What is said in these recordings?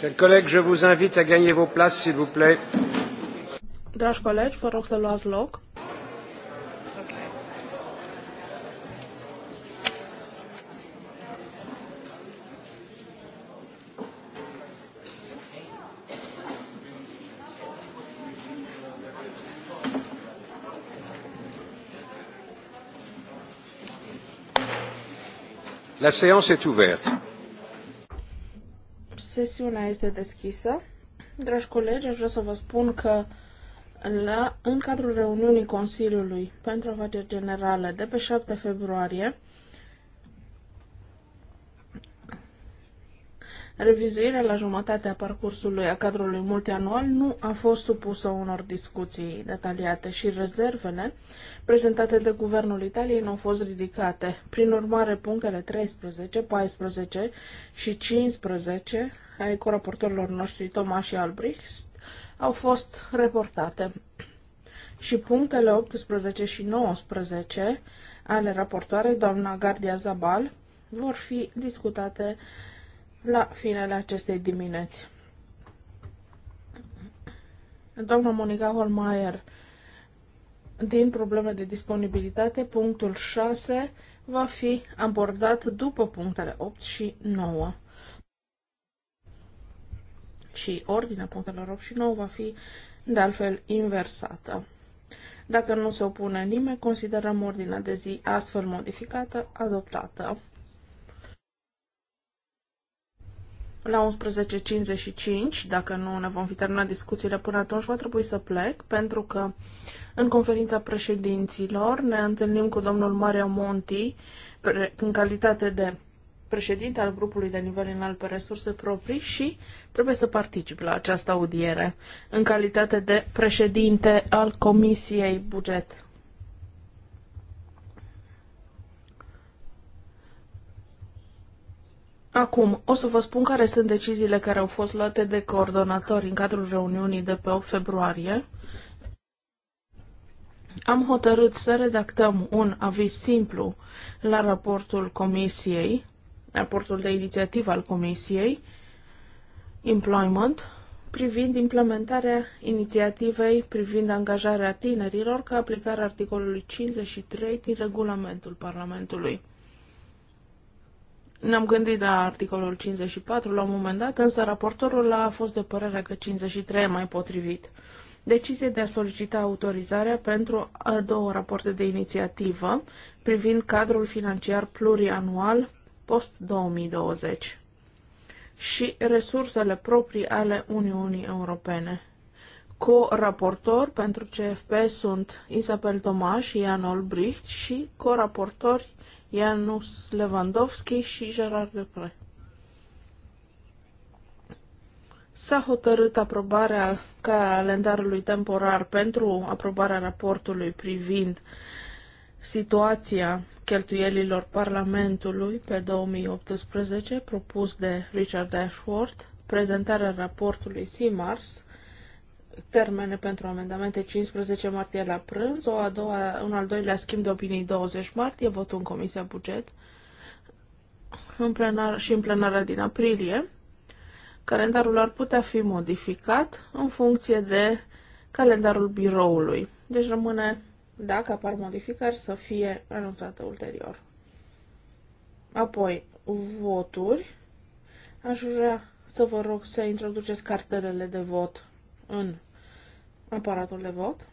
Chers collègues, je vous invite à gagner vos places, s'il vous plaît. Dragi colegi, vă rog să luați loc. La séance est ouverte. Sesiunea este deschisă. Dragi colegi, aș vrea să vă spun că la, în cadrul reuniunii Consiliului pentru afaceri generale de pe 7 februarie, revizuirea la jumătatea parcursului a cadrului multianual nu a fost supusă unor discuții detaliate și rezervele prezentate de Guvernul Italiei nu au fost ridicate. Prin urmare, punctele 13, 14 și 15 ai coraportorilor noștri, Toma și Albrecht, au fost reportate. Și punctele 18 și 19 ale raportoarei, doamna Gardia Zabal, vor fi discutate la finele acestei dimineți. Doamna Monica Holmeier, din probleme de disponibilitate, punctul 6 va fi abordat după punctele 8 și 9 și ordinea punctelor 8 și 9 va fi de altfel inversată. Dacă nu se opune nimeni, considerăm ordinea de zi astfel modificată adoptată. La 11.55, dacă nu ne vom fi terminat discuțiile până atunci, va trebui să plec, pentru că în conferința președinților ne întâlnim cu domnul Mario Monti, în calitate de președinte al grupului de nivel înalt pe resurse proprii și trebuie să particip la această audiere în calitate de președinte al Comisiei Buget. Acum, o să vă spun care sunt deciziile care au fost luate de coordonatori în cadrul reuniunii de pe 8 februarie. Am hotărât să redactăm un aviz simplu la raportul Comisiei raportul de inițiativă al Comisiei Employment privind implementarea inițiativei privind angajarea tinerilor ca aplicare articolului 53 din regulamentul Parlamentului. Ne-am gândit la articolul 54 la un moment dat, însă raportorul a fost de părere că 53 e mai potrivit. Decizie de a solicita autorizarea pentru a două rapoarte de inițiativă privind cadrul financiar plurianual post-2020 și resursele proprii ale Uniunii Europene. Co-raportor pentru CFP sunt Isabel Tomaș și Jan Olbricht și co-raportori Janus Lewandowski și Gerard Depre. S-a hotărât aprobarea calendarului temporar pentru aprobarea raportului privind situația cheltuielilor Parlamentului pe 2018, propus de Richard Ashworth, prezentarea raportului Simars, termene pentru amendamente 15 martie la prânz, o a doua, un al doilea schimb de opinii 20 martie, votul în Comisia Buget în plenar, și în plenară din aprilie. Calendarul ar putea fi modificat în funcție de calendarul biroului. Deci rămâne dacă apar modificări, să fie anunțată ulterior. Apoi, voturi. Aș vrea să vă rog să introduceți cartelele de vot în aparatul de vot.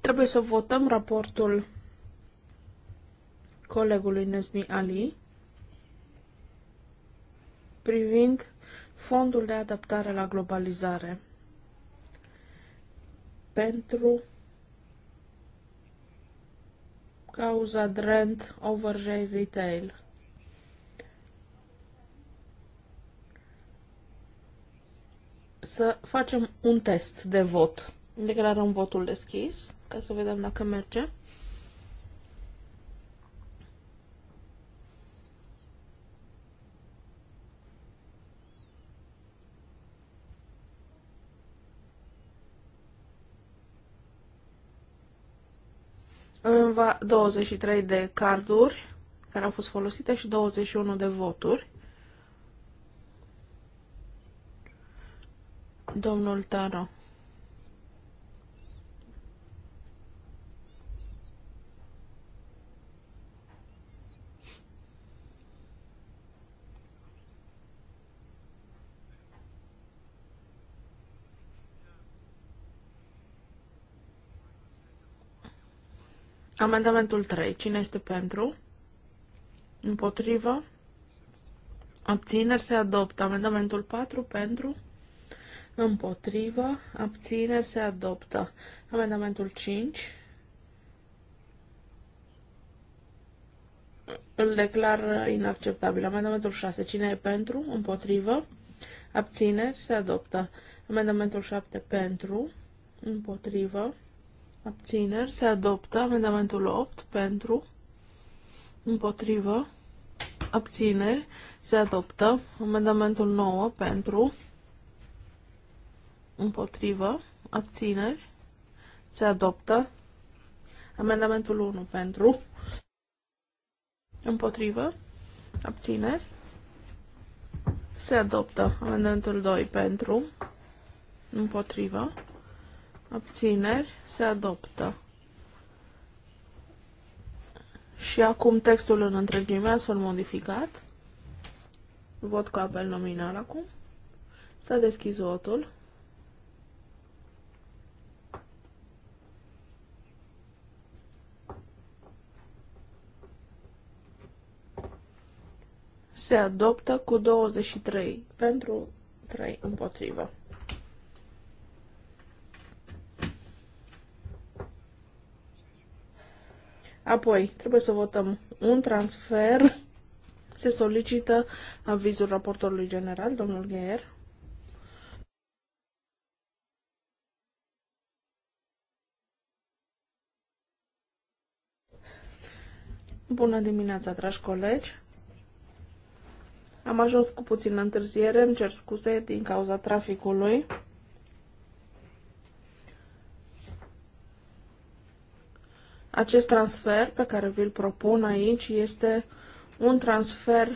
Trebuie să votăm raportul colegului Nesmi Ali privind Fondul de adaptare la globalizare pentru cauza Drent Overjay Retail. Să facem un test de vot. Declarăm votul deschis ca să vedem dacă merge. Înva 23 de carduri care au fost folosite și 21 de voturi. Domnul Taro Amendamentul 3. Cine este pentru? Împotrivă? Abțineri se adoptă. Amendamentul 4 pentru? Împotrivă? Abțineri se adoptă. Amendamentul 5. Îl declar inacceptabil. Amendamentul 6. Cine e pentru? Împotrivă? Abțineri se adoptă. Amendamentul 7 pentru? Împotrivă? Abțineri. Se adoptă amendamentul 8 pentru. Împotrivă. Abțineri. Se adoptă amendamentul 9 pentru. Împotrivă. Abțineri. Se adoptă amendamentul 1 pentru. Împotrivă. Abțineri. Se adoptă amendamentul 2 pentru. Împotrivă. Abțineri se adoptă. Și acum textul în întregime s-a modificat. Vot cu apel nominal acum. S-a deschis votul. Se adoptă cu 23 pentru 3 împotrivă. Apoi, trebuie să votăm un transfer. Se solicită avizul raportorului general, domnul Gheer. Bună dimineața, dragi colegi! Am ajuns cu puțină întârziere, îmi cer scuze din cauza traficului. Acest transfer pe care vi-l propun aici este un transfer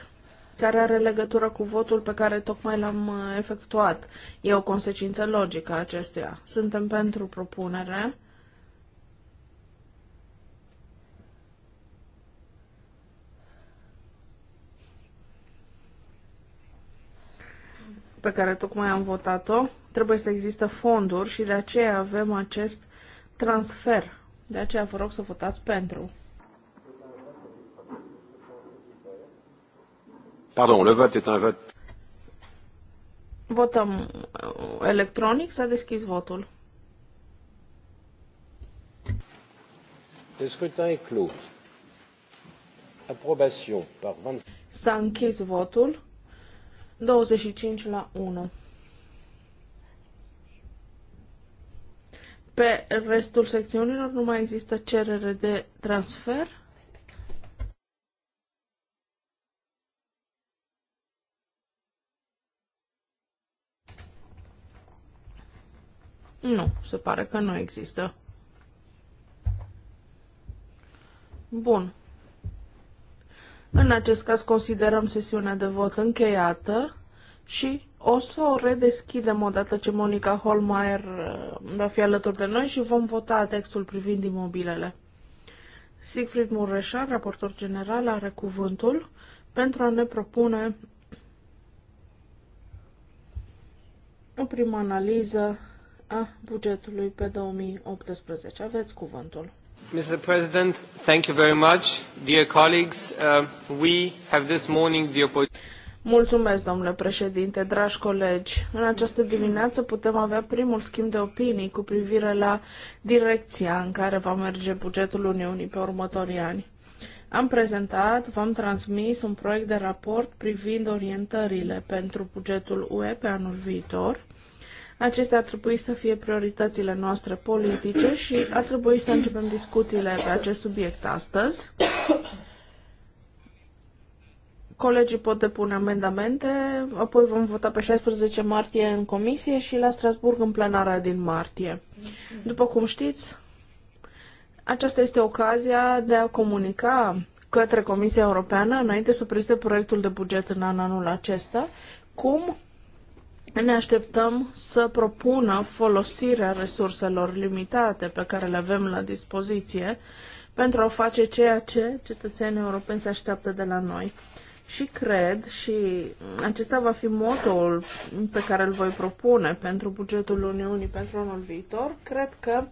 care are legătură cu votul pe care tocmai l-am uh, efectuat. E o consecință logică a acestuia. Suntem pentru propunere. pe care tocmai am votat-o, trebuie să există fonduri și de aceea avem acest transfer de aceea vă rog să votați pentru. Pardon, le vote est un vote. Votăm uh, electronic, s-a deschis votul. Le scrutin est clos. Approbation par 20. S-a închis votul. 25 la 1. Pe restul secțiunilor nu mai există cerere de transfer? Nu, se pare că nu există. Bun. În acest caz considerăm sesiunea de vot încheiată și o să o redeschidem odată ce Monica Holmeier uh, va fi alături de noi și vom vota textul privind imobilele. Siegfried Mureșan, raportor general, are cuvântul pentru a ne propune o primă analiză a bugetului pe 2018. Aveți cuvântul. Mr. President, thank you very much. Dear colleagues, uh, we have this morning the opportunity Mulțumesc, domnule președinte, dragi colegi. În această dimineață putem avea primul schimb de opinii cu privire la direcția în care va merge bugetul Uniunii pe următorii ani. Am prezentat, v-am transmis un proiect de raport privind orientările pentru bugetul UE pe anul viitor. Acestea ar trebui să fie prioritățile noastre politice și ar trebui să începem discuțiile pe acest subiect astăzi. Colegii pot depune amendamente, apoi vom vota pe 16 martie în comisie și la Strasburg în plenarea din martie. După cum știți, aceasta este ocazia de a comunica către Comisia Europeană, înainte să prezinte proiectul de buget în anul acesta, cum ne așteptăm să propună folosirea resurselor limitate pe care le avem la dispoziție pentru a face ceea ce cetățenii europeni se așteaptă de la noi. Și cred, și acesta va fi motoul pe care îl voi propune pentru bugetul Uniunii pentru anul viitor, cred că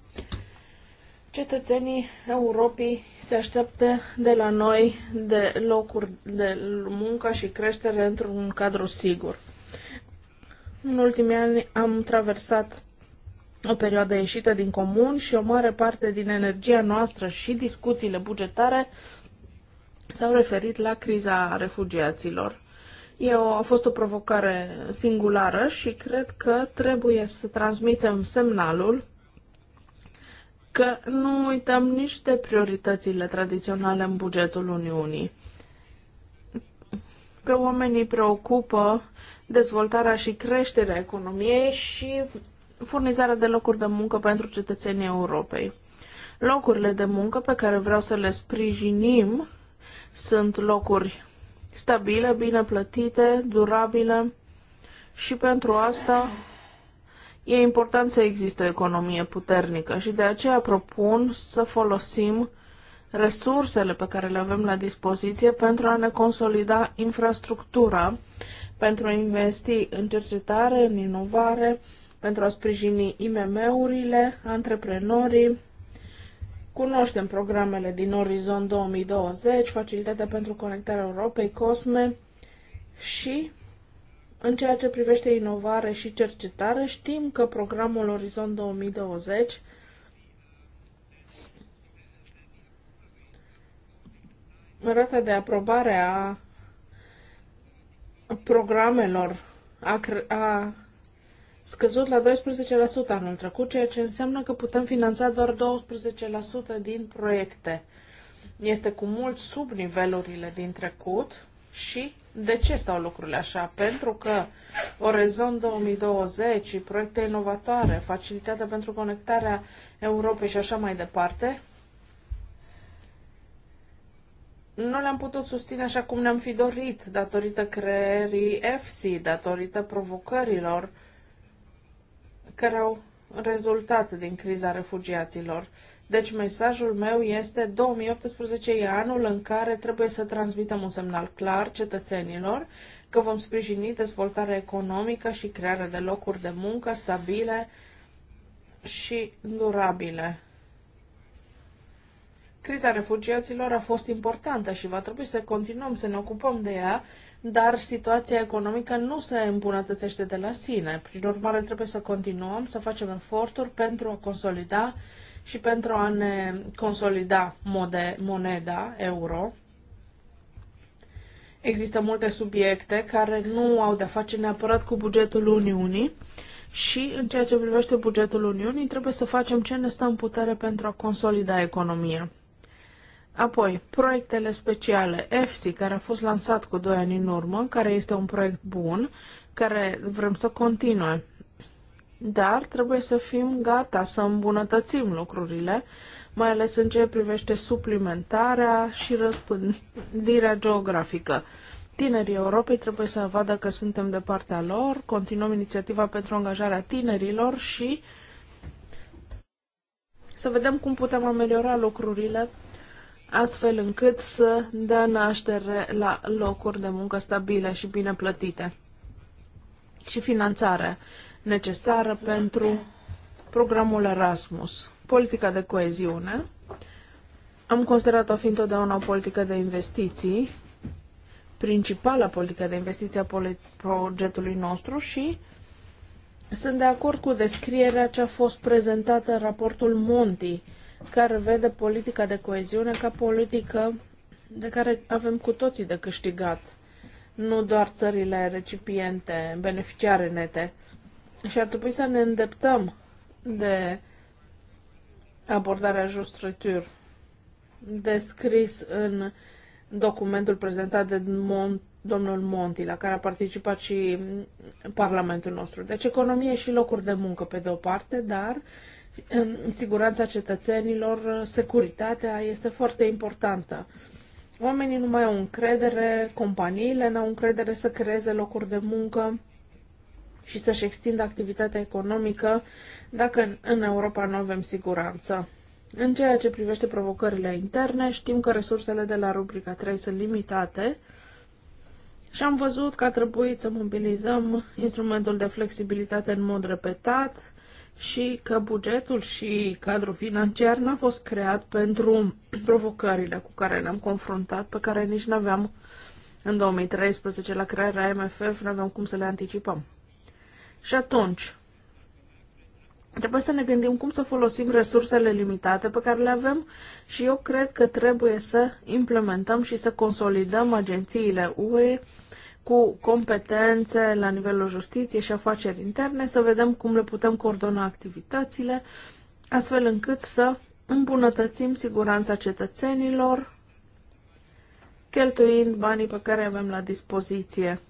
cetățenii Europei se așteaptă de la noi de locuri de muncă și creștere într-un cadru sigur. În ultimii ani am traversat o perioadă ieșită din comun și o mare parte din energia noastră și discuțiile bugetare s-au referit la criza refugiaților. E o, a fost o provocare singulară și cred că trebuie să transmitem semnalul că nu uităm nici de prioritățile tradiționale în bugetul Uniunii. Pe oamenii preocupă dezvoltarea și creșterea economiei și furnizarea de locuri de muncă pentru cetățenii Europei. Locurile de muncă pe care vreau să le sprijinim sunt locuri stabile, bine plătite, durabile și pentru asta e important să existe o economie puternică și de aceea propun să folosim resursele pe care le avem la dispoziție pentru a ne consolida infrastructura, pentru a investi în cercetare, în inovare, pentru a sprijini IMM-urile, antreprenorii, Cunoaștem programele din Orizont 2020, Facilitatea pentru Conectarea Europei, COSME și în ceea ce privește inovare și cercetare, știm că programul Orizont 2020 rata de aprobare a programelor a, a scăzut la 12% anul trecut, ceea ce înseamnă că putem finanța doar 12% din proiecte. Este cu mult sub nivelurile din trecut și de ce stau lucrurile așa? Pentru că Orezon 2020, proiecte inovatoare, facilitatea pentru conectarea Europei și așa mai departe, nu le-am putut susține așa cum ne-am fi dorit, datorită creierii EFSI, datorită provocărilor care au rezultat din criza refugiaților. Deci mesajul meu este 2018 e anul în care trebuie să transmitem un semnal clar cetățenilor că vom sprijini dezvoltarea economică și crearea de locuri de muncă stabile și durabile. Criza refugiaților a fost importantă și va trebui să continuăm să ne ocupăm de ea dar situația economică nu se îmbunătățește de la sine. Prin urmare, trebuie să continuăm să facem eforturi pentru a consolida și pentru a ne consolida mode, moneda euro. Există multe subiecte care nu au de-a face neapărat cu bugetul Uniunii și în ceea ce privește bugetul Uniunii trebuie să facem ce ne stă în putere pentru a consolida economia. Apoi, proiectele speciale. EFSI, care a fost lansat cu 2 ani în urmă, care este un proiect bun, care vrem să continue. Dar trebuie să fim gata să îmbunătățim lucrurile, mai ales în ce privește suplimentarea și răspândirea geografică. Tinerii Europei trebuie să vadă că suntem de partea lor, continuăm inițiativa pentru angajarea tinerilor și să vedem cum putem ameliora lucrurile astfel încât să dea naștere la locuri de muncă stabile și bine plătite și finanțare necesară pentru programul Erasmus, politica de coeziune. Am considerat-o fiind totdeauna o politică de investiții, principala politică de investiții a proiectului nostru și sunt de acord cu descrierea ce a fost prezentată în raportul Monti, care vede politica de coeziune ca politică de care avem cu toții de câștigat, nu doar țările recipiente, beneficiare nete. Și ar trebui să ne îndeptăm de abordarea justrătur descris în documentul prezentat de Mon- domnul Monti, la care a participat și Parlamentul nostru. Deci economie și locuri de muncă pe de o parte, dar siguranța cetățenilor, securitatea este foarte importantă. Oamenii nu mai au încredere, companiile nu au încredere să creeze locuri de muncă și să-și extindă activitatea economică dacă în Europa nu avem siguranță. În ceea ce privește provocările interne, știm că resursele de la rubrica 3 sunt limitate și am văzut că a trebuit să mobilizăm instrumentul de flexibilitate în mod repetat, și că bugetul și cadrul financiar n-a fost creat pentru provocările cu care ne-am confruntat, pe care nici nu aveam în 2013 la crearea MFF, nu aveam cum să le anticipăm. Și atunci, trebuie să ne gândim cum să folosim resursele limitate pe care le avem și eu cred că trebuie să implementăm și să consolidăm agențiile UE cu competențe la nivelul justiției și afaceri interne, să vedem cum le putem coordona activitățile, astfel încât să îmbunătățim siguranța cetățenilor, cheltuind banii pe care avem la dispoziție.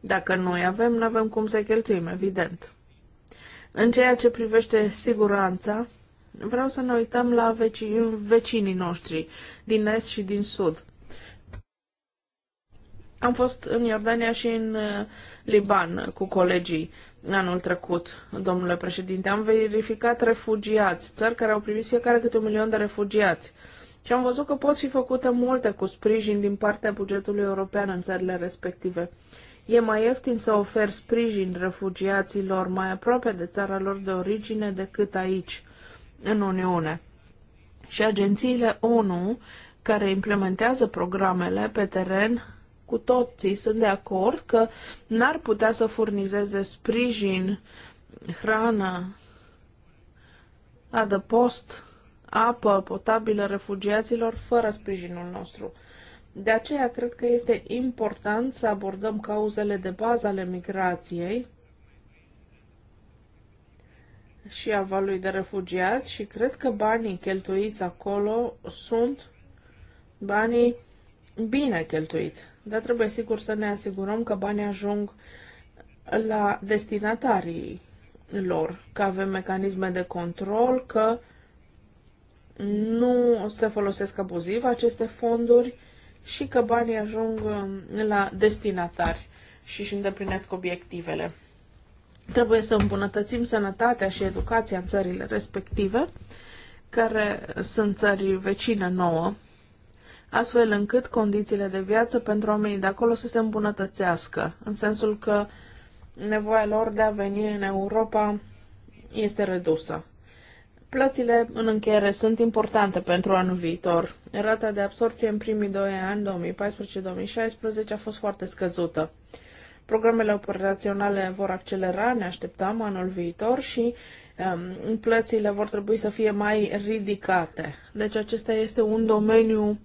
Dacă noi avem, nu avem cum să cheltuim, evident. În ceea ce privește siguranța, vreau să ne uităm la vecinii noștri, din est și din sud. Am fost în Iordania și în uh, Liban cu colegii anul trecut, domnule președinte. Am verificat refugiați, țări care au primit fiecare câte un milion de refugiați. Și am văzut că pot fi făcute multe cu sprijin din partea bugetului european în țările respective. E mai ieftin să oferi sprijin refugiaților mai aproape de țara lor de origine decât aici, în Uniune. Și agențiile ONU, care implementează programele pe teren, cu toții sunt de acord că n-ar putea să furnizeze sprijin, hrană, adăpost, apă potabilă refugiaților fără sprijinul nostru. De aceea cred că este important să abordăm cauzele de bază ale migrației și a valului de refugiați și cred că banii cheltuiți acolo sunt banii bine cheltuiți. Dar trebuie sigur să ne asigurăm că banii ajung la destinatarii lor, că avem mecanisme de control, că nu se folosesc abuziv aceste fonduri și că banii ajung um, la destinatari și își îndeplinesc obiectivele. Trebuie să îmbunătățim sănătatea și educația în țările respective, care sunt țări vecine nouă astfel încât condițiile de viață pentru oamenii de acolo să se îmbunătățească, în sensul că nevoia lor de a veni în Europa este redusă. Plățile în încheiere sunt importante pentru anul viitor. Rata de absorție în primii doi ani, 2014-2016, a fost foarte scăzută. Programele operaționale vor accelera, ne așteptăm anul viitor și um, plățile vor trebui să fie mai ridicate. Deci acesta este un domeniu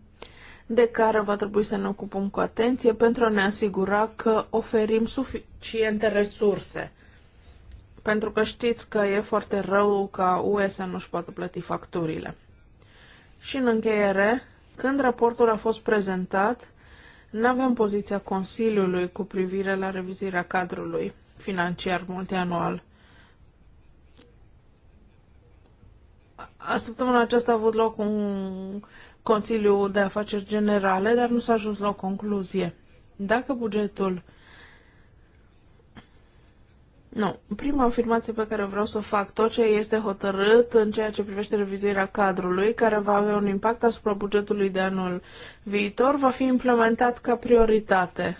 de care va trebui să ne ocupăm cu atenție pentru a ne asigura că oferim suficiente resurse. Pentru că știți că e foarte rău ca UE să nu-și poată plăti facturile. Și în încheiere, când raportul a fost prezentat, nu avem poziția Consiliului cu privire la revizuirea cadrului financiar multianual. Săptămâna aceasta a avut loc un Consiliul de Afaceri Generale, dar nu s-a ajuns la o concluzie. Dacă bugetul nu. Prima afirmație pe care vreau să o fac, tot ce este hotărât în ceea ce privește revizuirea cadrului, care va avea un impact asupra bugetului de anul viitor, va fi implementat ca prioritate.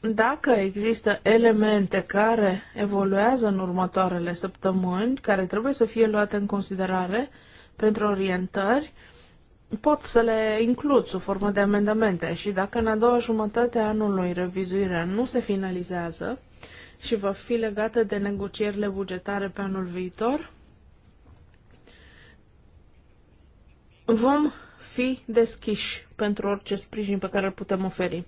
Dacă există elemente care evoluează în următoarele săptămâni, care trebuie să fie luate în considerare, pentru orientări, pot să le includ sub formă de amendamente și dacă în a doua jumătate a anului revizuirea nu se finalizează și va fi legată de negocierile bugetare pe anul viitor, vom fi deschiși pentru orice sprijin pe care îl putem oferi.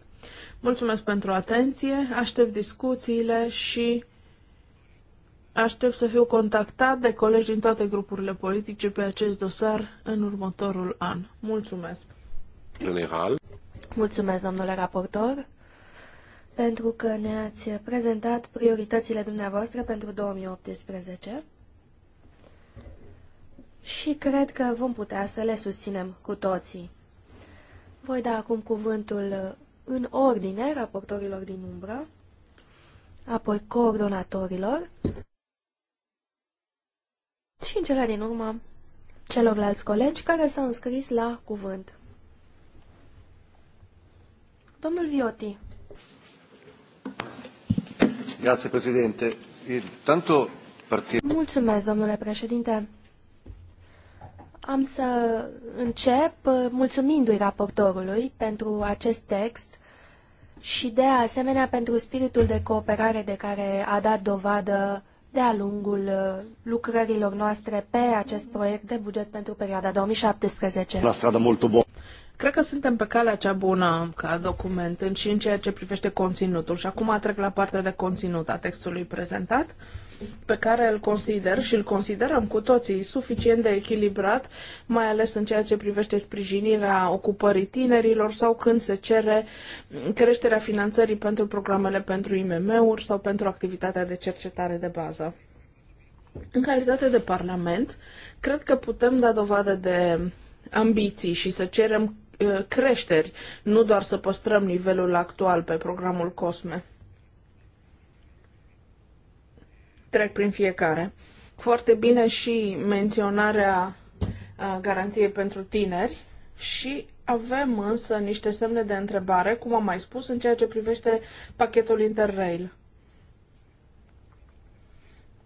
Mulțumesc pentru atenție, aștept discuțiile și Aștept să fiu contactat de colegi din toate grupurile politice pe acest dosar în următorul an. Mulțumesc! General. Mulțumesc, domnule raportor, pentru că ne-ați prezentat prioritățile dumneavoastră pentru 2018 și cred că vom putea să le susținem cu toții. Voi da acum cuvântul în ordine raportorilor din umbră, apoi coordonatorilor și în cele din urmă celorlalți colegi care s-au înscris la cuvânt. Domnul Vioti. Grazie, Presidente. Tanto partid... Mulțumesc, domnule președinte. Am să încep uh, mulțumindu-i raportorului pentru acest text și de asemenea pentru spiritul de cooperare de care a dat dovadă de-a lungul uh, lucrărilor noastre pe acest proiect de buget pentru perioada 2017. La stradă mult bun. Cred că suntem pe calea cea bună ca document în și în ceea ce privește conținutul. Și acum trec la partea de conținut a textului prezentat pe care îl consider și îl considerăm cu toții suficient de echilibrat, mai ales în ceea ce privește sprijinirea ocupării tinerilor sau când se cere creșterea finanțării pentru programele pentru IMM-uri sau pentru activitatea de cercetare de bază. În calitate de Parlament, cred că putem da dovadă de ambiții și să cerem uh, creșteri, nu doar să păstrăm nivelul actual pe programul COSME. trec prin fiecare. Foarte bine și menționarea garanției pentru tineri și avem însă niște semne de întrebare, cum am mai spus, în ceea ce privește pachetul Interrail.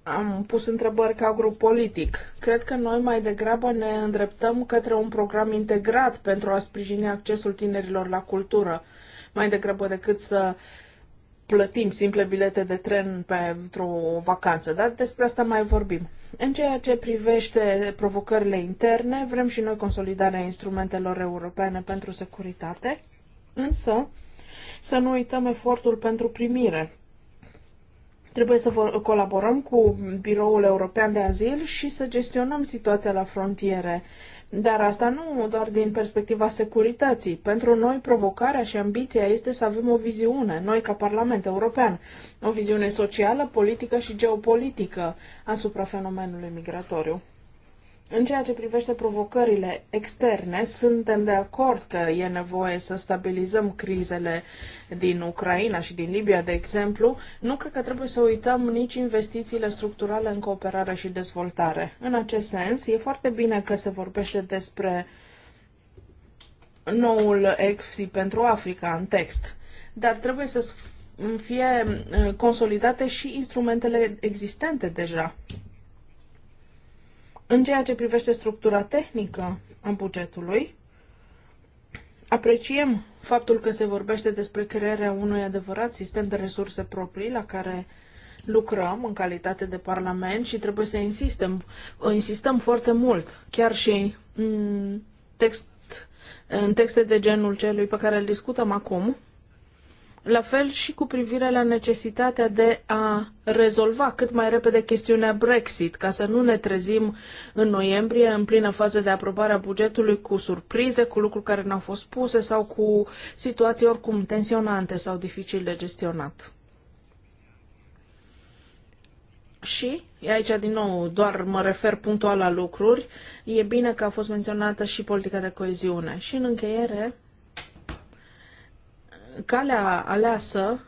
Am pus întrebări ca grup politic. Cred că noi mai degrabă ne îndreptăm către un program integrat pentru a sprijini accesul tinerilor la cultură, mai degrabă decât să uh, plătim simple bilete de tren pentru o vacanță, dar despre asta mai vorbim. În ceea ce privește provocările interne, vrem și noi consolidarea instrumentelor europene pentru securitate, însă să nu uităm efortul pentru primire. Trebuie să colaborăm cu Biroul European de Azil și să gestionăm situația la frontiere dar asta nu doar din perspectiva securității. Pentru noi provocarea și ambiția este să avem o viziune, noi ca Parlament European, o viziune socială, politică și geopolitică asupra fenomenului migratoriu. În ceea ce privește provocările externe, suntem de acord că e nevoie să stabilizăm crizele din Ucraina și din Libia, de exemplu. Nu cred că trebuie să uităm nici investițiile structurale în cooperare și dezvoltare. În acest sens, e foarte bine că se vorbește despre noul EFSI pentru Africa în text, dar trebuie să fie eh, consolidate și instrumentele existente deja. În ceea ce privește structura tehnică a bugetului, apreciem faptul că se vorbește despre crearea unui adevărat sistem de resurse proprii la care lucrăm în calitate de Parlament și trebuie să insistăm, insistăm foarte mult, chiar și în, text, în texte de genul celui pe care îl discutăm acum, la fel și cu privire la necesitatea de a rezolva cât mai repede chestiunea Brexit, ca să nu ne trezim în noiembrie, în plină fază de aprobare a bugetului, cu surprize, cu lucruri care n-au fost puse sau cu situații oricum tensionante sau dificil de gestionat. Și, aici din nou doar mă refer punctual la lucruri, e bine că a fost menționată și politica de coeziune. Și în încheiere, calea aleasă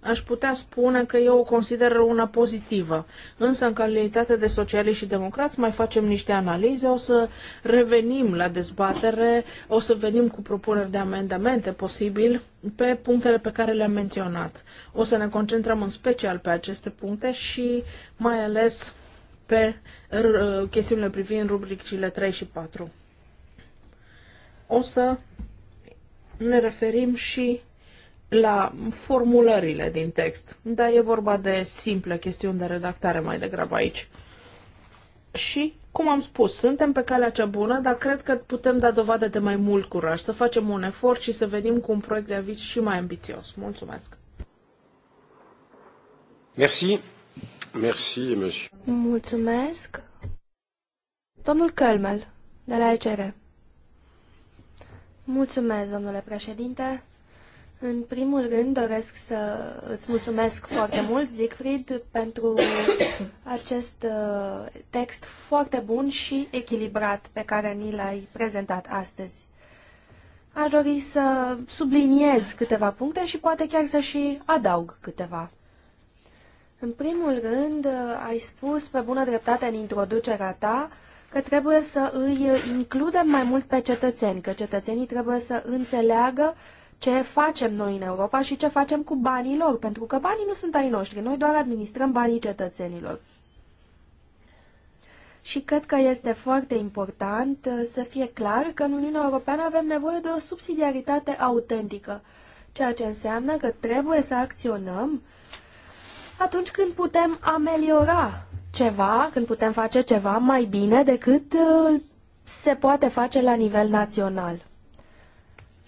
aș putea spune că eu o consider una pozitivă. Însă, în calitate de socialiști și democrați, mai facem niște analize, o să revenim la dezbatere, o să venim cu propuneri de amendamente, posibil, pe punctele pe care le-am menționat. O să ne concentrăm în special pe aceste puncte și mai ales pe uh, chestiunile privind rubricile 3 și 4. O să ne referim și la formulările din text, dar e vorba de simple chestiuni de redactare mai degrabă aici. Și, cum am spus, suntem pe calea cea bună, dar cred că putem da dovadă de mai mult curaj, să facem un efort și să venim cu un proiect de aviz și mai ambițios. Mulțumesc! Merci. Merci, monsieur. Mulțumesc. Domnul Kölmel, de la ECR. Mulțumesc, domnule președinte. În primul rând doresc să îți mulțumesc foarte mult, Siegfried, pentru acest uh, text foarte bun și echilibrat pe care ni l-ai prezentat astăzi. Aș dori să subliniez câteva puncte și poate chiar să și adaug câteva. În primul rând, uh, ai spus pe bună dreptate în introducerea ta că trebuie să îi includem mai mult pe cetățeni, că cetățenii trebuie să înțeleagă uh, ce facem noi în Europa și ce facem cu banii lor, pentru că banii nu sunt ai noștri, noi doar administrăm banii cetățenilor. Și cred că este foarte important uh, să fie clar că în Uniunea Europeană avem nevoie de o subsidiaritate autentică, ceea ce înseamnă că trebuie să acționăm atunci când putem ameliora ceva, când putem face ceva mai bine decât uh, se poate face la nivel național.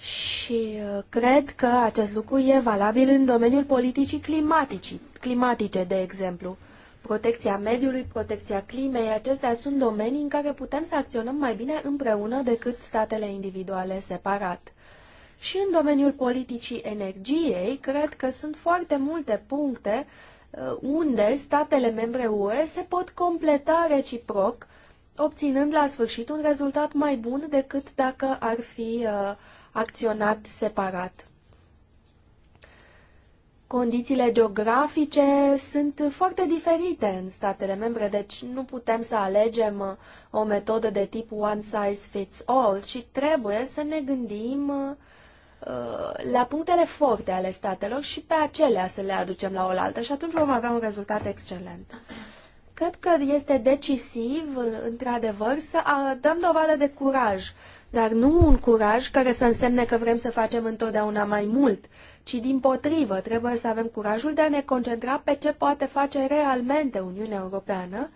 Și uh, cred că acest lucru e valabil în domeniul politicii climatici, climatice, de exemplu. Protecția mediului, protecția climei, acestea sunt domenii în care putem să acționăm mai bine împreună decât statele individuale separat. Și în domeniul politicii energiei, cred că sunt foarte multe puncte uh, unde statele membre UE se pot completa reciproc, obținând la sfârșit un rezultat mai bun decât dacă ar fi uh, acționat separat. Condițiile geografice sunt foarte diferite în statele membre, deci nu putem să alegem uh, o metodă de tip one size fits all și trebuie să ne gândim uh, la punctele forte ale statelor și pe acelea să le aducem la oaltă și atunci vom avea un rezultat excelent. Cred că este decisiv, într-adevăr, să dăm dovadă de curaj dar nu un curaj care să însemne că vrem să facem întotdeauna mai mult, ci din potrivă trebuie să avem curajul de a ne concentra pe ce poate face realmente Uniunea Europeană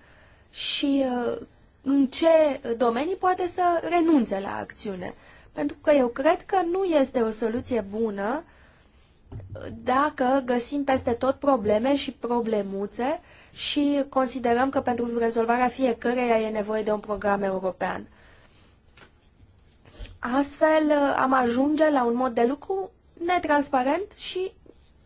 și uh, în ce domenii poate să renunțe la acțiune. Pentru că eu cred că nu este o soluție bună uh, dacă găsim peste tot probleme și problemuțe și considerăm că pentru rezolvarea fiecăreia e nevoie de un program european. Astfel uh, am ajunge la un mod de lucru netransparent și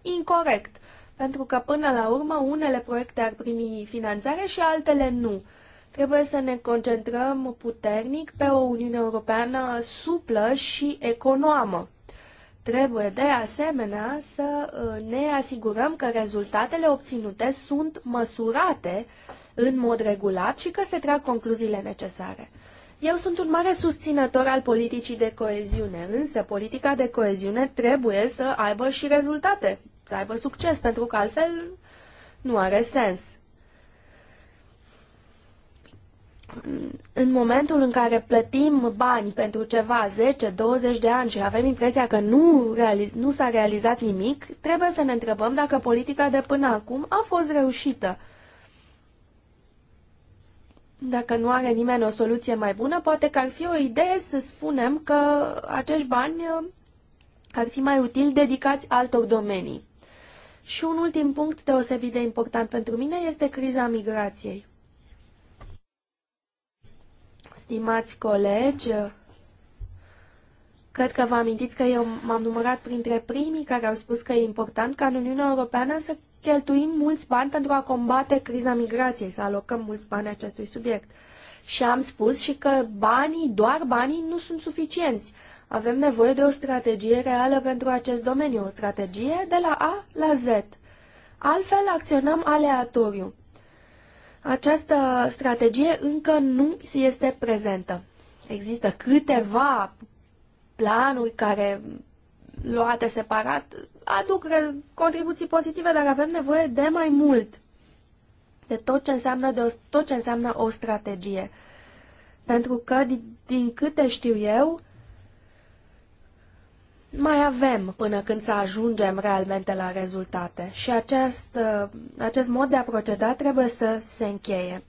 incorrect, pentru că până la urmă unele proiecte ar primi finanțare și altele nu. Trebuie să ne concentrăm puternic pe o Uniune Europeană suplă și economă. Trebuie de asemenea să uh, ne asigurăm că rezultatele obținute sunt măsurate în mod regulat și că se trag concluziile necesare. Eu sunt un mare susținător al politicii de coeziune, însă politica de coeziune trebuie să aibă și rezultate, să aibă succes, pentru că altfel nu are sens. În momentul în care plătim bani pentru ceva 10-20 de ani și avem impresia că nu, realiz- nu s-a realizat nimic, trebuie să ne întrebăm dacă politica de până acum a fost reușită dacă nu are nimeni o soluție mai bună, poate că ar fi o idee să spunem că acești bani uh, ar fi mai util dedicați altor domenii. Și un ultim punct deosebit de important pentru mine este criza migrației. Stimați colegi, uh, cred că vă amintiți că eu m-am numărat printre primii care au spus că e important ca în Uniunea Europeană să cheltuim mulți bani pentru a combate criza migrației, să alocăm mulți bani acestui subiect. Și am spus și că banii, doar banii, nu sunt suficienți. Avem nevoie de o strategie reală pentru acest domeniu, o strategie de la A la Z. Altfel acționăm aleatoriu. Această strategie încă nu este prezentă. Există câteva planuri care luate separat aduc contribuții pozitive, dar avem nevoie de mai mult, de tot ce înseamnă, de o, tot ce înseamnă o strategie. Pentru că, din, din câte știu eu, mai avem până când să ajungem realmente la rezultate și acest, acest mod de a proceda trebuie să se încheie.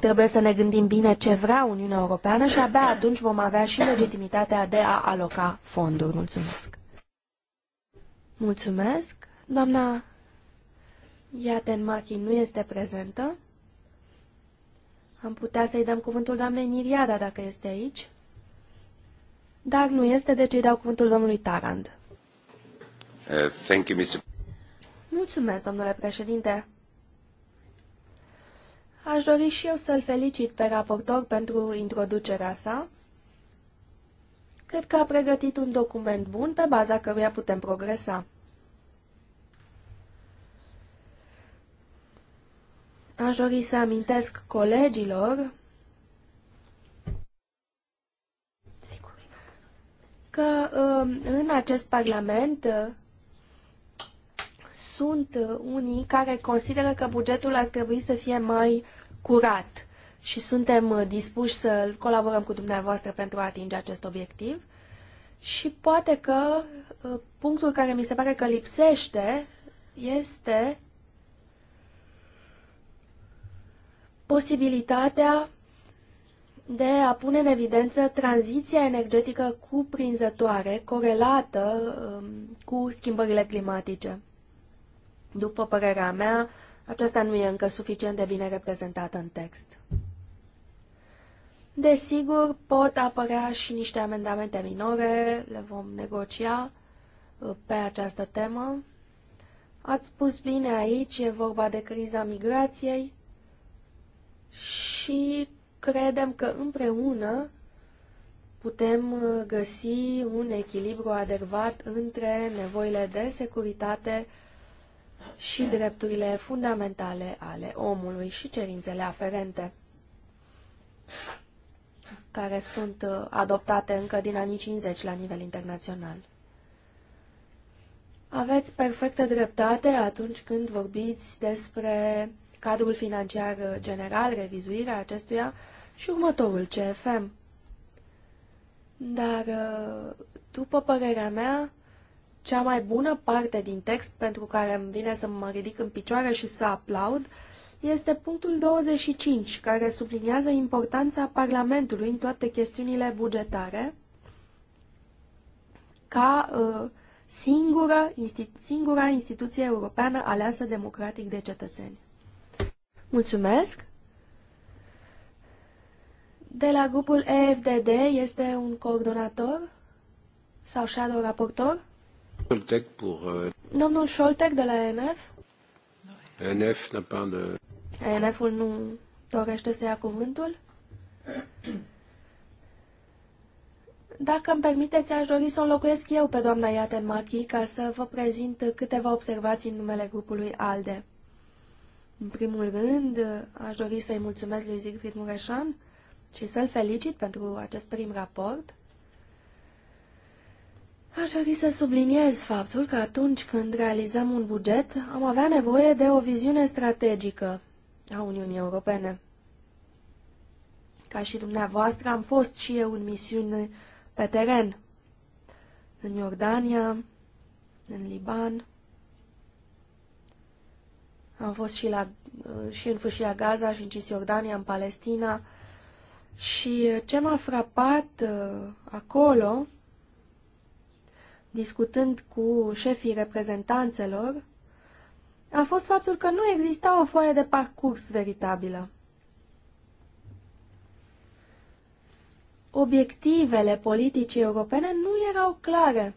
Trebuie să ne gândim bine ce vrea Uniunea Europeană și abia atunci vom avea și legitimitatea de a aloca fonduri. Mulțumesc! Mulțumesc! Doamna Iatenmachi nu este prezentă. Am putea să-i dăm cuvântul doamnei Niriada dacă este aici. Dar nu este, deci îi dau cuvântul domnului Tarand. Uh, thank you, Mr. Mulțumesc, domnule președinte. Aș dori și eu să-l felicit pe raportor pentru introducerea sa. Cred că a pregătit un document bun pe baza căruia putem progresa. Aș dori să amintesc colegilor că um, în acest Parlament uh, sunt unii care consideră că bugetul ar trebui să fie mai uh, curat și suntem uh, dispuși să colaborăm cu dumneavoastră pentru a atinge acest obiectiv. Și poate că uh, punctul care mi se pare că lipsește este posibilitatea de a pune în evidență tranziția energetică cuprinzătoare, corelată um, cu schimbările climatice. După părerea mea, aceasta nu e încă suficient de bine reprezentată în text. Desigur, pot apărea și niște amendamente minore, le vom negocia uh, pe această temă. Ați spus bine aici, e vorba de criza migrației și credem că împreună putem uh, găsi un echilibru adecvat între nevoile de securitate, și drepturile fundamentale ale omului și cerințele aferente, care sunt uh, adoptate încă din anii 50 la nivel internațional. Aveți perfectă dreptate atunci când vorbiți despre cadrul financiar general, revizuirea acestuia și următorul CFM. Dar, uh, după părerea mea, cea mai bună parte din text pentru care îmi vine să mă ridic în picioare și să aplaud este punctul 25, care subliniază importanța Parlamentului în toate chestiunile bugetare ca uh, singură, institu singura instituție europeană aleasă democratic de cetățeni. Mulțumesc! De la grupul EFDD este un coordonator sau shadow raportor? Scholtec pour... Euh, Domnul Scholtec de la ENF? ENF a pas de... ENF-ul nu dorește să ia cuvântul? Dacă îmi permiteți, aș dori să o înlocuiesc eu pe doamna Iatemachi ca să vă prezint câteva observații în numele grupului ALDE. În primul rând, aș dori să-i mulțumesc lui Zigfried Mureșan și să-l felicit pentru acest prim raport. Aș dori să subliniez faptul că atunci când realizăm un buget, am avea nevoie de o viziune strategică a Uniunii Europene. Ca și dumneavoastră, am fost și eu în misiune pe teren, în Iordania, în Liban, am fost și, la, și în fâșia Gaza, și în Cisjordania, în Palestina. Și ce m-a frapat uh, acolo discutând cu șefii reprezentanțelor, a fost faptul că nu exista o foaie de parcurs veritabilă. Obiectivele politicii europene nu erau clare.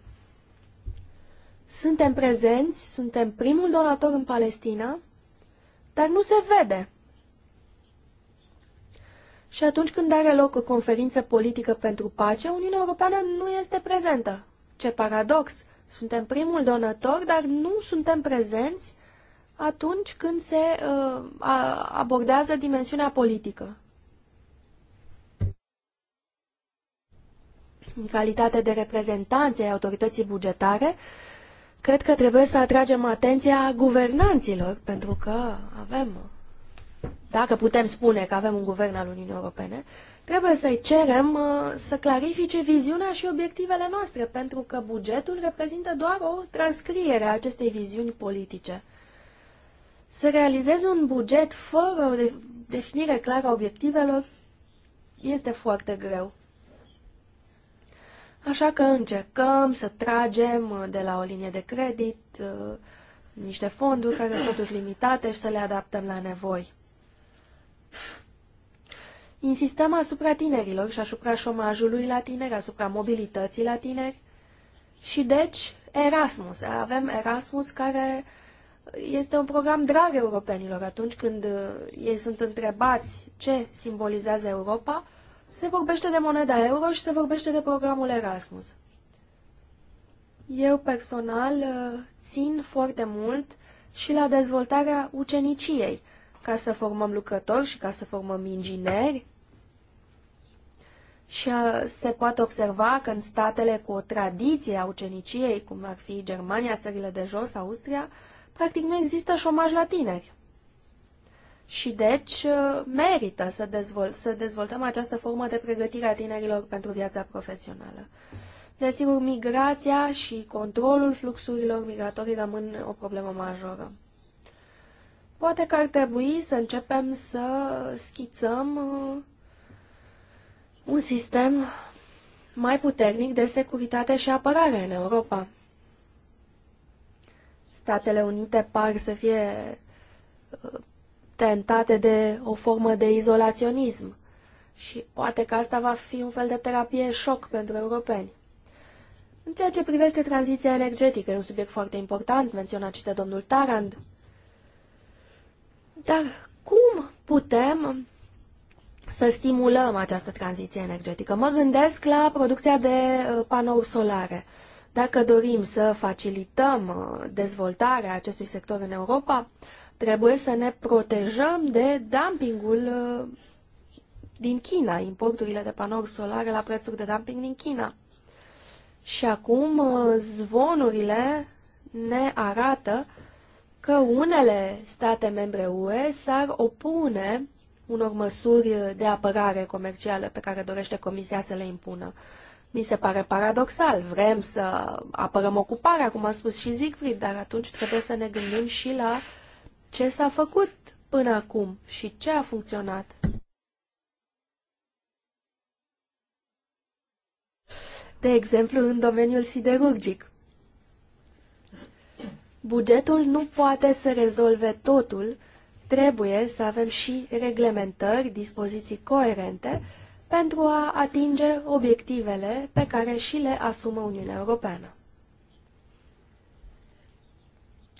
Suntem prezenți, suntem primul donator în Palestina, dar nu se vede. Și atunci când are loc o conferință politică pentru pace, Uniunea Europeană nu este prezentă. Ce paradox! Suntem primul donator, dar nu suntem prezenți atunci când se uh, abordează dimensiunea politică. În calitate de reprezentanți ai autorității bugetare, cred că trebuie să atragem atenția guvernanților, pentru că avem, dacă putem spune că avem un guvern al Uniunii Europene, uh, Trebuie să-i cerem uh, să clarifice viziunea și obiectivele noastre, pentru că bugetul reprezintă doar o transcriere a acestei viziuni politice. Să realizezi un buget fără o definire clară a obiectivelor este foarte greu. Așa că încercăm să tragem uh, de la o linie de credit uh, niște fonduri care sunt totuși limitate și să le adaptăm la nevoi. Insistăm asupra tinerilor și asupra șomajului la tineri, asupra mobilității la tineri și deci Erasmus. Avem Erasmus care este un program drag europenilor. Atunci când uh, ei sunt întrebați ce simbolizează Europa, se vorbește de moneda euro și se vorbește de programul Erasmus. Eu personal uh, țin foarte mult și la dezvoltarea uceniciei, ca să formăm lucrători și ca să formăm ingineri, și uh, se poate observa că în statele cu o tradiție a uceniciei, cum ar fi Germania, țările de jos, Austria, practic nu există șomaj la tineri. Și deci uh, merită să, dezvol- să dezvoltăm această formă de pregătire a tinerilor pentru viața profesională. Desigur, migrația și controlul fluxurilor migratorii rămân o problemă majoră. Poate că ar trebui să începem să schițăm uh, un sistem mai puternic de securitate și apărare în Europa. Statele Unite par să fie uh, tentate de o formă de izolaționism și poate că asta va fi un fel de terapie șoc pentru europeni. În ceea ce privește tranziția energetică, e un subiect foarte important, menționat și de domnul Tarand. Dar cum putem să stimulăm această tranziție energetică. Mă gândesc la producția de uh, panouri solare. Dacă dorim să facilităm uh, dezvoltarea acestui sector în Europa, trebuie să ne protejăm de dumpingul uh, din China, importurile de panouri solare la prețuri de dumping din China. Și acum zvonurile ne arată că unele state membre UE s-ar opune unor măsuri de apărare comercială pe care dorește Comisia să le impună. Mi se pare paradoxal. Vrem să apărăm ocuparea, cum a spus și Siegfried, dar atunci trebuie să ne gândim și la ce s-a făcut până acum și ce a funcționat. De exemplu, în domeniul siderurgic. Bugetul nu poate să rezolve totul, trebuie să avem și reglementări, dispoziții coerente pentru a atinge obiectivele pe care și le asumă Uniunea Europeană.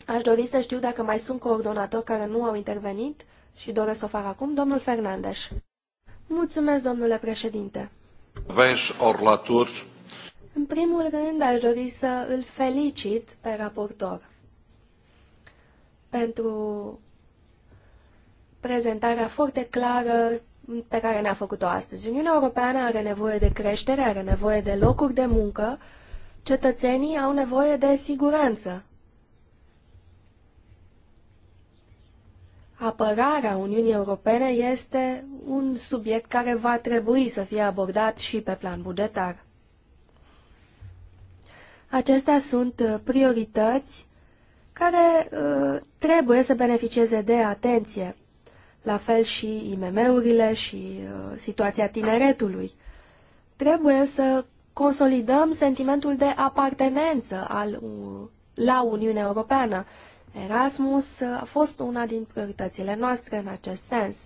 Aș dori să știu dacă mai sunt coordonatori care nu au intervenit și doresc să o fac acum, domnul Fernandes. Mulțumesc, domnule președinte. În primul rând, aș dori să îl felicit pe raportor pentru prezentarea foarte clară pe care ne-a făcut-o astăzi. Uniunea Europeană are nevoie de creștere, are nevoie de locuri de muncă, cetățenii au nevoie de siguranță. Apărarea Uniunii Europene este un subiect care va trebui să fie abordat și pe plan bugetar. Acestea sunt uh, priorități care uh, trebuie să beneficieze de atenție la fel și IMM-urile și uh, situația tineretului. Trebuie să consolidăm sentimentul de apartenență al, uh, la Uniunea Europeană. Erasmus uh, a fost una din prioritățile noastre în acest sens.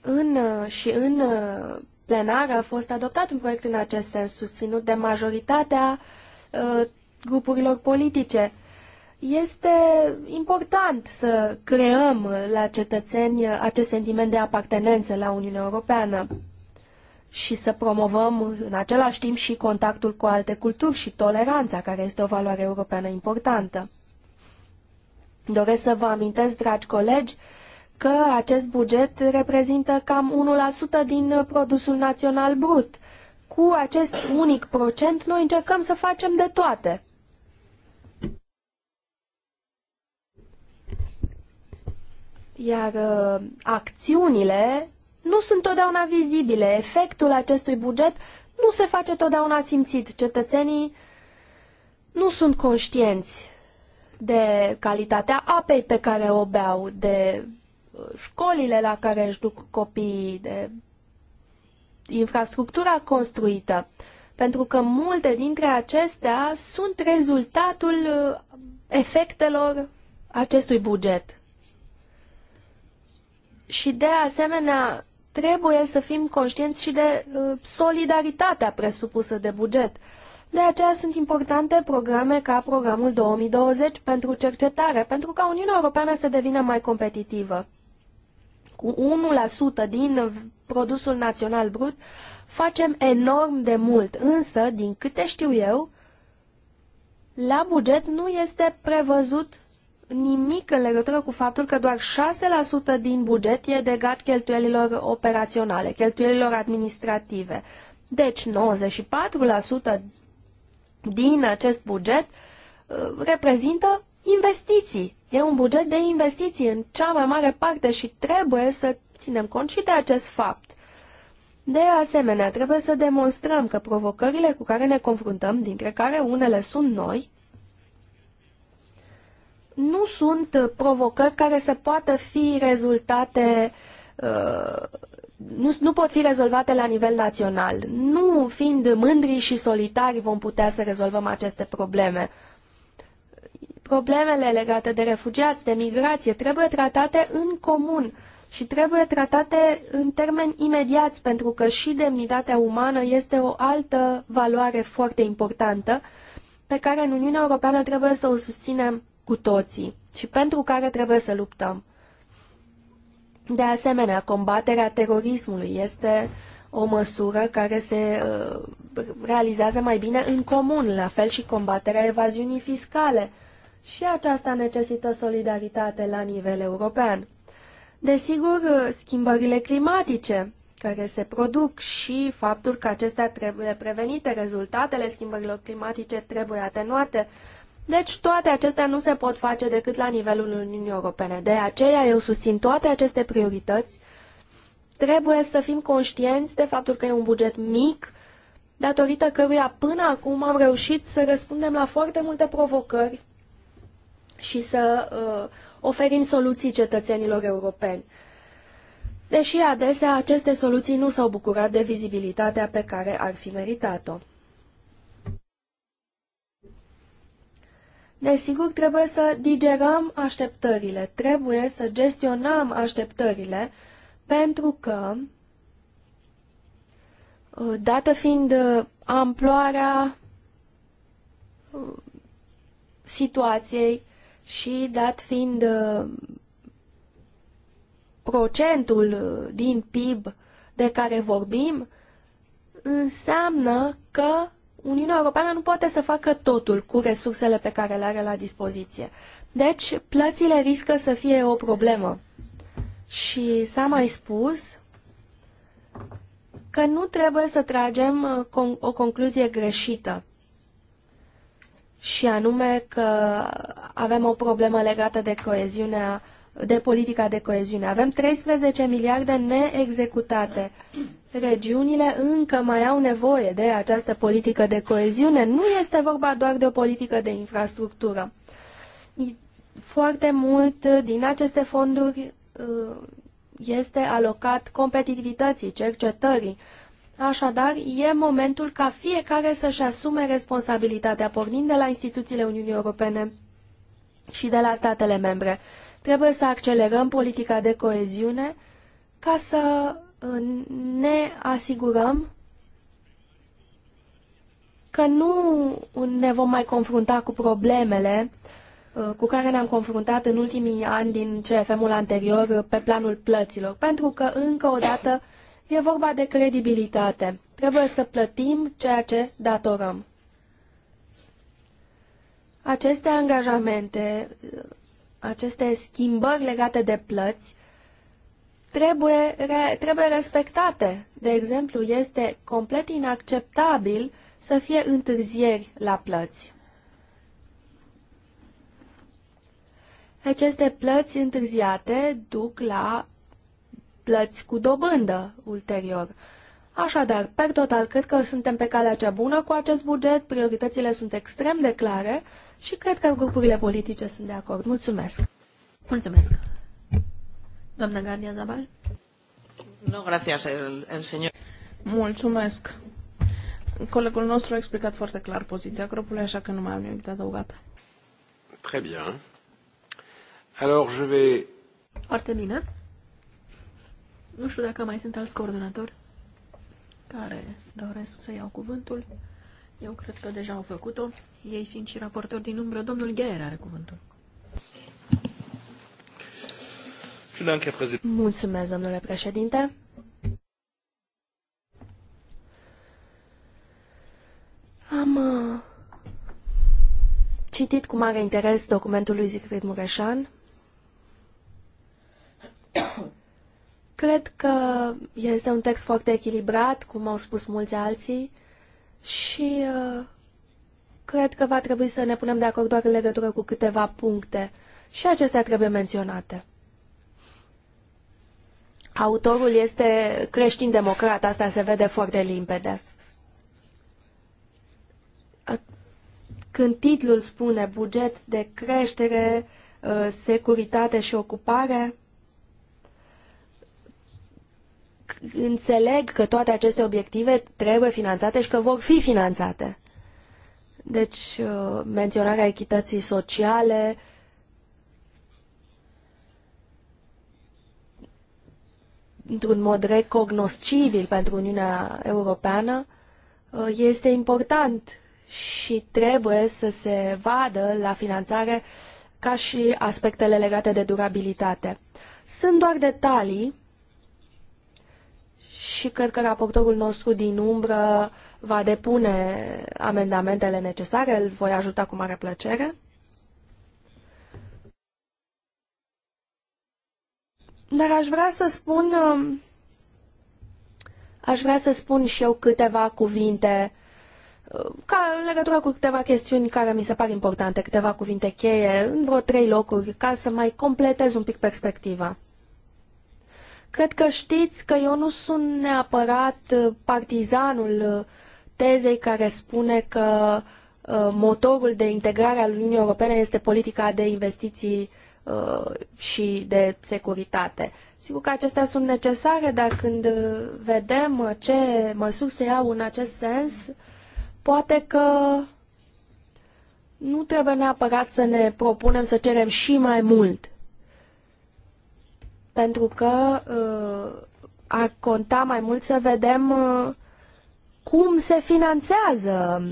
În, uh, și în uh, plenar a fost adoptat un proiect în acest sens, susținut de majoritatea uh, grupurilor politice. Uh, este important să creăm la cetățeni acest sentiment de apartenență la Uniunea Europeană și să promovăm în același timp și contactul cu alte culturi și toleranța, care este o valoare europeană importantă. Doresc să vă amintesc, dragi colegi, că acest buget reprezintă cam 1% din produsul național brut. Cu acest unic procent noi încercăm să facem de toate Iar uh, acțiunile nu sunt totdeauna vizibile. Efectul acestui buget nu se face totdeauna simțit. Cetățenii nu sunt conștienți de calitatea apei pe care o beau, de uh, școlile la care își duc copiii, de infrastructura construită, pentru că multe dintre acestea sunt rezultatul uh, efectelor acestui buget. Și de asemenea, trebuie să fim conștienți și de uh, solidaritatea presupusă de buget. De aceea sunt importante programe ca programul 2020 pentru cercetare, pentru ca Uniunea Europeană să devină mai competitivă. Cu 1% din produsul național brut facem enorm de mult, însă, din câte știu eu, la buget nu este prevăzut nimic în legătură cu faptul că doar 6% din buget e degat cheltuielilor operaționale, cheltuielilor administrative. Deci 94% din acest buget uh, reprezintă investiții. E un buget de investiții în cea mai mare parte și trebuie să ținem cont și de acest fapt. De asemenea, trebuie să demonstrăm că provocările cu care ne confruntăm, dintre care unele sunt noi, nu sunt uh, provocări care să poată fi rezultate uh, nu, nu pot fi rezolvate la nivel național. Nu fiind mândri și solitari vom putea să rezolvăm aceste probleme. Problemele legate de refugiați, de migrație, trebuie tratate în comun și trebuie tratate în termeni imediați, pentru că și demnitatea umană este o altă valoare foarte importantă pe care în Uniunea Europeană trebuie să o susținem cu toții și pentru care trebuie să luptăm. De asemenea, combaterea terorismului este o măsură care se uh, realizează mai bine în comun, la fel și combaterea evaziunii fiscale. Și aceasta necesită solidaritate la nivel european. Desigur, uh, schimbările climatice care se produc și faptul că acestea trebuie prevenite, rezultatele schimbărilor climatice trebuie atenuate, deci toate acestea nu se pot face decât la nivelul Uniunii Europene. De aceea eu susțin toate aceste priorități. Trebuie să fim conștienți de faptul că e un buget mic, datorită căruia până acum am reușit să răspundem la foarte multe provocări și să uh, oferim soluții cetățenilor europeni. Deși adesea aceste soluții nu s-au bucurat de vizibilitatea pe care ar fi meritat-o. Desigur, trebuie să digerăm așteptările, trebuie să gestionăm așteptările, pentru că, uh, dată fiind uh, amploarea uh, situației și dat fiind procentul din PIB de care vorbim, înseamnă că Uniunea Europeană nu poate să facă totul cu resursele pe care le are la dispoziție. Deci, plățile riscă să fie o problemă. Și s-a mai spus că nu trebuie să tragem uh, o concluzie greșită. Și anume că avem o problemă legată de coeziunea, de politica de coeziune. Avem 13 miliarde neexecutate regiunile încă mai au nevoie de această politică de coeziune. Nu este vorba doar de o politică de infrastructură. Foarte mult din aceste fonduri uh, este alocat competitivității, cercetării. Așadar, e momentul ca fiecare să-și asume responsabilitatea, pornind de la instituțiile Uniunii Europene și de la statele membre. Trebuie să accelerăm politica de coeziune ca să ne asigurăm că nu ne vom mai confrunta cu problemele uh, cu care ne-am confruntat în ultimii ani din CFM-ul anterior uh, pe planul plăților, pentru că, încă o dată, e vorba de credibilitate. Trebuie să plătim ceea ce datorăm. Aceste angajamente, uh, aceste schimbări legate de plăți, trebuie, re, trebuie respectate. De exemplu, este complet inacceptabil să fie întârzieri la plăți. Aceste plăți întârziate duc la plăți cu dobândă ulterior. Așadar, per total, cred că suntem pe calea cea bună cu acest buget, prioritățile sunt extrem de clare și cred că grupurile politice sunt de acord. Mulțumesc! Mulțumesc! Doamna Gardia Zabal? No, gracias, el, el señor. Mulțumesc. Colegul nostru a explicat foarte clar poziția grupului, așa că nu mai am nimic de adăugat. Très bien. Alors, je vais... Foarte bine. Nu știu dacă mai sunt alți coordonatori care doresc să iau cuvântul. Eu cred că deja au făcut-o. Ei fiind și raportori din umbră, domnul Gheer are cuvântul. Mulțumesc, domnule președinte. Am uh, citit cu mare interes documentul lui Zicrid Mureșan. Cred că este un text foarte echilibrat, cum au spus mulți alții, și uh, cred că va trebui să ne punem de acord doar în legătură cu câteva puncte și acestea trebuie menționate. Autorul este creștin-democrat, asta se vede foarte limpede. Când titlul spune buget de creștere, uh, securitate și ocupare, înțeleg că toate aceste obiective trebuie finanțate și că vor fi finanțate. Deci, uh, menționarea echității sociale, într-un mod recognoscibil pentru Uniunea Europeană uh, este important și trebuie să se vadă la finanțare ca și aspectele legate de durabilitate. Sunt doar detalii și cred că raportorul nostru din umbră va depune amendamentele necesare, îl voi ajuta cu mare plăcere. Dar aș vrea să spun... Um, aș vrea să spun și eu câteva cuvinte um, ca în legătură cu câteva chestiuni care mi se par importante, câteva cuvinte cheie, în vreo trei locuri, ca să mai completez un pic perspectiva. Cred că știți că eu nu sunt neapărat uh, partizanul uh, tezei care spune că uh, motorul de integrare al Uniunii Europene este politica de investiții Uh, și de securitate. Sigur că acestea sunt necesare, dar când vedem ce măsuri se iau în acest sens, poate că nu trebuie neapărat să ne propunem să cerem și mai mult. Pentru că uh, ar conta mai mult să vedem uh, cum se finanțează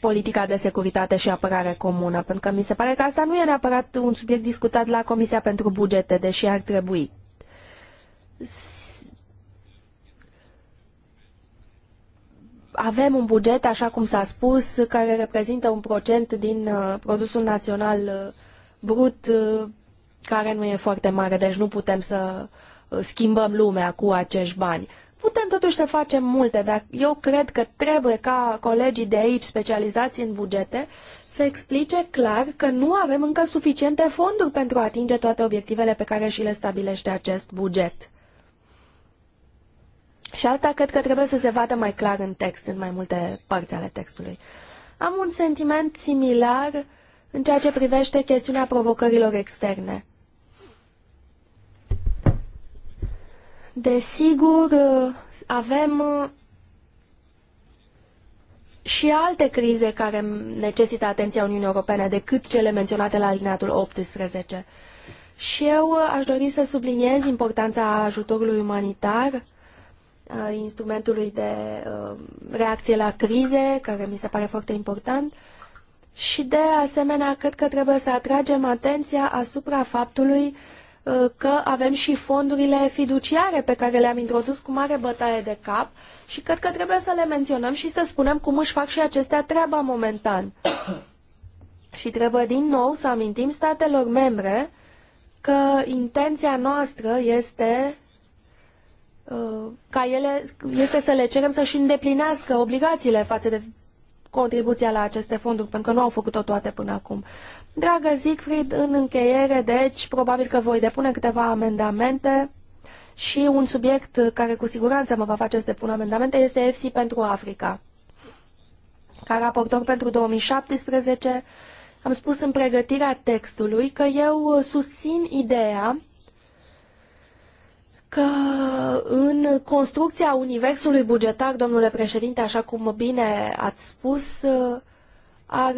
politica de securitate și apărare comună, pentru că mi se pare că asta nu e neapărat un subiect discutat la Comisia pentru Bugete, deși ar trebui. Avem un buget, așa cum s-a spus, care reprezintă un procent din uh, produsul național uh, brut, uh, care nu e foarte mare, deci nu putem să schimbăm lumea cu acești bani. Putem totuși să facem multe, dar eu cred că trebuie ca colegii de aici, specializați în bugete, să explice clar că nu avem încă suficiente fonduri pentru a atinge toate obiectivele pe care și le stabilește acest buget. Și asta cred că trebuie să se vadă mai clar în text, în mai multe părți ale textului. Am un sentiment similar în ceea ce privește chestiunea provocărilor externe. Desigur, uh, avem uh, și alte crize care necesită atenția Uniunii Europene decât cele menționate la alineatul 18. Și eu uh, aș dori să subliniez importanța ajutorului umanitar, instrumentului de reacție la crize, care mi se pare foarte important, și de asemenea cred că trebuie să atragem atenția asupra faptului Uh, că avem și fondurile fiduciare pe care le-am introdus cu mare bătaie de cap și cred că trebuie să le menționăm și să spunem cum își fac și acestea treaba momentan. și trebuie din nou să amintim statelor membre că intenția noastră este uh, ca ele este să le cerem să-și îndeplinească obligațiile față de contribuția la aceste fonduri, pentru că nu au făcut-o toate până acum. Dragă Siegfried, în încheiere, deci, probabil că voi depune câteva amendamente și un subiect care cu siguranță mă va face să depun amendamente este EFSI pentru Africa. Ca raportor pentru 2017, am spus în pregătirea textului că eu susțin ideea că în construcția universului bugetar, domnule președinte, așa cum bine ați spus, ar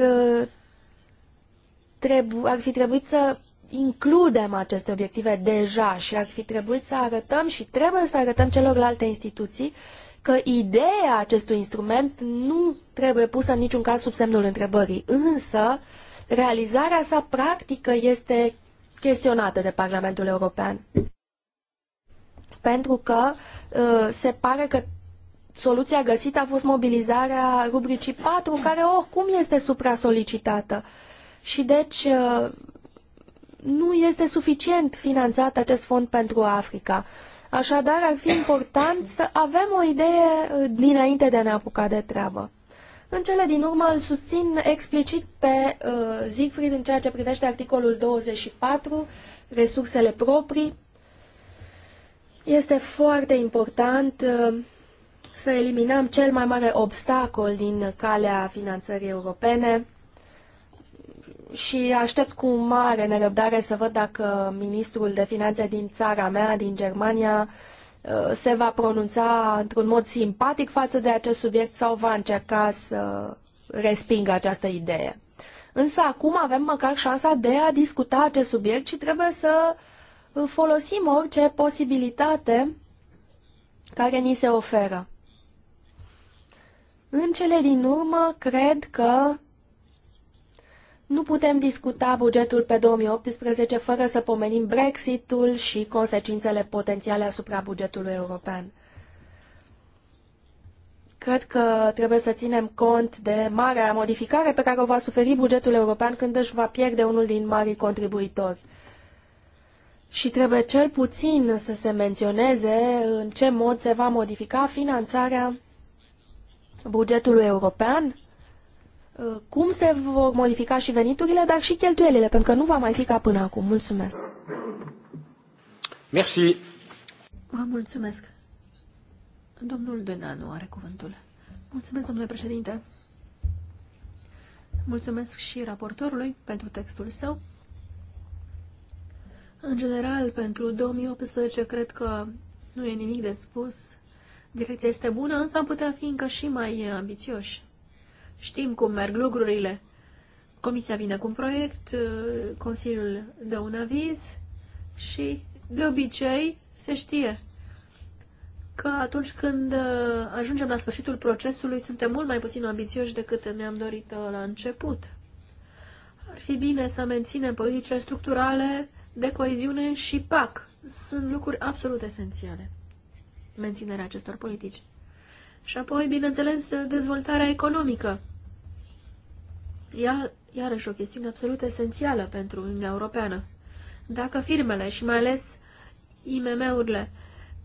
trebu- ar fi trebuit să includem aceste obiective deja și ar fi trebuit să arătăm și trebuie să arătăm celorlalte instituții că ideea acestui instrument nu trebuie pusă în niciun caz sub semnul întrebării, însă realizarea sa practică este chestionată de Parlamentul European. Pentru că uh, se pare că soluția găsită a fost mobilizarea rubricii 4, care oricum este supra-solicitată. Uh, și deci uh, nu este suficient finanțat acest fond pentru Africa. Așadar, ar fi important să avem o idee uh, dinainte de a ne apuca de treabă. În cele din urmă îl susțin explicit pe uh, Siegfried în ceea ce privește articolul 24, resursele proprii. Este foarte important uh, să eliminăm cel mai mare obstacol din calea finanțării europene, și aștept cu mare nerăbdare să văd dacă ministrul de finanțe din țara mea, din Germania, uh, se va pronunța într-un mod simpatic față de acest subiect sau va încerca să respingă această idee. Însă acum avem măcar șansa de a discuta acest subiect și trebuie să folosim orice posibilitate care ni se oferă. În cele din urmă, cred că nu putem discuta bugetul pe 2018 fără să pomenim Brexitul și consecințele potențiale asupra bugetului european. Cred că trebuie să ținem cont de marea modificare pe care o va suferi bugetul european când își va pierde unul din marii contribuitori. Și trebuie cel puțin să se menționeze în ce mod se va modifica finanțarea bugetului european Uh, cum se vor modifica și veniturile, dar și cheltuielile, pentru că nu va mai fi ca până acum. Mulțumesc! Merci! Vă mulțumesc! Domnul Denanu are cuvântul. Mulțumesc, domnule președinte! Mulțumesc și raportorului pentru textul său. În general, pentru 2018, cred că nu e nimic de spus. Direcția este bună, însă am putea fi încă și mai ambițioși. Știm cum merg lucrurile. Comisia vine cu un proiect, uh, Consiliul dă un aviz și, de obicei, se știe că atunci când uh, ajungem la sfârșitul procesului suntem mult mai puțin ambițioși decât ne-am dorit uh, la început. Ar fi bine să menținem politicile structurale de coeziune și PAC. Sunt lucruri absolut esențiale, menținerea acestor politici și apoi, bineînțeles, dezvoltarea economică. Ia, iarăși o chestiune absolut esențială pentru Uniunea Europeană. Dacă firmele și mai ales IMM-urile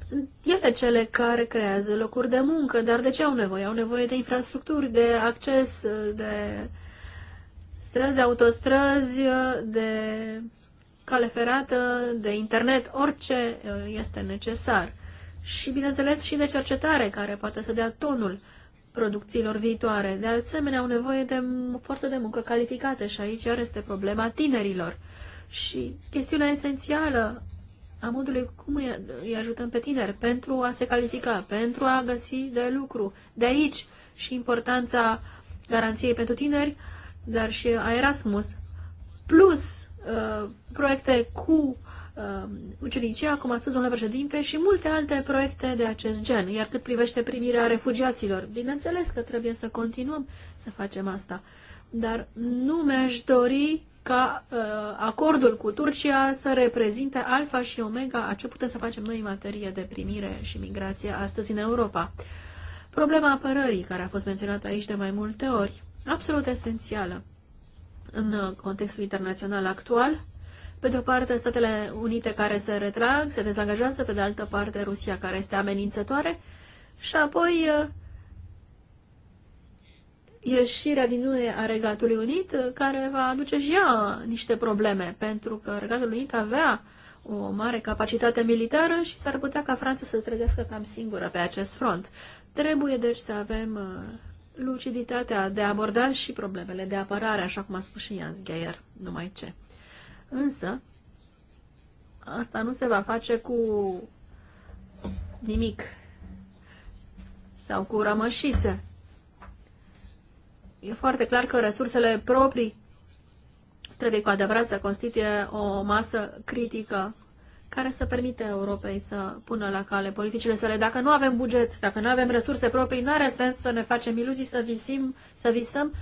sunt ele cele care creează locuri de muncă, dar de ce au nevoie? Au nevoie de infrastructuri, de acces, de străzi, autostrăzi, de cale ferată, de internet, orice este necesar și, bineînțeles, și de cercetare care poate să dea tonul producțiilor viitoare. De asemenea, au nevoie de forță de muncă calificată și aici iar este problema tinerilor. Și chestiunea esențială a modului cum îi ajutăm pe tineri pentru a se califica, pentru a găsi de lucru. De aici și importanța garanției pentru tineri, dar și a Erasmus, plus uh, proiecte cu uh, Um, ucenicia, cum a spus domnule președinte, și multe alte proiecte de acest gen. Iar cât privește primirea refugiaților, bineînțeles că trebuie să continuăm să facem asta. Dar nu mi-aș dori ca uh, acordul cu Turcia să reprezinte alfa și omega a ce putem să facem noi în materie de primire și migrație astăzi în Europa. Problema apărării, care a fost menționată aici de mai multe ori, absolut esențială în contextul internațional actual, pe de o parte, Statele Unite care se retrag, se dezangajează, pe de altă parte, Rusia care este amenințătoare și apoi uh, ieșirea din UE a Regatului Unit, uh, care va aduce și ea niște probleme, pentru că Regatul Unit avea o mare capacitate militară și s-ar putea ca Franța să trezească cam singură pe acest front. Trebuie deci să avem uh, luciditatea de a aborda și problemele de apărare, așa cum a spus și Ian Geier, numai ce. Însă, asta nu se va face cu nimic sau cu rămășițe. E foarte clar că resursele proprii trebuie cu adevărat să constituie o masă critică care să permite Europei să pună la cale politicile sale. Dacă nu avem buget, dacă nu avem resurse proprii, nu are sens să ne facem iluzii, să visim, să visăm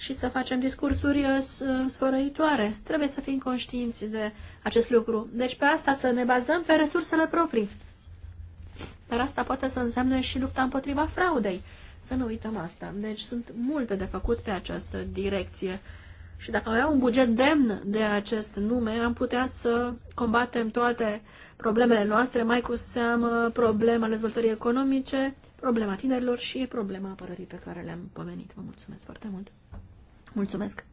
și să facem discursuri uh, uh, sfărăitoare. Trebuie să fim conștiinți de acest lucru. Deci pe asta să ne bazăm pe resursele proprii. Dar asta poate să însemne și lupta împotriva fraudei. Să nu uităm asta. Deci sunt multe de făcut pe această direcție. Și dacă aveam un buget demn de acest nume, am putea să combatem toate problemele noastre, mai cu seamă problema dezvoltării economice, problema tinerilor și problema apărării pe care le-am pomenit. Vă mulțumesc foarte mult! Mulțumesc.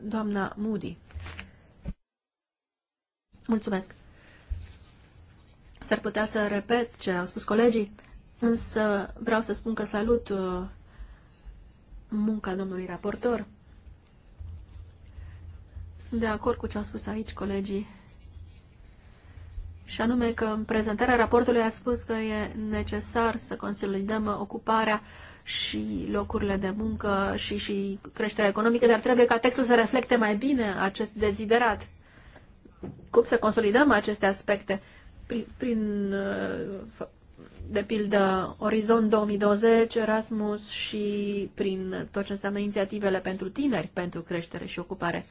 Doamna Moody. Mulțumesc. S-ar putea să repet ce au spus colegii, însă vreau să spun că salut uh, munca domnului raportor. Sunt de acord cu ce au spus aici colegii. Și anume că în prezentarea raportului a spus că e necesar să consolidăm ocuparea uh, și locurile de muncă și, și creșterea economică, dar trebuie ca textul să reflecte mai bine acest deziderat. Cum să consolidăm aceste aspecte? Prin, prin de pildă, Orizont 2020, Erasmus și prin tot ce înseamnă inițiativele pentru tineri, pentru creștere și ocupare.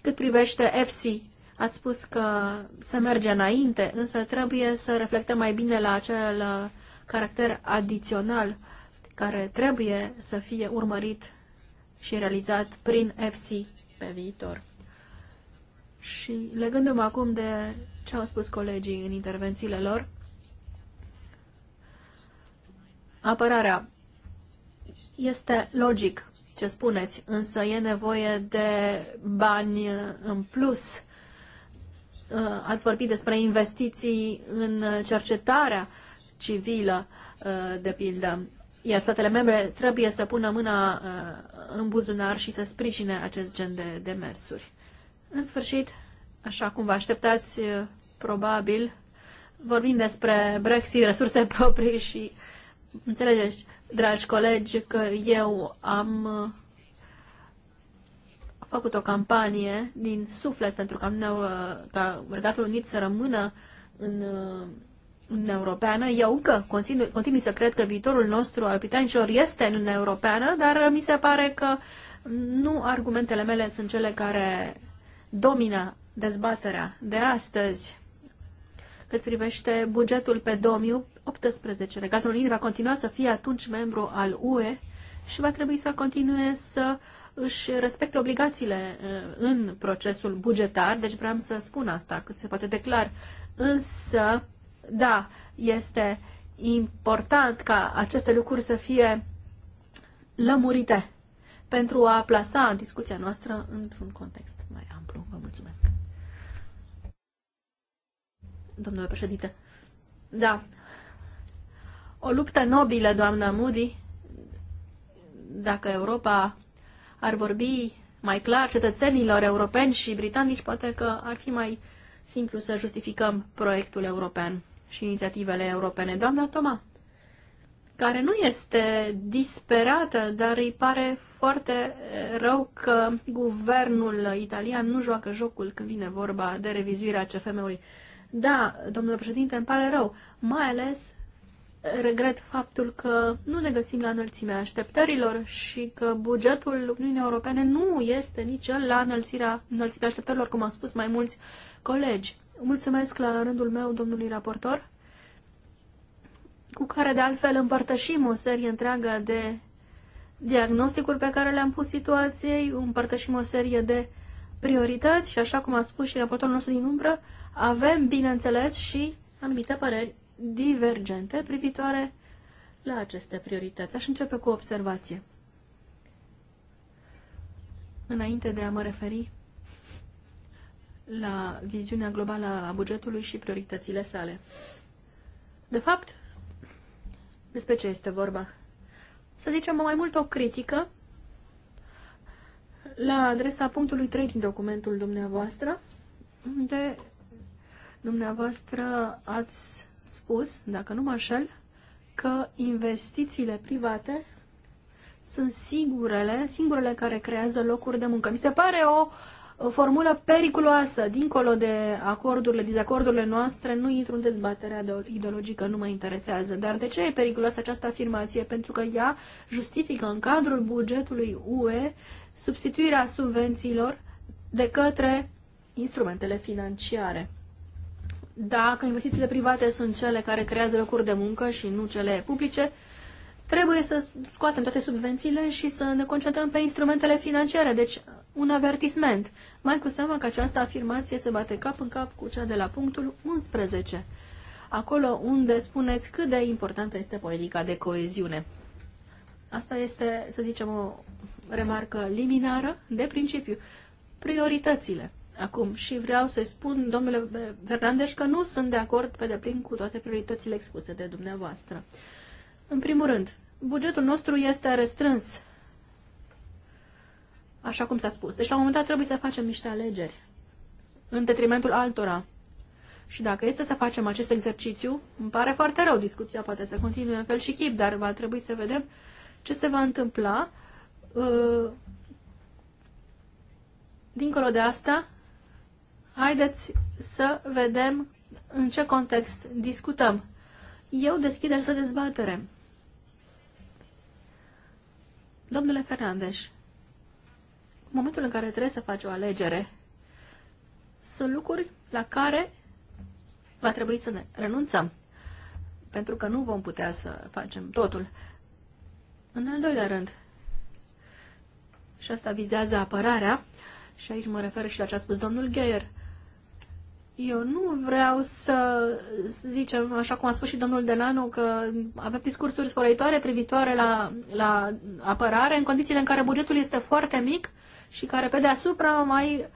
Cât privește EFSI, ați spus că se merge înainte, însă trebuie să reflectăm mai bine la acel caracter adițional uh, care trebuie să fie urmărit și realizat prin FC pe viitor. Și legându-mă acum de ce au spus colegii în intervențiile lor, apărarea este logic ce spuneți, însă e nevoie de bani în plus. Uh, ați vorbit despre investiții în cercetarea civilă, uh, de pildă iar statele membre trebuie să pună mâna uh, în buzunar și să sprijine acest gen de demersuri. În sfârșit, așa cum vă așteptați, uh, probabil, vorbim despre Brexit, resurse proprii și înțelegeți, dragi colegi, că eu am uh, făcut o campanie din suflet pentru că ca, ca Regatul Unit să rămână în Uniunea Europeană. Eu încă continui, continui să cred că viitorul nostru al britanicilor este în Uniunea Europeană, dar mi se pare că nu argumentele mele sunt cele care domină dezbaterea de astăzi cât privește bugetul pe 2018. Regatul Unit va continua să fie atunci membru al UE și va trebui să continue să își respecte obligațiile uh, în procesul bugetar, deci vreau să spun asta cât se poate declar. Însă, da, este important ca aceste lucruri să fie lămurite pentru a plasa discuția noastră într-un context mai amplu. Vă mulțumesc. Domnule președinte, da, o luptă nobilă, doamnă Moody, dacă Europa ar vorbi mai clar cetățenilor europeni și britanici, poate că ar fi mai simplu să justificăm proiectul european și inițiativele europene. Doamna Toma, care nu este disperată, dar îi pare foarte rău că guvernul italian nu joacă jocul când vine vorba de revizuirea CFM-ului. Da, domnule președinte, îmi pare rău, mai ales regret faptul că nu ne găsim la înălțimea așteptărilor și că bugetul Uniunii Europene nu este nici el la înălțirea, înălțimea așteptărilor, cum au spus mai mulți colegi. Mulțumesc la rândul meu domnului raportor, cu care de altfel împărtășim o serie întreagă de diagnosticuri pe care le-am pus situației, împărtășim o serie de priorități și așa cum a spus și raportorul nostru din umbră, avem, bineînțeles, și anumite păreri divergente privitoare la aceste priorități. Aș începe cu o observație. Înainte de a mă referi la viziunea globală a bugetului și prioritățile sale. De fapt, despre ce este vorba? Să zicem mai mult o critică la adresa punctului 3 din documentul dumneavoastră, unde dumneavoastră ați spus, dacă nu mă înșel, că investițiile private sunt singurele, singurele care creează locuri de muncă. Mi se pare o uh, o formulă periculoasă, dincolo de acordurile, dezacordurile noastre, nu intru în dezbaterea ideologică, nu mă interesează. Dar de ce e periculoasă această afirmație? Pentru că ea justifică în cadrul bugetului UE substituirea subvențiilor de către instrumentele financiare. Dacă investițiile private sunt cele care creează locuri de muncă și nu cele publice, uh, Trebuie să scoatem toate subvențiile și să ne concentrăm pe instrumentele financiare, deci un avertisment. Mai cu seama că această afirmație se bate cap în cap cu cea de la punctul 11, acolo unde spuneți cât de importantă este politica de coeziune. Asta este, să zicem, o remarcă liminară de principiu. Prioritățile acum și vreau să spun, domnule Fernandes, că nu sunt de acord pe deplin cu toate prioritățile expuse de dumneavoastră. În primul rând, bugetul nostru este restrâns, așa cum s-a spus. Deci, la un moment dat, trebuie să facem niște alegeri în detrimentul altora. Și dacă este să facem acest exercițiu, îmi pare foarte rău, discuția poate să continue în fel și chip, dar va trebui să vedem ce se va întâmpla. Uh, dincolo de asta, haideți să vedem în ce context discutăm. Eu deschid această dezbatere. Domnule Fernandes, în momentul în care trebuie să faci o alegere, sunt lucruri la care va trebui să ne renunțăm, pentru că nu vom putea să facem totul. În al doilea rând, și asta vizează apărarea, și aici mă refer și la ce a spus domnul Geier, eu nu vreau să zicem, așa cum a spus și domnul Delanu, că avem discursuri sporitoare privitoare la, la apărare, în condițiile în care bugetul este foarte mic și care pe deasupra mai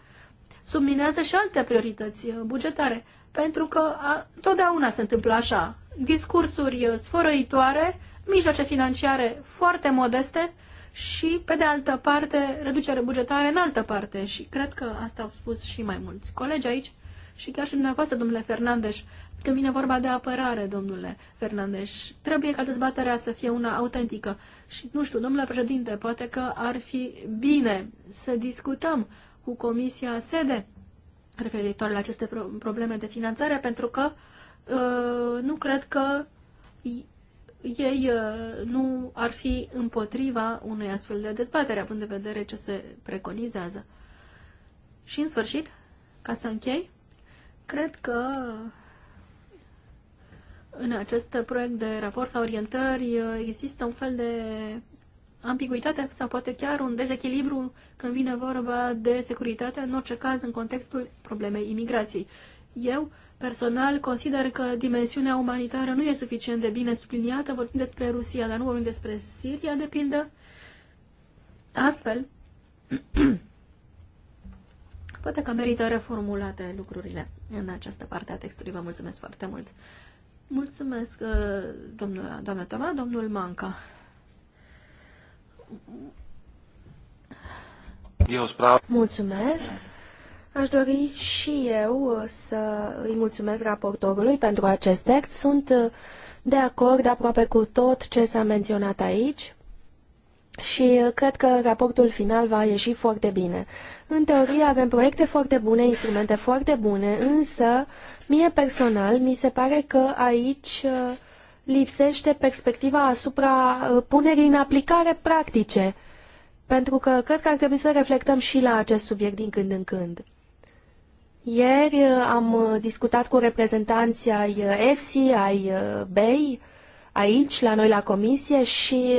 subminează și alte priorități bugetare. Pentru că a, totdeauna se întâmplă așa. Discursuri sfărăitoare, mijloace financiare foarte modeste și, pe de altă parte, reducere bugetare în altă parte. Și cred că asta au spus și mai mulți colegi aici și chiar și dumneavoastră, domnule Fernandes, când vine vorba de apărare, domnule Fernandes, trebuie ca dezbaterea să fie una autentică. Și, nu știu, domnule președinte, poate că ar fi bine să discutăm cu Comisia Sede referitor la aceste probleme de finanțare, pentru că uh, nu cred că ei uh, nu ar fi împotriva unei astfel de dezbatere, având de vedere ce se preconizează. Și, în sfârșit, ca să închei, Cred că în acest proiect de raport sau orientări uh, există un fel de ambiguitate sau poate chiar un dezechilibru când vine vorba de securitate, în orice caz în contextul problemei imigrației. Eu personal consider că dimensiunea umanitară nu e suficient de bine subliniată, vorbim despre Rusia, dar nu vorbim despre Siria, de pildă. Astfel, Poate că merită reformulate lucrurile în această parte a textului. Vă mulțumesc foarte mult. Mulțumesc, uh, domnul, doamna Toma, domnul Manca. Eu sprav... Mulțumesc. Aș dori și eu uh, să îi mulțumesc raportorului pentru acest text. Sunt uh, de acord aproape cu tot ce s-a menționat aici și uh, cred că raportul final va ieși foarte bine. În teorie avem proiecte foarte bune, instrumente foarte bune, însă mie personal mi se pare că aici uh, lipsește perspectiva asupra uh, punerii în aplicare practice, pentru că cred că ar trebui să reflectăm și la acest subiect din când în când. Ieri am discutat cu reprezentanții ai EFSI, ai BEI, aici, la noi la comisie și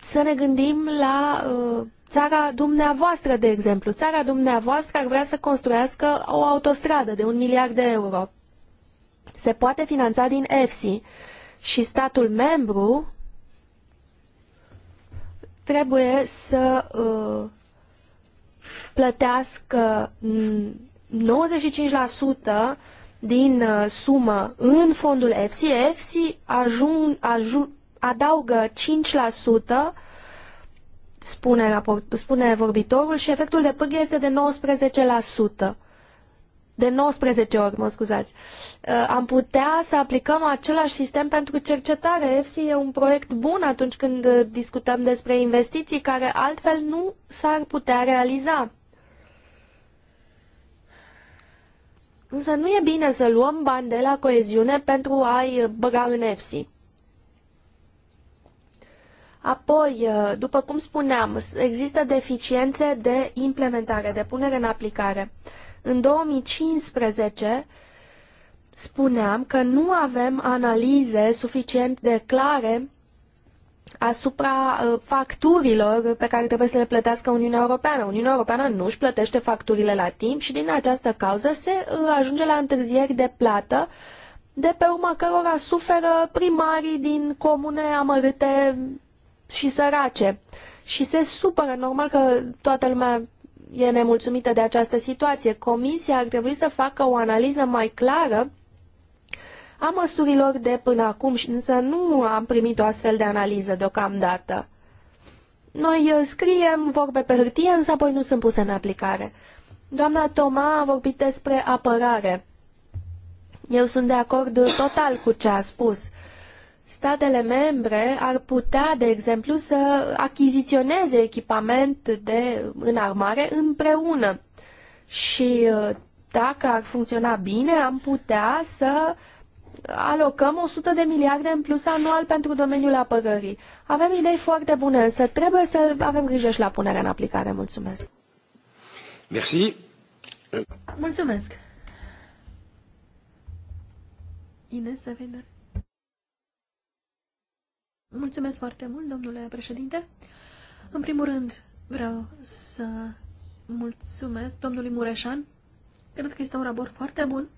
să ne gândim la uh, țara dumneavoastră, de exemplu. Țara dumneavoastră ar vrea să construiască o autostradă de un miliard de euro. Se poate finanța din EFSI și statul membru trebuie să uh, plătească 95% din uh, sumă în fondul EFSI. EFSI ajung, ajung, adaugă 5%, spune, raport, spune vorbitorul, și efectul de pârghie este de 19%. De 19 ori, mă scuzați. Uh, am putea să aplicăm același sistem pentru cercetare. EFSI e un proiect bun atunci când uh, discutăm despre investiții care altfel nu s-ar putea realiza. Însă nu e bine să luăm bani de la coeziune pentru a-i băga în EFSI. Apoi, uh, după cum spuneam, există deficiențe de implementare, de punere în aplicare. În 2015 spuneam că nu avem analize suficient de clare asupra uh, facturilor pe care trebuie să le plătească Uniunea Europeană. Uniunea Europeană nu își plătește facturile la timp și din această cauză se uh, ajunge la întârzieri de plată de pe urma cărora suferă primarii din comune amărâte și sărace. Și se supără, normal că toată lumea e nemulțumită de această situație. Comisia ar trebui să facă o analiză mai clară a măsurilor de până acum, însă nu am primit o astfel de analiză deocamdată. Noi uh, scriem vorbe pe hârtie, însă apoi nu sunt puse în aplicare. Doamna Toma a vorbit despre apărare. Eu sunt de acord total cu ce a spus statele membre ar putea, de exemplu, să achiziționeze echipament de înarmare împreună. Și uh, dacă ar funcționa bine, am putea să alocăm 100 de miliarde în plus anual pentru domeniul apărării. Avem idei foarte bune, însă trebuie să avem grijă și la punerea în aplicare. Mulțumesc! Merci. Mulțumesc! Ines Avena. Mulțumesc foarte mult, domnule președinte. În primul rând, vreau să mulțumesc domnului Mureșan. Cred că este un raport foarte bun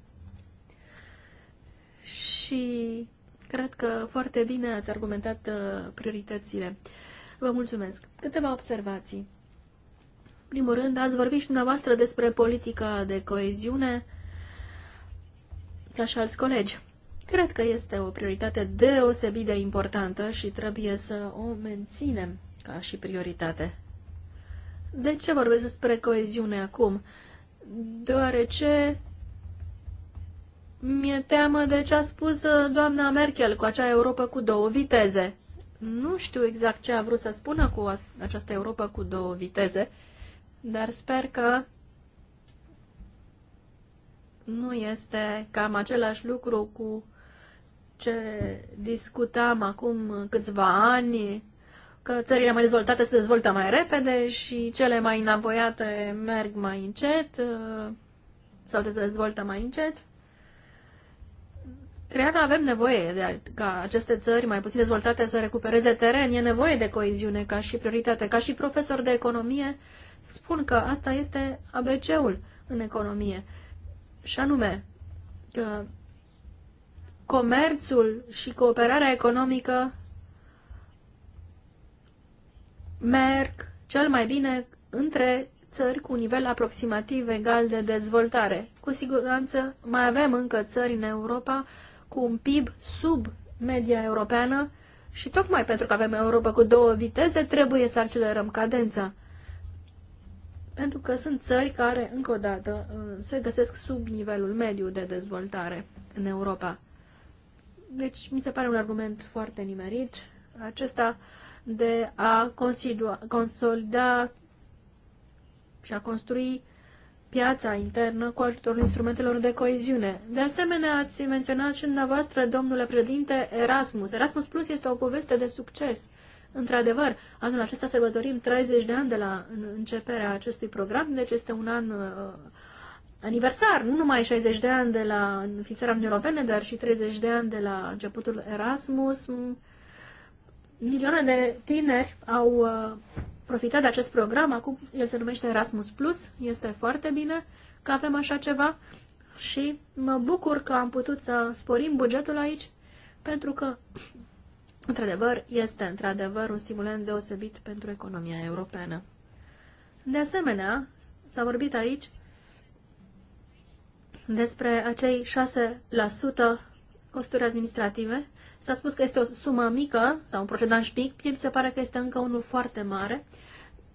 și cred că foarte bine ați argumentat uh, prioritățile. Vă mulțumesc. Câteva observații. În primul rând, ați vorbit și dumneavoastră despre politica de coeziune, ca și alți colegi. Cred că este o prioritate deosebit de importantă și trebuie să o menținem ca și prioritate. De ce vorbesc despre coeziune acum? Deoarece mi-e teamă de ce a spus uh, doamna Merkel cu acea Europa cu două viteze. Nu știu exact ce a vrut să spună cu această Europa cu două viteze, dar sper că nu este cam același lucru cu ce discutam acum câțiva ani, că țările mai dezvoltate se dezvoltă mai repede și cele mai înapoiate merg mai încet uh, sau se dezvoltă mai încet. Crear avem nevoie de a, ca aceste țări mai puțin dezvoltate să recupereze teren. E nevoie de coeziune ca și prioritate. Ca și profesor de economie spun că asta este ABC-ul în economie. Și anume că comerțul și cooperarea economică merg cel mai bine între țări cu un nivel aproximativ egal de dezvoltare. Cu siguranță mai avem încă țări în Europa cu un PIB sub media europeană și tocmai pentru că avem Europa cu două viteze trebuie să accelerăm cadența. Pentru că sunt țări care, încă o dată, uh, se găsesc sub nivelul mediu de dezvoltare în Europa. Deci, mi se pare un argument foarte nimerit acesta de a considua, consolida și a construi piața internă cu ajutorul instrumentelor de coeziune. De asemenea, ați menționat și dumneavoastră, domnule președinte, Erasmus. Erasmus Plus este o poveste de succes. Într-adevăr, anul acesta sărbătorim 30 de ani de la începerea acestui program, deci este un an uh, aniversar, nu numai 60 de ani de la înființarea Uniunii Europene, dar și 30 de ani de la începutul Erasmus. Milioane de tineri au uh, profitat de acest program, acum el se numește Erasmus Plus, este foarte bine că avem așa ceva și mă bucur că am putut să sporim bugetul aici, pentru că, într-adevăr, este într-adevăr un stimulant deosebit pentru economia europeană. De asemenea, s-a vorbit aici despre acei 6% costuri administrative. S-a spus că este o sumă mică sau un procentaj mic, mie mi se pare că este încă unul foarte mare.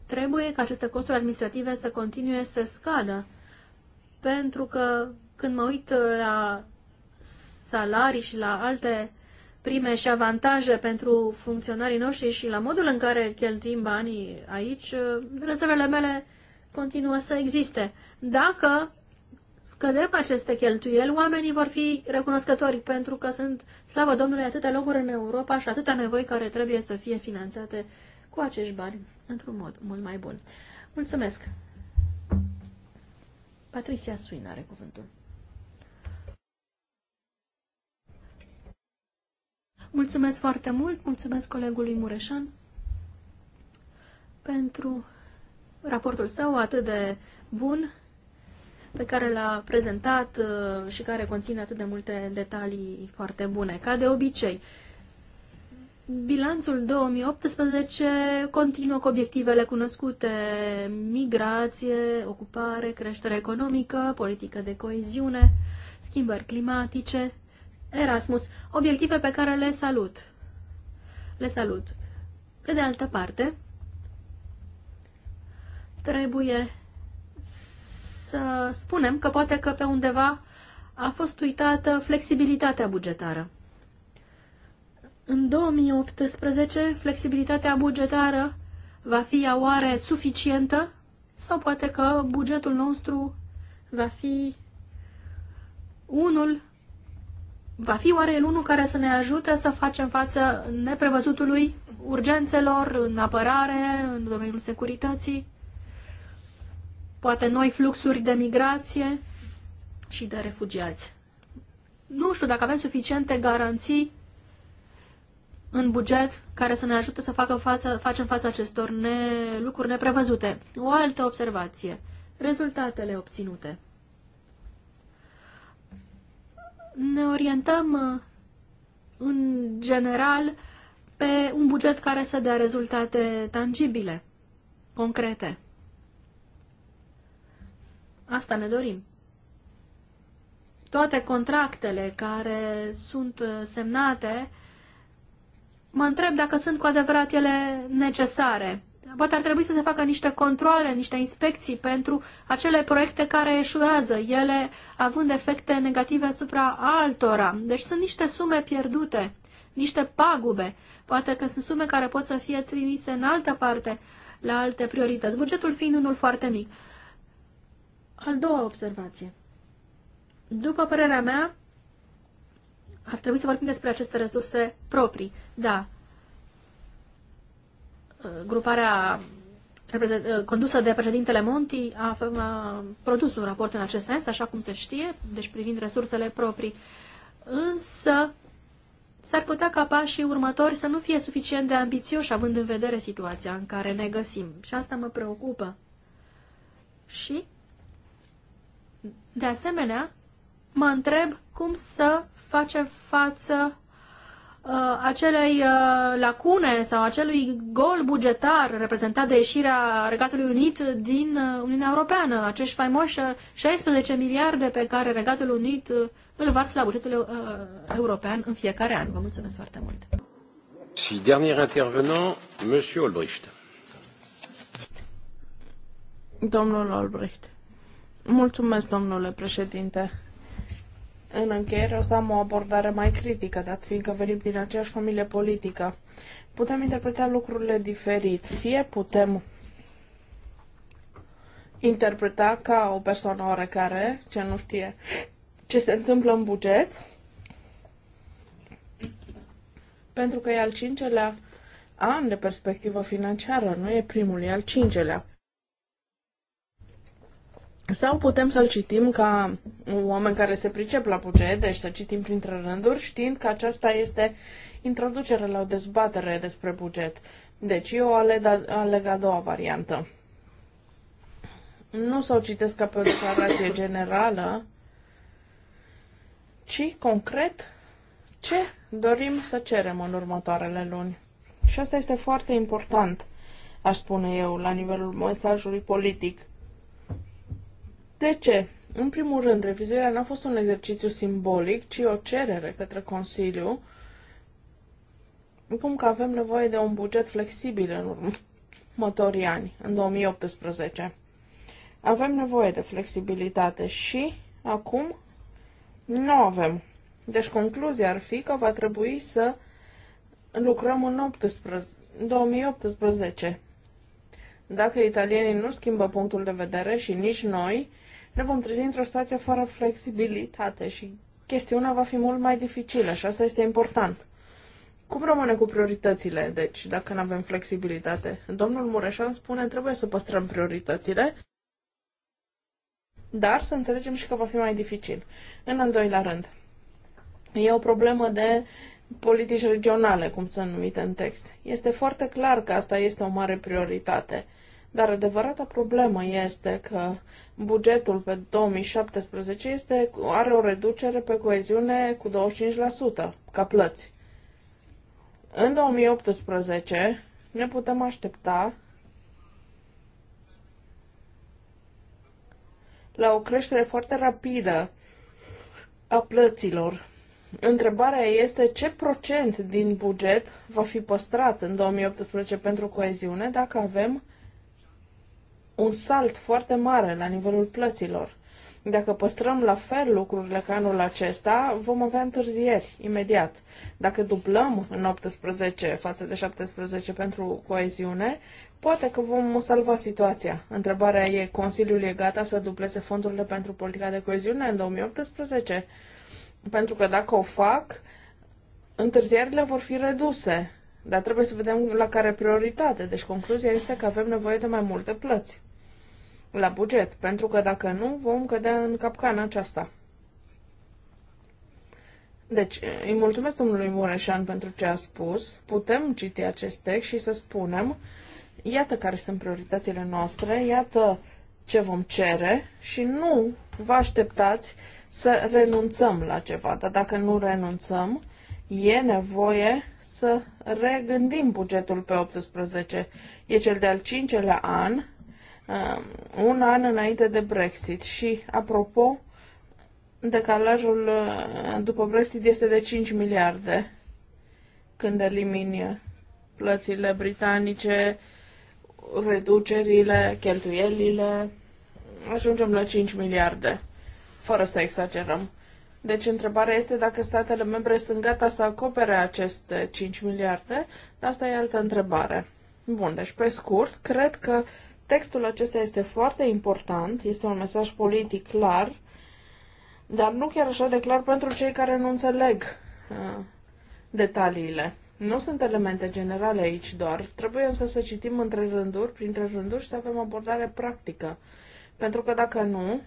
Trebuie ca aceste costuri administrative să continue să scadă, pentru că când mă uit la salarii și la alte prime și avantaje pentru funcționarii noștri și la modul în care cheltuim banii aici, rezervele mele continuă să existe. Dacă scădem aceste cheltuieli, oamenii vor fi recunoscători pentru că sunt, slavă Domnului, atâtea locuri în Europa și atâtea nevoi care trebuie să fie finanțate cu acești bani într-un mod mult mai bun. Mulțumesc! Patricia Suin are cuvântul. Mulțumesc foarte mult, mulțumesc colegului Mureșan pentru raportul său atât de bun pe care l-a prezentat uh, și care conține atât de multe detalii foarte bune, ca de obicei. Bilanțul 2018 continuă cu obiectivele cunoscute, migrație, ocupare, creștere economică, politică de coeziune, schimbări climatice, Erasmus, obiective pe care le salut. Le salut. Pe de altă parte, trebuie să spunem că poate că pe undeva a fost uitată flexibilitatea bugetară. În 2018, flexibilitatea bugetară va fi oare suficientă sau poate că bugetul nostru va fi unul va fi oare el unul care să ne ajute să facem față neprevăzutului urgențelor în apărare, în domeniul securității? poate noi fluxuri de migrație și de refugiați. Nu știu dacă avem suficiente garanții în buget care să ne ajute să facă față, facem față acestor ne, lucruri neprevăzute. O altă observație. Rezultatele obținute. Ne orientăm uh, în general pe un buget care să dea rezultate tangibile, concrete. Asta ne dorim. Toate contractele care sunt uh, semnate, mă întreb dacă sunt cu adevărat ele necesare. Poate ar trebui să se facă niște controle, niște inspecții pentru acele proiecte care eșuează, ele având efecte negative asupra altora. Deci sunt niște sume pierdute, niște pagube. Poate că sunt sume care pot să fie trimise în altă parte, la alte priorități, bugetul fiind unul foarte mic. Al doua observație. După părerea mea, ar trebui să vorbim despre aceste resurse proprii. Da, gruparea condusă de președintele Monti a, produs un raport în acest sens, așa cum se știe, deci privind resursele proprii. Însă, s-ar putea ca pașii următori să nu fie suficient de ambițioși, având în vedere situația în care ne găsim. Și asta mă preocupă. Și de asemenea, mă întreb cum să facem față uh, acelei uh, lacune sau acelui gol bugetar reprezentat de ieșirea Regatului Unit din uh, Uniunea Europeană, acești faimoși 16 uh, miliarde pe care Regatul Unit uh, îl varsă la bugetul uh, european în fiecare an. Vă mulțumesc foarte mult. Și dernier intervenant, M. Olbricht. Domnul Olbricht. Mulțumesc, domnule președinte. În încheiere o să am o abordare mai critică, dat fiindcă venim din aceeași familie politică. Putem interpreta lucrurile diferit. Fie putem interpreta ca o persoană oarecare, ce nu știe ce se întâmplă în buget, pentru că e al cincelea an de perspectivă financiară, nu e primul, e al cincelea. Sau putem să-l citim ca oameni care se pricep la buget, deci să citim printre rânduri, știind că aceasta este introducere la o dezbatere despre buget. Deci eu aleg, aleg a doua variantă. Nu să o citesc ca pe o declarație generală, ci concret ce dorim să cerem în următoarele luni. Și asta este foarte important, aș spune eu, la nivelul mesajului politic de ce? În primul rând, revizuirea nu a fost un exercițiu simbolic, ci o cerere către Consiliu, cum că avem nevoie de un buget flexibil în următorii ani, în 2018. Avem nevoie de flexibilitate și acum nu avem. Deci concluzia ar fi că va trebui să lucrăm în 18, 2018. Dacă italienii nu schimbă punctul de vedere și nici noi, ne vom trezi într-o situație fără flexibilitate și chestiunea va fi mult mai dificilă și asta este important. Cum rămâne cu prioritățile, deci, dacă nu avem flexibilitate? Domnul Mureșan spune, trebuie să păstrăm prioritățile, dar să înțelegem și că va fi mai dificil. În al doilea rând, e o problemă de politici regionale, cum sunt numite în text. Este foarte clar că asta este o mare prioritate. Dar adevărata problemă este că bugetul pe 2017 este, are o reducere pe coeziune cu 25% ca plăți. În 2018 ne putem aștepta la o creștere foarte rapidă a plăților. Întrebarea este ce procent din buget va fi păstrat în 2018 pentru coeziune dacă avem un salt foarte mare la nivelul plăților. Dacă păstrăm la fel lucrurile ca anul acesta, vom avea întârzieri imediat. Dacă dublăm în 18 față de 17 pentru coeziune, poate că vom salva situația. Întrebarea e, Consiliul e gata să dupleze fondurile pentru politica de coeziune în 2018? Pentru că dacă o fac, întârzierile vor fi reduse. Dar trebuie să vedem la care prioritate. Deci concluzia este că avem nevoie de mai multe plăți la buget, pentru că dacă nu, vom cădea în capcana aceasta. Deci, îi mulțumesc domnului Mureșan pentru ce a spus. Putem citi acest text și să spunem, iată care sunt prioritățile noastre, iată ce vom cere și nu vă așteptați să renunțăm la ceva. Dar dacă nu renunțăm, e nevoie să regândim bugetul pe 18. E cel de-al cincelea an uh, un an înainte de Brexit. Și, apropo, decalajul uh, după Brexit este de 5 miliarde când elimini plățile britanice, reducerile, cheltuielile, ajungem la 5 miliarde, fără să exagerăm. Deci întrebarea este dacă statele membre sunt gata să acopere aceste 5 miliarde, asta e altă întrebare. Bun, deci pe scurt, cred că Textul acesta este foarte important, este un mesaj politic clar, dar nu chiar așa de clar pentru cei care nu înțeleg uh, detaliile. Nu sunt elemente generale aici doar, trebuie însă să citim între rânduri, printre rânduri și să avem abordare practică. Pentru că dacă nu,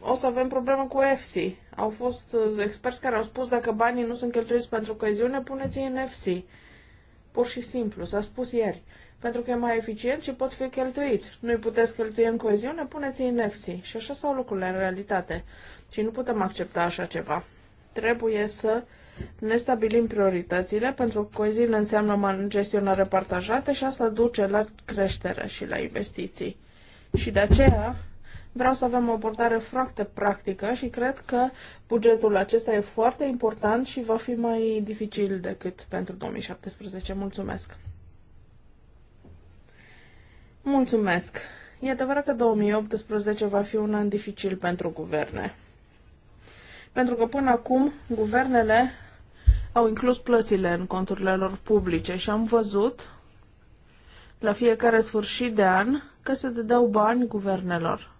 o să avem problemă cu F.C. Au fost uh, experți care au spus dacă banii nu sunt cheltuiți pentru coeziune, puneți-i în EFSI pur și simplu, s-a spus ieri, pentru că e mai eficient și pot fi cheltuiți. Nu-i puteți cheltui în coeziune, puneți-i în FC. Și așa stau lucrurile în realitate. Și nu putem accepta așa ceva. Trebuie să ne stabilim prioritățile, pentru că coeziune înseamnă gestionare partajată și asta duce la creștere și la investiții. Și de aceea Vreau să avem o abordare foarte practică și cred că bugetul acesta e foarte important și va fi mai dificil decât pentru 2017. Mulțumesc! Mulțumesc! E adevărat că 2018 va fi un an dificil pentru guverne. Pentru că până acum guvernele au inclus plățile în conturile lor publice și am văzut la fiecare sfârșit de an că se dădeau bani guvernelor.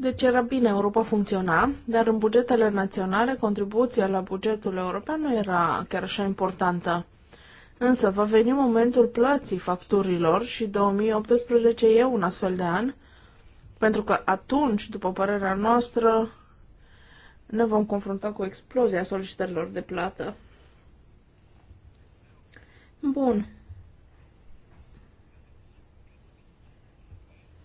Deci era bine, Europa funcționa, dar în bugetele naționale contribuția la bugetul european nu era chiar așa importantă. Însă va veni momentul plății facturilor și 2018 e un astfel de an, pentru că atunci, după părerea noastră, ne vom confrunta cu explozia solicitărilor de plată. Bun.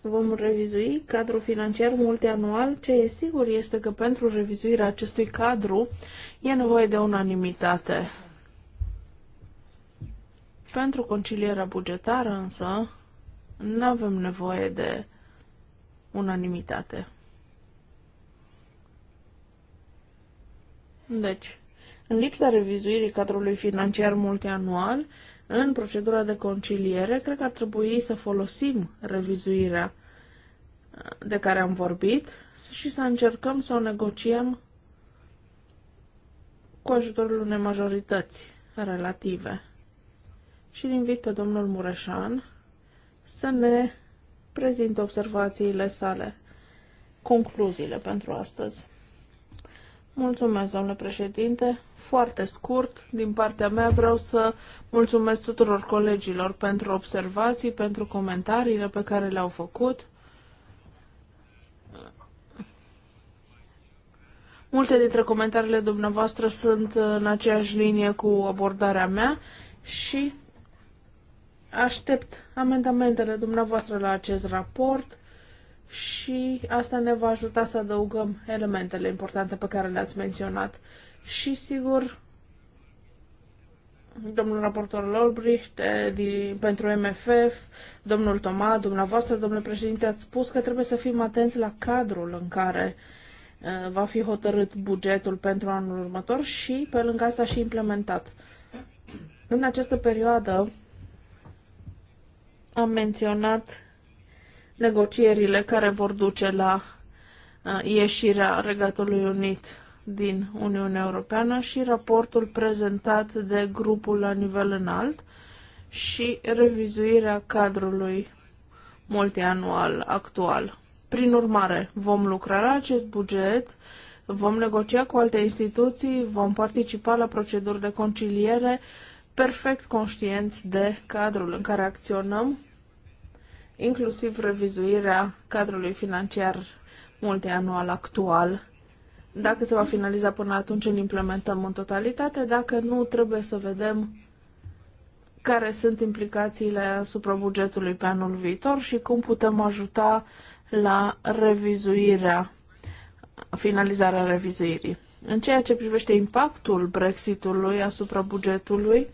vom revizui cadrul financiar multianual. Ce e sigur este că pentru revizuirea acestui cadru e nevoie de unanimitate. Pentru concilierea bugetară însă nu avem nevoie de unanimitate. Deci, în lipsa revizuirii cadrului financiar multianual, în procedura de conciliere, cred că ar trebui să folosim revizuirea uh, de care am vorbit și să încercăm să o negociem cu ajutorul unei majorități relative. Și îl invit pe domnul Mureșan să ne prezinte observațiile sale, concluziile pentru astăzi. Mulțumesc, doamnă președinte. Foarte scurt, din partea mea vreau să mulțumesc tuturor colegilor pentru observații, pentru comentariile pe care le-au făcut. Multe dintre comentariile dumneavoastră sunt în aceeași linie cu abordarea mea și aștept amendamentele dumneavoastră la acest raport și asta ne va ajuta să adăugăm elementele importante pe care le-ați menționat. Și sigur, domnul raportor Lolbricht eh, pentru MFF, domnul Toma, dumneavoastră, domnule președinte, ați spus că trebuie să fim atenți la cadrul în care eh, va fi hotărât bugetul pentru anul următor și, pe lângă asta, și implementat. În această perioadă am menționat negocierile care vor duce la uh, ieșirea Regatului Unit din Uniunea Europeană și raportul prezentat de grupul la nivel înalt și revizuirea cadrului multianual actual. Prin urmare, vom lucra la acest buget, vom negocia cu alte instituții, vom participa la proceduri de conciliere, perfect conștienți de cadrul în care acționăm inclusiv revizuirea cadrului financiar multianual actual. Dacă se va finaliza până atunci, îl implementăm în totalitate. Dacă nu, trebuie să vedem care sunt implicațiile asupra bugetului pe anul viitor și cum putem ajuta la revizuirea, finalizarea revizuirii. În ceea ce privește impactul Brexitului asupra bugetului,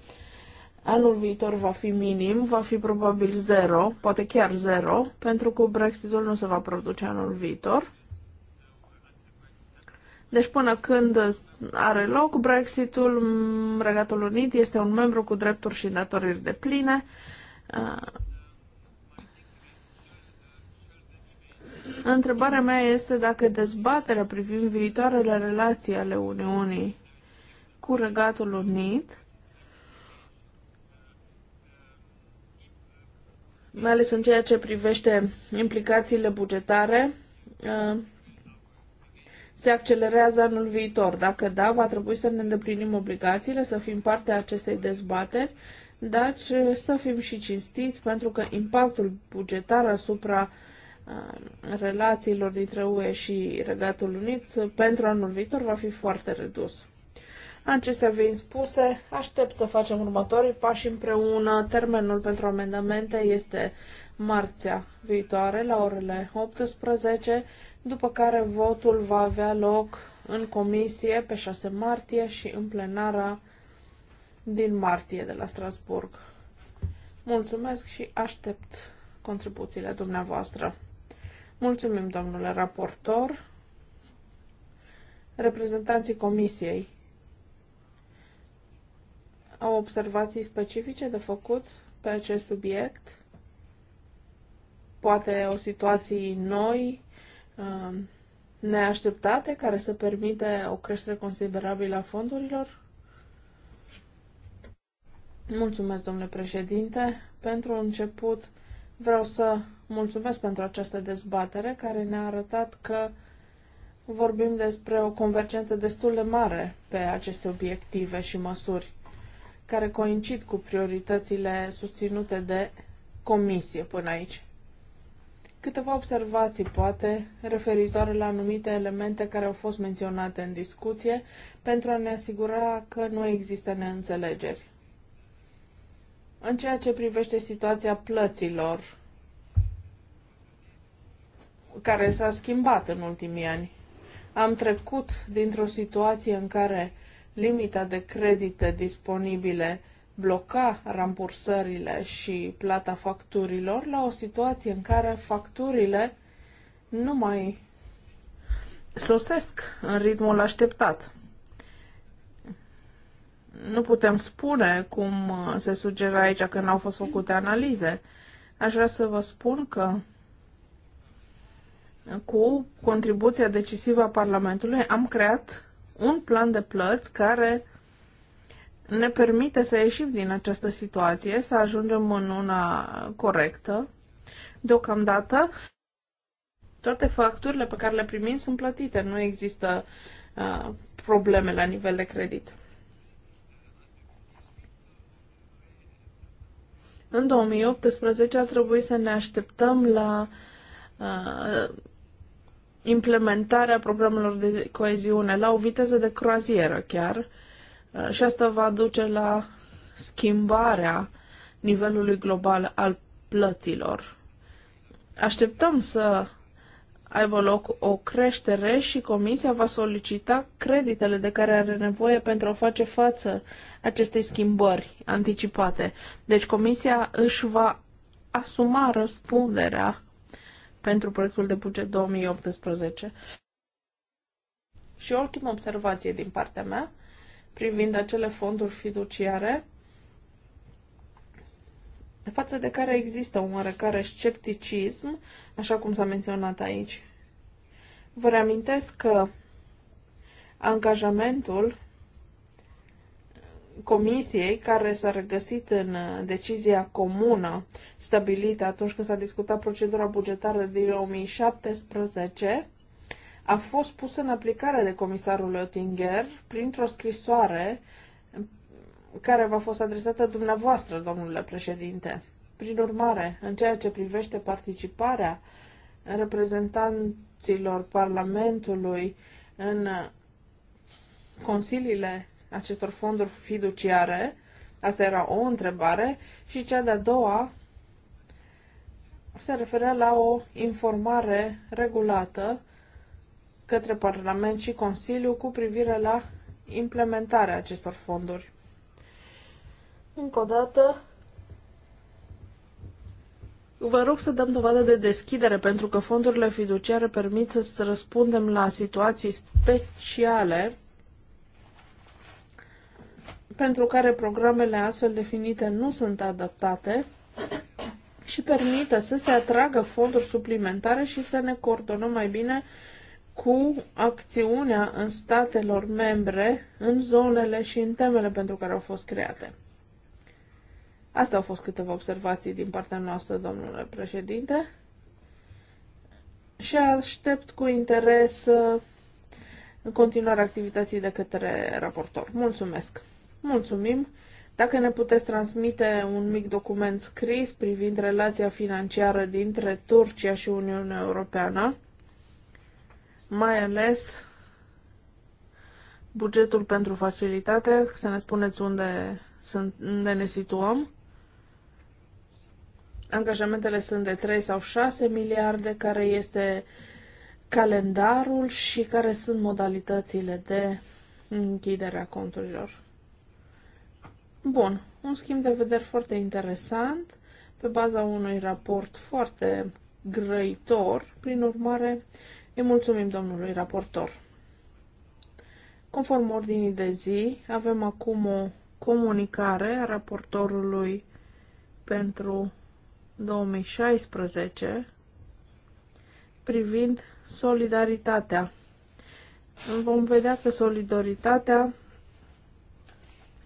anul viitor va fi minim, va fi probabil zero, poate chiar zero, pentru că Brexitul nu se va produce anul viitor. Deci până când are loc Brexitul, Regatul Unit este un membru cu drepturi și datoriri de pline. Uh, întrebarea mea este dacă dezbaterea privind viitoarele relații ale Uniunii cu Regatul Unit mai ales în ceea ce privește implicațiile bugetare, uh, se accelerează anul viitor. Dacă da, va trebui să ne îndeplinim obligațiile, să fim parte a acestei dezbateri, dar să fim și cinstiți, pentru că impactul bugetar asupra uh, relațiilor dintre UE și Regatul Unit uh, pentru anul viitor va fi foarte redus. Acestea fiind spuse, aștept să facem următorii pași împreună. Termenul pentru amendamente este marțea viitoare la orele 18, după care votul va avea loc în comisie pe 6 martie și în plenara din martie de la Strasburg. Mulțumesc și aștept contribuțiile dumneavoastră. Mulțumim, domnule raportor. Reprezentanții comisiei au observații specifice de făcut pe acest subiect? Poate o situații noi, uh, neașteptate, care să permite o creștere considerabilă a fondurilor? Mulțumesc, domnule președinte. Pentru început, vreau să mulțumesc pentru această dezbatere care ne-a arătat că vorbim despre o convergență destul de mare pe aceste obiective și măsuri care coincid cu prioritățile susținute de comisie până aici. Câteva observații, poate, referitoare la anumite elemente care au fost menționate în discuție, pentru a ne asigura că nu există neînțelegeri. În ceea ce privește situația plăților, care s-a schimbat în ultimii ani, am trecut dintr-o situație în care limita de credite disponibile bloca rambursările și plata facturilor la o situație în care facturile nu mai sosesc în ritmul așteptat. Nu putem spune, cum se sugeră aici, că n-au fost făcute analize. Aș vrea să vă spun că cu contribuția decisivă a Parlamentului am creat un plan de plăți care ne permite să ieșim din această situație, să ajungem în una corectă. Deocamdată, toate facturile pe care le primim sunt plătite, nu există uh, probleme la nivel de credit. În 2018 ar trebui să ne așteptăm la uh, implementarea programelor de coeziune la o viteză de croazieră chiar uh, și asta va duce la schimbarea nivelului global al plăților. Așteptăm să aibă loc o creștere și Comisia va solicita creditele de care are nevoie pentru a face față acestei schimbări anticipate. Deci Comisia își va asuma răspunderea pentru proiectul de buget 2018. Și o ultimă observație din partea mea, privind acele fonduri fiduciare, față de care există un oarecare scepticism, așa cum s-a menționat aici. Vă reamintesc că angajamentul Comisiei care s-a regăsit în uh, decizia comună stabilită atunci când s-a discutat procedura bugetară din 2017 a fost pusă în aplicare de comisarul Oettinger printr-o scrisoare care v-a fost adresată dumneavoastră, domnule președinte. Prin urmare, în ceea ce privește participarea reprezentanților Parlamentului în uh, consiliile acestor fonduri fiduciare? Asta era o întrebare. Și cea de-a doua se referea la o informare regulată către Parlament și Consiliu cu privire la implementarea acestor fonduri. Încă o dată, Vă rog să dăm dovadă de deschidere, pentru că fondurile fiduciare permit să răspundem la situații speciale pentru care programele astfel definite nu sunt adaptate și permită să se atragă fonduri suplimentare și să ne coordonăm mai bine cu acțiunea în statelor membre, în zonele și în temele pentru care au fost create. Astea au fost câteva observații din partea noastră, domnule președinte, și aștept cu interes uh, în continuarea activității de către raportor. Mulțumesc! Mulțumim! Dacă ne puteți transmite un mic document scris privind relația financiară dintre Turcia și Uniunea Europeană, mai ales bugetul pentru facilitate, să ne spuneți unde, sunt, unde ne situăm. Angajamentele sunt de 3 sau 6 miliarde, care este calendarul și care sunt modalitățile de închidere a conturilor. Bun, un schimb de vederi foarte interesant, pe baza unui raport foarte grăitor, prin urmare îi mulțumim domnului raportor. Conform ordinii de zi, avem acum o comunicare a raportorului pentru 2016 privind solidaritatea. Vom vedea că solidaritatea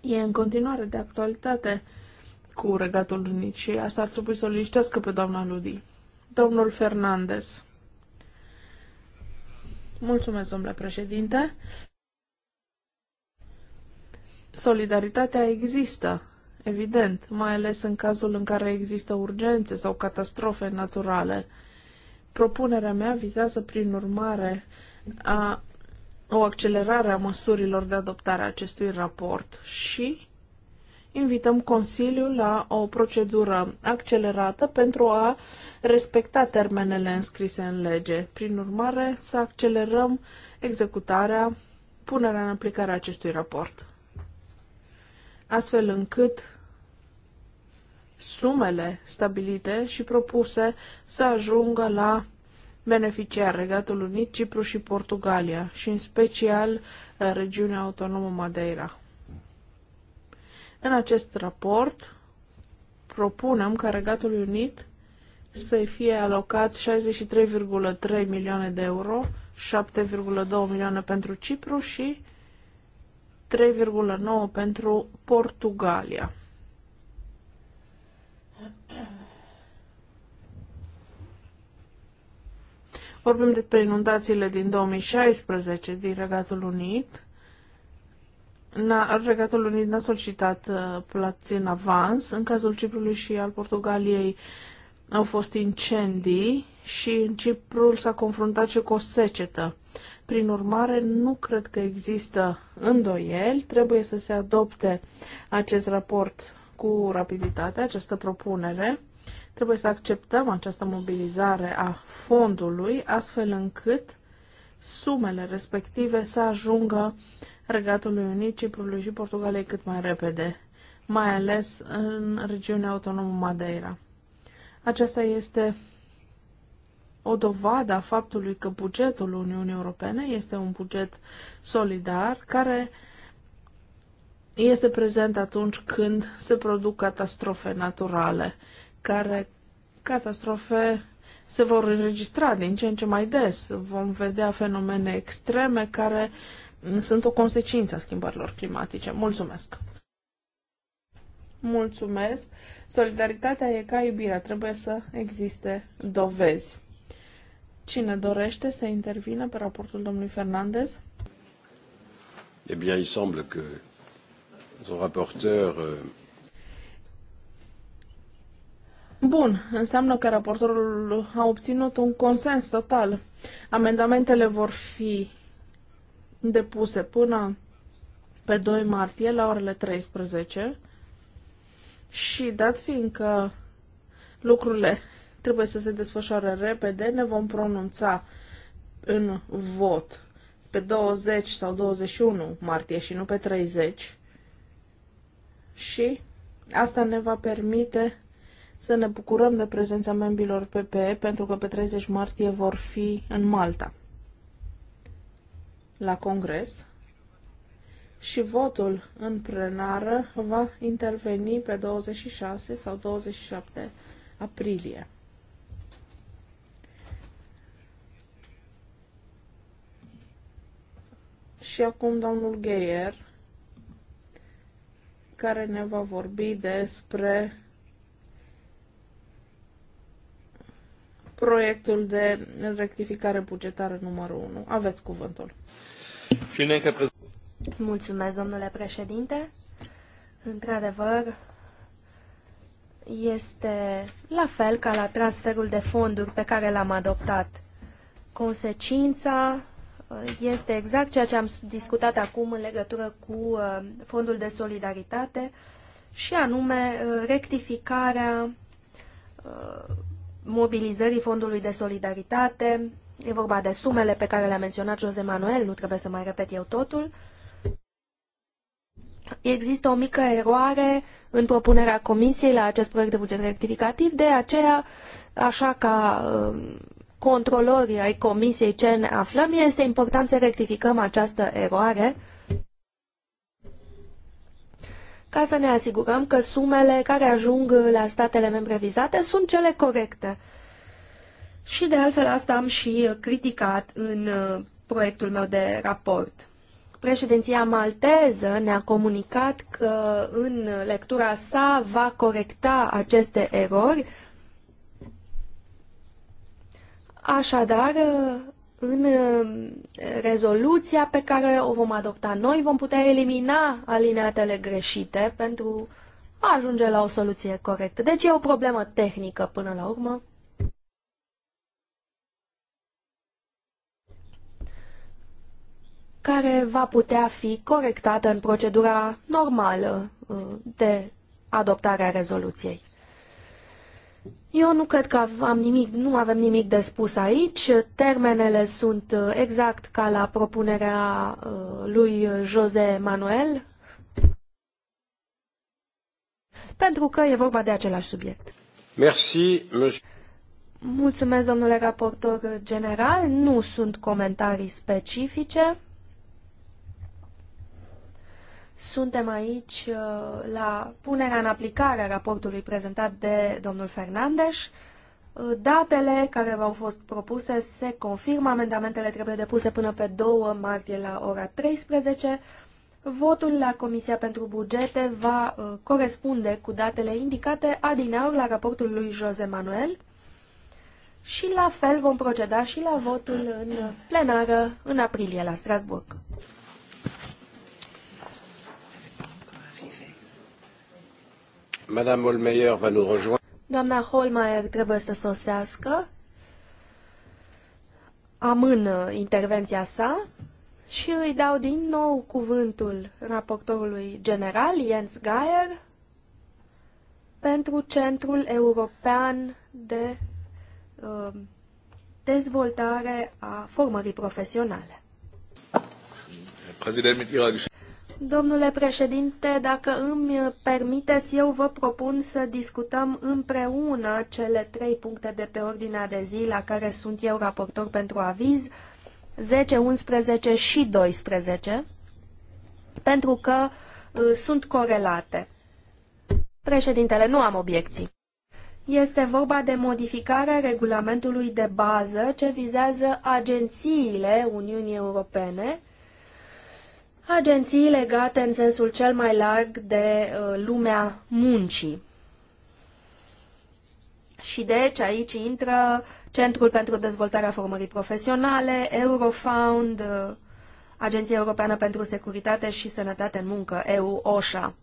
e în continuare de actualitate cu Regatul Unit și asta ar trebui să o liștească pe doamna Ludi. Domnul Fernandez. Mulțumesc, domnule președinte. Solidaritatea există, evident, mai ales în cazul în care există urgențe sau catastrofe naturale. Propunerea mea vizează, prin urmare, a o accelerare a măsurilor de adoptare a acestui raport și invităm Consiliul la o procedură accelerată pentru a respecta termenele înscrise în lege. Prin urmare, să accelerăm executarea, punerea în aplicare a acestui raport, astfel încât sumele stabilite și propuse să ajungă la beneficiar Regatul Unit, Cipru și Portugalia și în special uh, regiunea autonomă Madeira. În acest raport propunem ca regatul Unit să fie alocat 63,3 milioane de euro, 7,2 milioane pentru Cipru și 3,9 pentru Portugalia. Vorbim despre inundațiile din 2016 din Regatul Unit. Na, Regatul Unit n-a solicitat uh, în avans. În cazul Ciprului și al Portugaliei au fost incendii și în Ciprul s-a confruntat și cu o secetă. Prin urmare, nu cred că există îndoieli. Trebuie să se adopte acest raport cu rapiditate, această propunere. Trebuie să acceptăm această mobilizare a fondului, astfel încât sumele respective să ajungă Regatului Unit, Ciprului și Portugalei cât mai repede, mai ales în regiunea autonomă Madeira. Aceasta este o dovadă a faptului că bugetul Uniunii Europene este un buget solidar care este prezent atunci când se produc catastrofe naturale care catastrofe se vor înregistra din ce în ce mai des. Vom vedea fenomene extreme care sunt o consecință a schimbărilor climatice. Mulțumesc! Mulțumesc! Solidaritatea e ca iubirea, trebuie să existe dovezi. Cine dorește să intervină pe raportul domnului Fernandez? Eh bien, il semble que son rapporteur euh, Bun, înseamnă că raportorul a obținut un consens total. Amendamentele vor fi depuse până pe 2 martie la orele 13 și dat că lucrurile trebuie să se desfășoare repede, ne vom pronunța în vot pe 20 sau 21 martie și nu pe 30 și asta ne va permite să ne bucurăm de prezența membrilor PPE pentru că pe 30 martie vor fi în Malta la Congres și votul în plenară va interveni pe 26 sau 27 aprilie. Și acum domnul Geier, care ne va vorbi despre proiectul de rectificare bugetară numărul 1. Aveți cuvântul. Mulțumesc, domnule președinte. Într-adevăr, este la fel ca la transferul de fonduri pe care l-am adoptat. Consecința uh, este exact ceea ce am discutat acum în legătură cu uh, fondul de solidaritate și anume uh, rectificarea mobilizării Fondului de Solidaritate, e vorba de sumele pe care le-a menționat Jose Manuel, nu trebuie să mai repet eu totul. Există o mică eroare în propunerea Comisiei la acest proiect de buget rectificativ, de aceea, așa ca um, controlorii ai Comisiei ce ne aflăm, este important să rectificăm această eroare ca să ne asigurăm că sumele care ajung la statele membre vizate sunt cele corecte. Și de altfel asta am și criticat în uh, proiectul meu de raport. Președinția malteză ne-a comunicat că în lectura sa va corecta aceste erori. Așadar, uh, în uh, rezoluția pe care o vom adopta noi vom putea elimina alineatele greșite pentru a ajunge la o soluție corectă. Deci e o problemă tehnică până la urmă. care va putea fi corectată în procedura normală uh, de adoptare a rezoluției. Eu nu cred că am nimic, nu avem nimic de spus aici. Termenele sunt uh, exact ca la propunerea uh, lui José Manuel, pentru că e vorba de același subiect. Merci, monsieur. Mulțumesc, domnule raportor general. Nu sunt comentarii specifice. Suntem aici uh, la punerea în aplicare a raportului prezentat de domnul Fernandes. Uh, datele care v-au fost propuse se confirmă, amendamentele trebuie depuse până pe 2 martie la ora 13. Votul la Comisia pentru Bugete va uh, corespunde cu datele indicate adineauri la raportul lui Jose Manuel și la fel vom proceda și la votul în plenară în aprilie la Strasburg. Madame Holmeyer va nous rejoindre. Doamna Holmeyer trebuie să sosească. Amână uh, intervenția sa și îi dau din nou cuvântul raportorului general Jens Geier pentru Centrul European de uh, Dezvoltare a Formării Profesionale. Domnule președinte, dacă îmi permiteți, eu vă propun să discutăm împreună cele trei puncte de pe ordinea de zi la care sunt eu raportor pentru aviz, 10, 11 și 12, pentru că uh, sunt corelate. Președintele, nu am obiecții. Este vorba de modificarea regulamentului de bază ce vizează agențiile Uniunii Europene, agenții legate în sensul cel mai larg de uh, lumea muncii. Și deci aici intră Centrul pentru Dezvoltarea Formării Profesionale, Eurofound, uh, Agenția Europeană pentru Securitate și Sănătate în Muncă, EU-OSHA.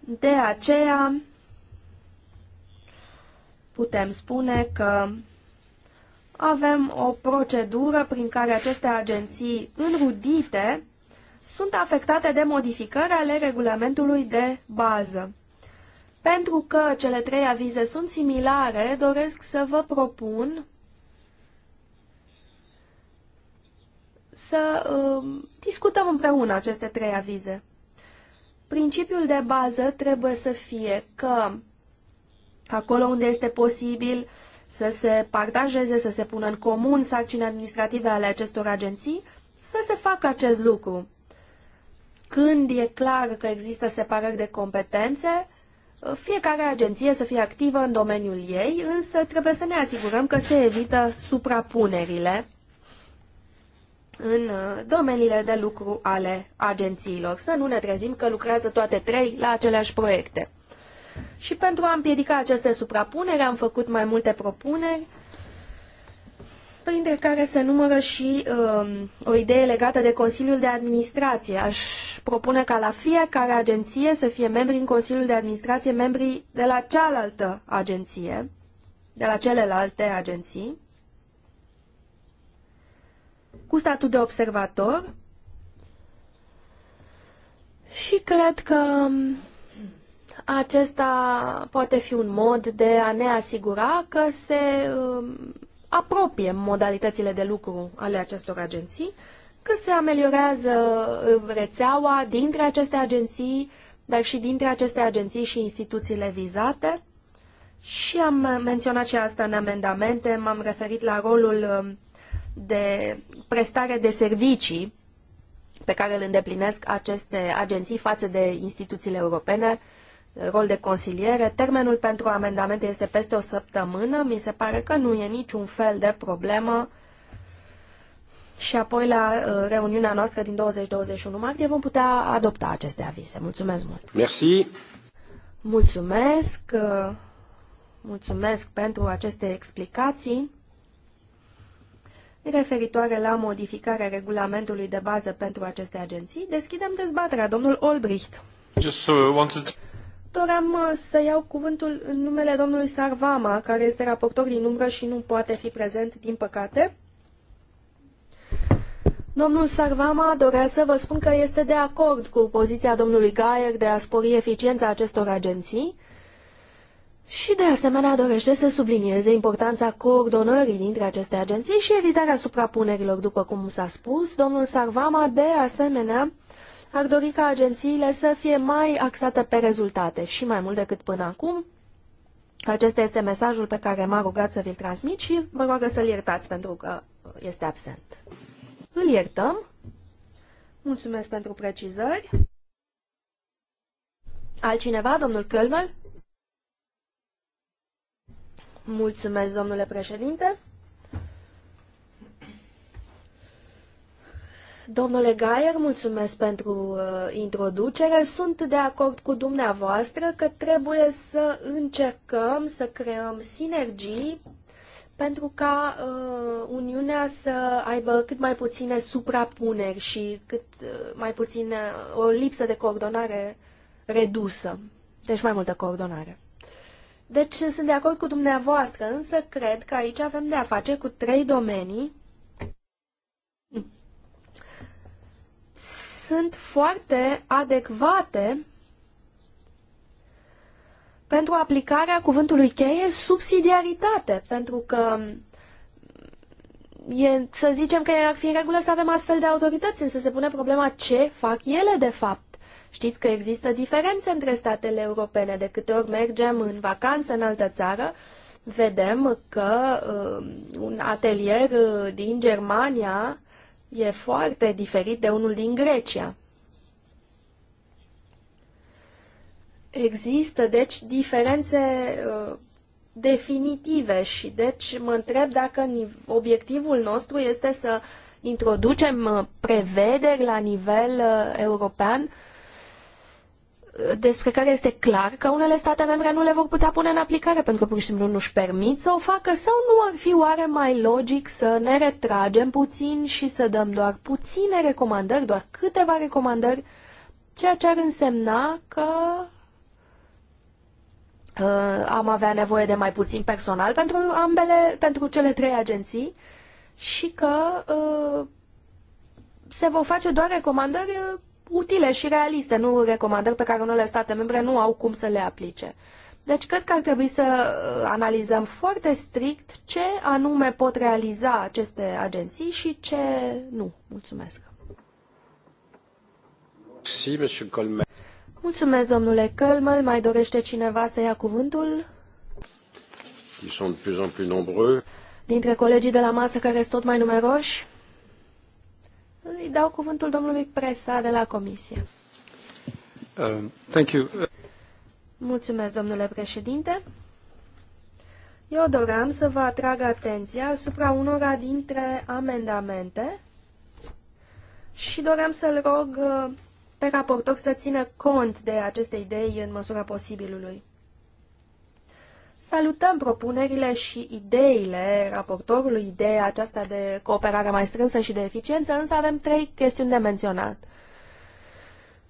De aceea putem spune că avem o procedură prin care aceste agenții înrudite sunt afectate de modificări ale regulamentului de bază. Pentru că cele trei avize sunt similare, doresc să vă propun să uh, discutăm împreună aceste trei avize. Principiul de bază trebuie să fie că acolo unde este posibil să se partajeze, să se pună în comun sarcini administrative ale acestor agenții, să se facă acest lucru. Când e clar că există separări de competențe, fiecare agenție să fie activă în domeniul ei, însă trebuie să ne asigurăm că se evită suprapunerile în uh, domeniile de lucru ale agențiilor. Să nu ne trezim că lucrează toate trei la aceleași proiecte. Și pentru a împiedica aceste suprapuneri am făcut mai multe propuneri, printre care se numără și um, o idee legată de Consiliul de Administrație. Aș propune ca la fiecare agenție să fie membri în Consiliul de Administrație, membrii de la cealaltă agenție, de la celelalte agenții, cu statut de observator și cred că um, acesta poate fi un mod de a ne asigura că se um, apropie modalitățile de lucru ale acestor agenții, că se ameliorează uh, rețeaua dintre aceste agenții, dar și dintre aceste agenții și instituțiile vizate. Și am menționat și asta în amendamente, m-am referit la rolul um, de prestare de servicii pe care îl îndeplinesc aceste agenții față de instituțiile europene, rol de consiliere. Termenul pentru amendamente este peste o săptămână. Mi se pare că nu e niciun fel de problemă. Și apoi la uh, reuniunea noastră din 20-21 martie vom putea adopta aceste avize. Mulțumesc mult! Merci! Mulțumesc! Uh, mulțumesc pentru aceste explicații referitoare la modificarea regulamentului de bază pentru aceste agenții. Deschidem dezbaterea. Domnul Olbricht. Just so uh, wanted... Doream uh, să iau cuvântul în numele domnului Sarvama, care este raportor din umbră și nu poate fi prezent, din păcate. Domnul Sarvama dorea să vă spun că este de acord cu poziția domnului Gaier de a spori eficiența acestor agenții și de asemenea dorește să sublinieze importanța coordonării dintre aceste agenții și evitarea suprapunerilor, după cum s-a spus. Domnul Sarvama de asemenea ar dori ca agențiile să fie mai axate pe rezultate și mai mult decât până acum. Acesta este mesajul pe care m-a rugat să vi-l transmit și vă roagă să-l iertați pentru că este absent. Îl iertăm. Mulțumesc pentru precizări. Altcineva, domnul Kölmel? Mulțumesc, domnule președinte. Domnule Gaier, mulțumesc pentru uh, introducere. Sunt de acord cu dumneavoastră că trebuie să încercăm să creăm sinergii pentru ca uh, Uniunea să aibă cât mai puține suprapuneri și cât uh, mai puține o lipsă de coordonare redusă. Deci mai multă coordonare. Deci sunt de acord cu dumneavoastră, însă cred că aici avem de a face cu trei domenii sunt foarte adecvate pentru aplicarea cuvântului cheie subsidiaritate, pentru că e, să zicem că ar fi în regulă să avem astfel de autorități, însă se pune problema ce fac ele de fapt. Știți că există diferențe între statele europene. De câte ori mergem în vacanță în altă țară, vedem că uh, un atelier uh, din Germania e foarte diferit de unul din Grecia. Există, deci, diferențe uh, definitive și, deci, mă întreb dacă obiectivul nostru este să introducem uh, prevederi la nivel uh, european despre care este clar că unele state membre nu le vor putea pune în aplicare pentru că pur și simplu nu-și permit să o facă sau nu ar fi oare mai logic să ne retragem puțin și să dăm doar puține recomandări, doar câteva recomandări, ceea ce ar însemna că uh, am avea nevoie de mai puțin personal pentru ambele, pentru cele trei agenții și că uh, se vor face doar recomandări uh, utile și realiste, nu recomandări pe care unele state membre nu au cum să le aplice. Deci cred că ar trebui să uh, analizăm foarte strict ce anume pot realiza aceste agenții și ce nu. Mulțumesc. Si, Mulțumesc, domnule Kölmel. Mai dorește cineva să ia cuvântul? Ils sont de plus en plus nombreux. Dintre colegii de la masă care sunt tot mai numeroși? Îi dau cuvântul domnului Presa de la Comisie. Uh, thank you. Mulțumesc, domnule președinte. Eu doream să vă atrag atenția asupra unora dintre amendamente și doream să-l rog uh, pe raportor să țină cont de aceste idei în măsura posibilului. Salutăm propunerile și ideile raportorului, ideea aceasta de cooperare mai strânsă și de eficiență, însă avem trei chestiuni de menționat.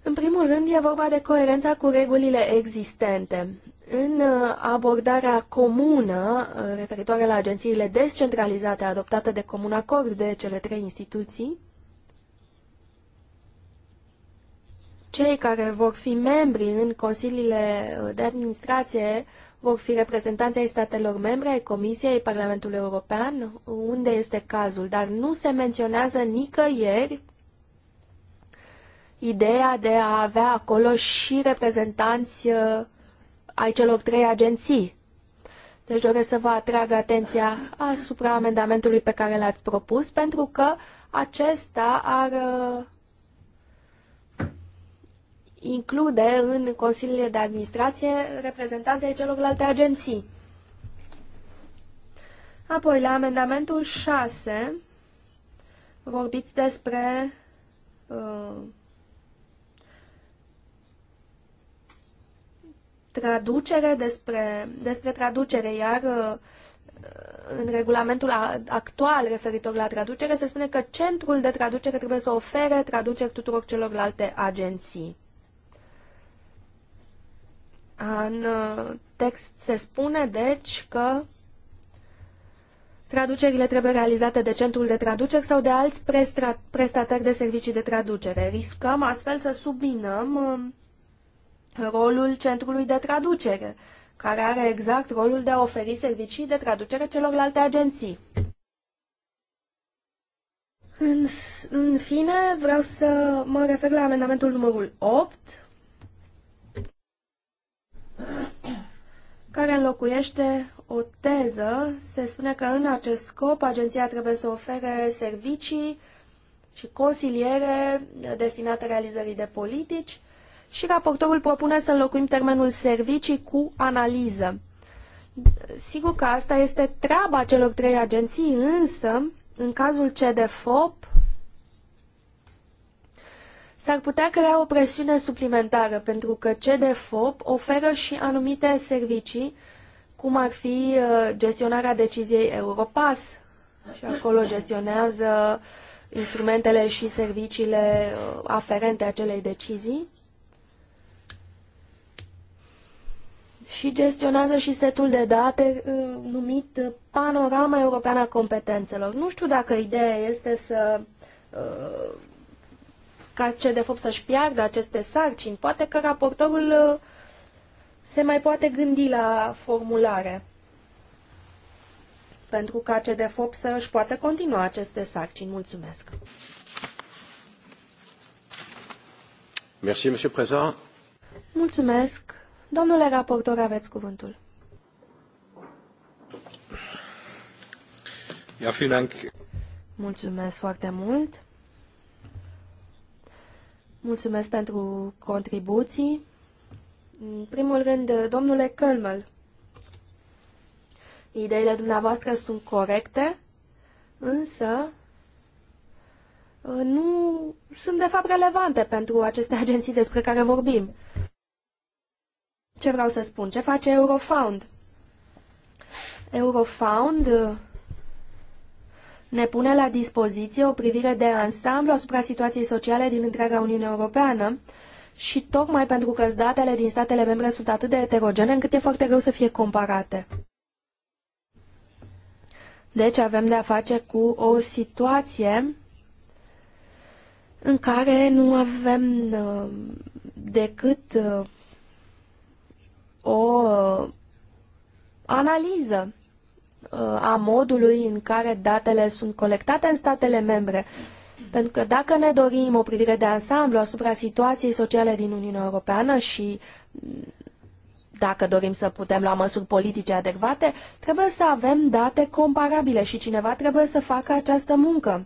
În primul rând, e vorba de coerența cu regulile existente. În uh, abordarea comună uh, referitoare la agențiile descentralizate adoptate de comun acord de cele trei instituții, cei care vor fi membri în consiliile uh, de administrație vor fi reprezentanții ai statelor membre, ai Comisiei, ai Parlamentului European, unde este cazul, dar nu se menționează nicăieri ideea de a avea acolo și reprezentanți uh, ai celor trei agenții. Deci doresc să vă atrag atenția asupra amendamentului pe care l-ați propus, pentru că acesta ar uh, include în consiliile de administrație reprezentanții ai celorlalte agenții. Apoi, la amendamentul 6, vorbiți despre uh, traducere, despre, despre traducere, iar uh, în regulamentul actual referitor la traducere se spune că centrul de traducere trebuie să ofere traduceri tuturor celorlalte agenții. În uh, text se spune, deci, că traducerile trebuie realizate de centrul de traduceri sau de alți prestatari de servicii de traducere. Riscăm astfel să subminăm uh, rolul centrului de traducere, care are exact rolul de a oferi servicii de traducere celorlalte agenții. În, în fine, vreau să mă refer la amendamentul numărul 8, care înlocuiește o teză. Se spune că în acest scop agenția trebuie să ofere servicii și consiliere destinate realizării de politici și raportorul propune să înlocuim termenul servicii cu analiză. Sigur că asta este treaba celor trei agenții, însă, în cazul CDFOP, S-ar putea crea o presiune suplimentară, pentru că CDFOP oferă și anumite servicii, cum ar fi uh, gestionarea deciziei Europass, și acolo gestionează instrumentele și serviciile uh, aferente acelei decizii. și gestionează și setul de date uh, numit Panorama Europeană a Competențelor. Nu știu dacă ideea este să uh, ca fapt să-și piardă aceste sarcini. Poate că raportorul uh, se mai poate gândi la formulare pentru ca fapt să își poată continua aceste sarcini. Mulțumesc! Merci, Monsieur Mulțumesc. Domnule raportor, aveți cuvântul. Ja, Mulțumesc foarte mult. Mulțumesc pentru contribuții. În primul rând, domnule Kölmel, ideile dumneavoastră sunt corecte, însă uh, nu sunt de fapt relevante pentru aceste agenții despre care vorbim. Ce vreau să spun? Ce face Eurofound? Eurofound uh, ne pune la dispoziție o privire de ansamblu asupra situației sociale din întreaga Uniune Europeană și tocmai pentru că datele din statele membre sunt atât de heterogene încât e foarte greu să fie comparate. Deci avem de a face cu o situație în care nu avem uh, decât uh, o uh, analiză a modului în care datele sunt colectate în statele membre. Pentru că dacă ne dorim o privire de ansamblu asupra situației sociale din Uniunea Europeană și dacă dorim să putem lua măsuri politice adecvate, trebuie să avem date comparabile și cineva trebuie să facă această muncă.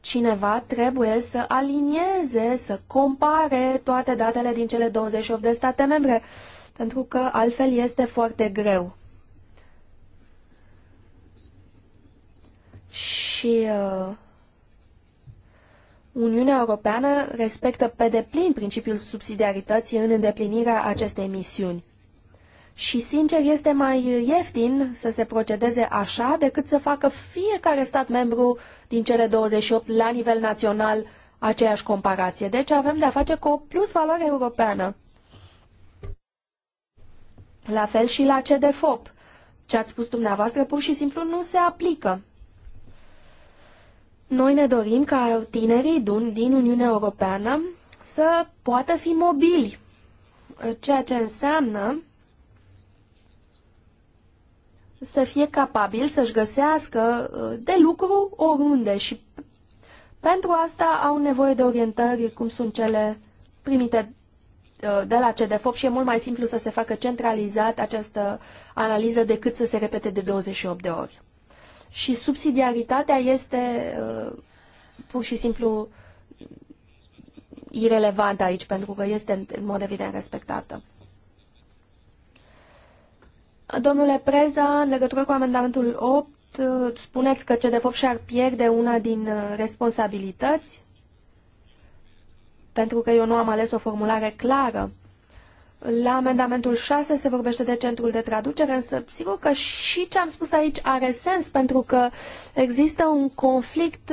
Cineva trebuie să alinieze, să compare toate datele din cele 28 de state membre, pentru că altfel este foarte greu. și uh, Uniunea Europeană respectă pe deplin principiul subsidiarității în îndeplinirea acestei misiuni. Și, sincer, este mai ieftin să se procedeze așa decât să facă fiecare stat membru din cele 28 la nivel național aceeași comparație. Deci avem de-a face cu o valoare europeană. La fel și la CDFOP. Ce ați spus dumneavoastră pur și simplu nu se aplică. Noi ne dorim ca tinerii din Uniunea Europeană să poată fi mobili, ceea ce înseamnă să fie capabil să-și găsească uh, de lucru oriunde și pentru asta au nevoie de orientări cum sunt cele primite uh, de la CDFOP și e mult mai simplu să se facă centralizat această analiză decât să se repete de 28 de ori și subsidiaritatea este uh, pur și simplu irelevantă aici, pentru că este în mod evident respectată. Domnule Preza, în legătură cu amendamentul 8, uh, spuneți că ce fapt și-ar pierde una din uh, responsabilități, pentru că eu nu am ales o formulare clară. La amendamentul 6 se vorbește de centrul de traducere, însă sigur că și ce am spus aici are sens, pentru că există un conflict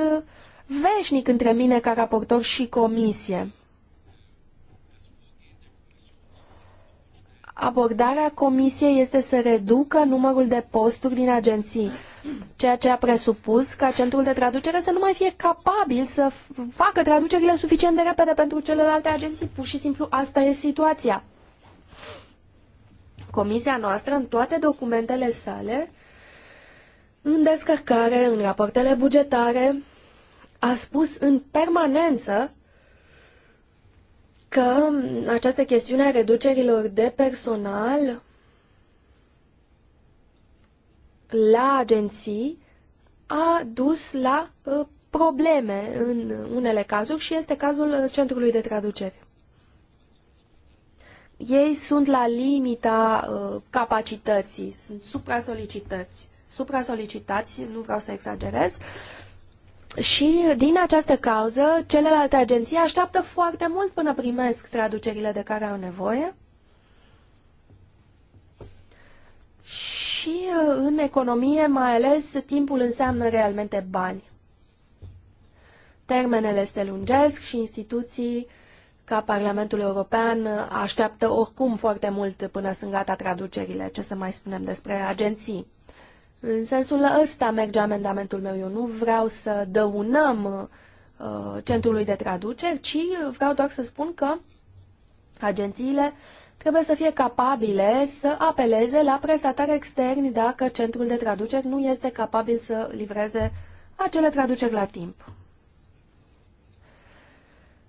veșnic între mine ca raportor și comisie. Abordarea comisiei este să reducă numărul de posturi din agenții, ceea ce a presupus ca centrul de traducere să nu mai fie capabil să facă traducerile suficient de repede pentru celelalte agenții. Pur și simplu asta e situația. Comisia noastră, în toate documentele sale, în descărcare, în rapoartele bugetare, a spus în permanență că această chestiune a reducerilor de personal la agenții a dus la uh, probleme în unele cazuri și este cazul uh, Centrului de Traducere ei sunt la limita uh, capacității, sunt supra-solicitați, supra-solicitați, nu vreau să exagerez, și din această cauză, celelalte agenții așteaptă foarte mult până primesc traducerile de care au nevoie. Și uh, în economie, mai ales, timpul înseamnă realmente bani. Termenele se lungesc și instituții uh, ca Parlamentul European așteaptă oricum foarte mult până sunt gata traducerile, ce să mai spunem despre agenții. În sensul ăsta merge amendamentul meu. Eu nu vreau să dăunăm uh, centrului de traduceri, ci vreau doar să spun că agențiile trebuie să fie capabile să apeleze la prestatari externi dacă centrul de traduceri nu este capabil să livreze acele traduceri la timp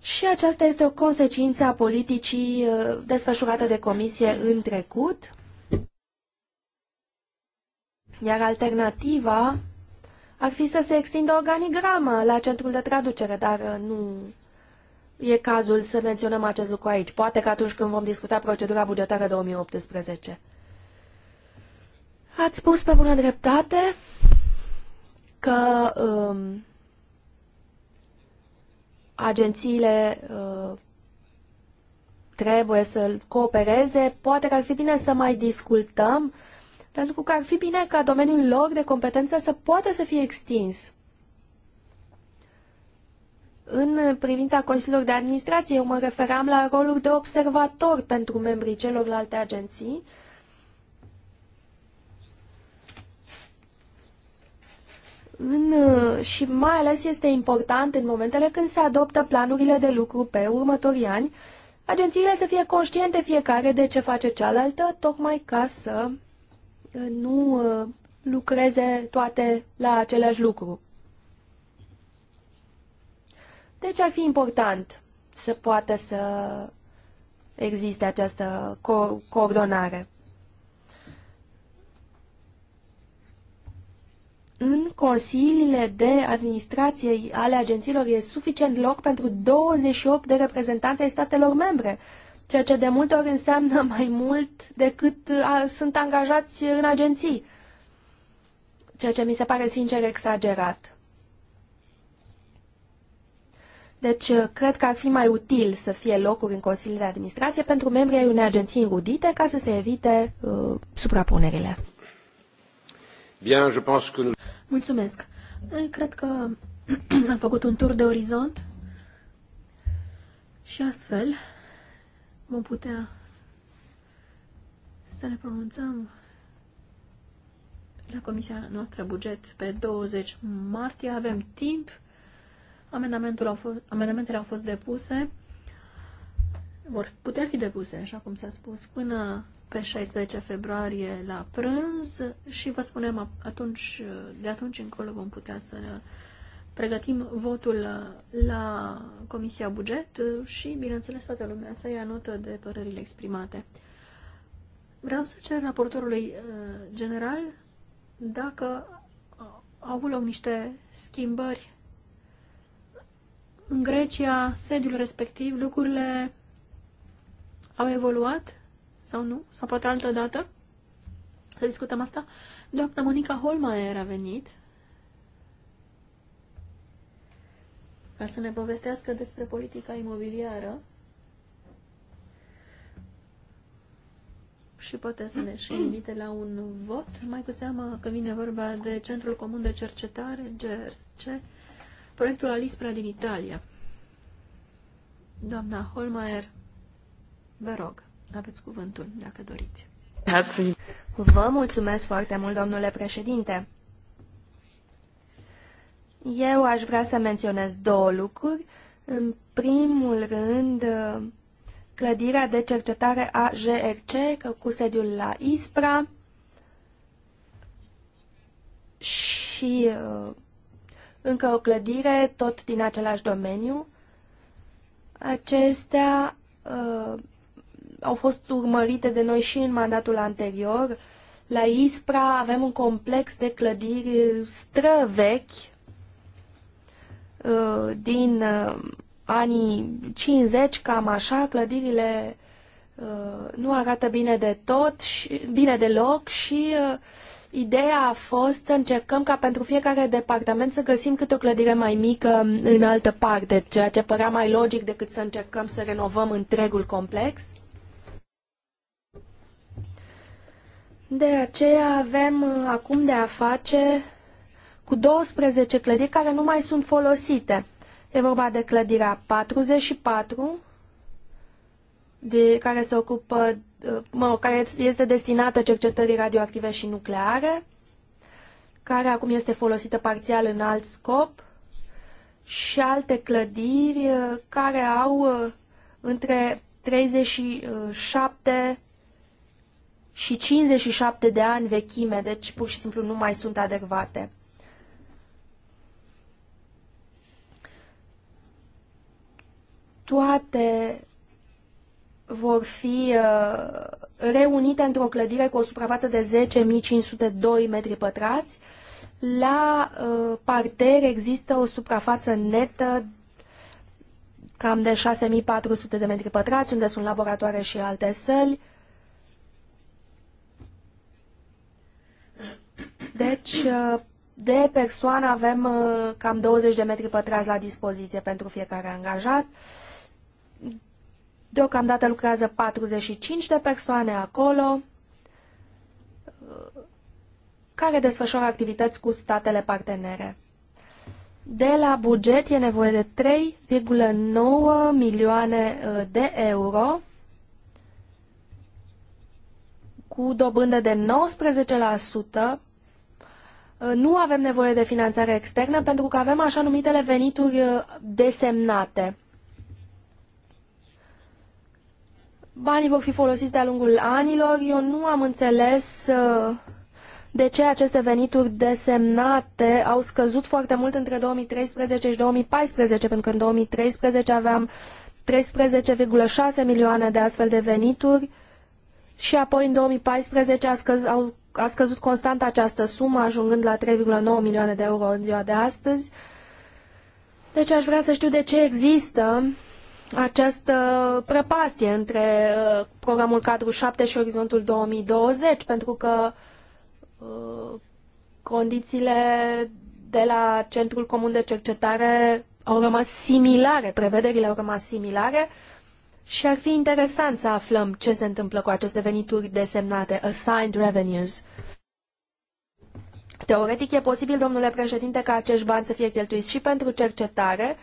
și aceasta este o consecință a politicii uh, desfășurate de comisie în trecut, iar alternativa ar fi să se extindă organigrama la centrul de traducere, dar uh, nu e cazul să menționăm acest lucru aici. Poate că atunci când vom discuta procedura bugetară 2018. Ați spus pe bună dreptate că um, agențiile uh, trebuie să coopereze, poate că ar fi bine să mai discutăm, pentru că ar fi bine ca domeniul lor de competență să poată să fie extins. În privința Consiliului de administrație, eu mă referam la rolul de observator pentru membrii celorlalte agenții, uh, în, uh, și mai ales este important în momentele când se adoptă planurile de lucru pe următorii ani, agențiile să fie conștiente fiecare de ce face cealaltă, tocmai ca să uh, nu uh, lucreze toate la același lucru. Deci ar fi important să poată să existe această co coordonare. în consiliile de administrație ale agențiilor e suficient loc pentru 28 de reprezentanți ai statelor membre, ceea ce de multe ori înseamnă mai mult decât a, sunt angajați în agenții, ceea ce mi se pare sincer exagerat. Deci, cred că ar fi mai util să fie locuri în consiliile de administrație pentru membrii ai unei agenții înrudite ca să se evite uh, suprapunerile. Bien, je pense que... Mulțumesc. Eh, cred că am făcut un tur de orizont și astfel vom putea să ne pronunțăm la Comisia noastră Buget pe 20 martie. Avem timp. Amendamentul au fost, amendamentele au fost depuse. Vor putea fi depuse, așa cum s-a spus, până pe 16 februarie la prânz și vă spunem atunci, de atunci încolo vom putea să pregătim votul la Comisia Buget și, bineînțeles, toată lumea să ia notă de părerile exprimate. Vreau să cer raportorului uh, general dacă au avut loc niște schimbări în Grecia, sediul respectiv, lucrurile au evoluat sau nu, sau poate altă dată, să discutăm asta. Doamna Monica Holmaier a venit ca să ne povestească despre politica imobiliară și poate să ne și invite la un vot, mai cu seamă că vine vorba de Centrul Comun de Cercetare, GRC, proiectul Alispra din Italia. Doamna Holmaier, vă rog. Aveți cuvântul, dacă doriți. Vă mulțumesc foarte mult, domnule președinte. Eu aș vrea să menționez două lucruri. În primul rând, clădirea de cercetare a GRC, cu sediul la ISPRA și uh, încă o clădire, tot din același domeniu. Acestea uh, au fost urmărite de noi și în mandatul anterior. La Ispra avem un complex de clădiri străvechi uh, din uh, anii 50, cam așa, clădirile uh, nu arată bine de tot, și, bine deloc și ideea a fost să încercăm ca pentru fiecare departament să găsim câte o clădire mai mică în altă parte, ceea ce părea mai logic decât să încercăm să renovăm întregul complex. De aceea avem uh, acum de a face cu 12 clădiri care nu mai sunt folosite. E vorba de clădirea 44, de, care se ocupă, uh, mă, care este destinată cercetării radioactive și nucleare, care acum este folosită parțial în alt scop, și alte clădiri uh, care au între 37 și 57 de ani vechime, deci pur și simplu nu mai sunt adecvate. Toate vor fi uh, reunite într-o clădire cu o suprafață de 10.502 metri pătrați. La uh, parter există o suprafață netă cam de 6.400 de metri pătrați, unde sunt laboratoare și alte săli. Uh, Deci, uh, de persoană avem uh, cam 20 de metri pătrați la dispoziție pentru fiecare angajat. Deocamdată lucrează 45 de persoane acolo uh, care desfășoară activități cu statele partenere. De la buget e nevoie de 3,9 milioane de euro cu dobândă de Uh, nu avem nevoie de finanțare externă pentru că avem așa numitele venituri uh, desemnate. Banii vor fi folosiți de-a lungul anilor. Eu nu am înțeles uh, de ce aceste venituri desemnate au scăzut foarte mult între 2013 și 2014, pentru că în 2013 aveam 13,6 milioane de astfel de venituri și apoi în 2014 a, scăz, au, a scăzut constant această sumă, ajungând la 3,9 milioane de euro în ziua de astăzi. Deci aș vrea să știu de ce există această prăpastie între uh, programul cadru 7 și orizontul 2020, pentru că uh, condițiile de la Centrul Comun de Cercetare au rămas similare, prevederile au rămas similare, și ar fi interesant să aflăm ce se întâmplă cu aceste venituri desemnate, assigned revenues. Teoretic e posibil, domnule președinte, ca acești bani să fie cheltuiți și pentru cercetare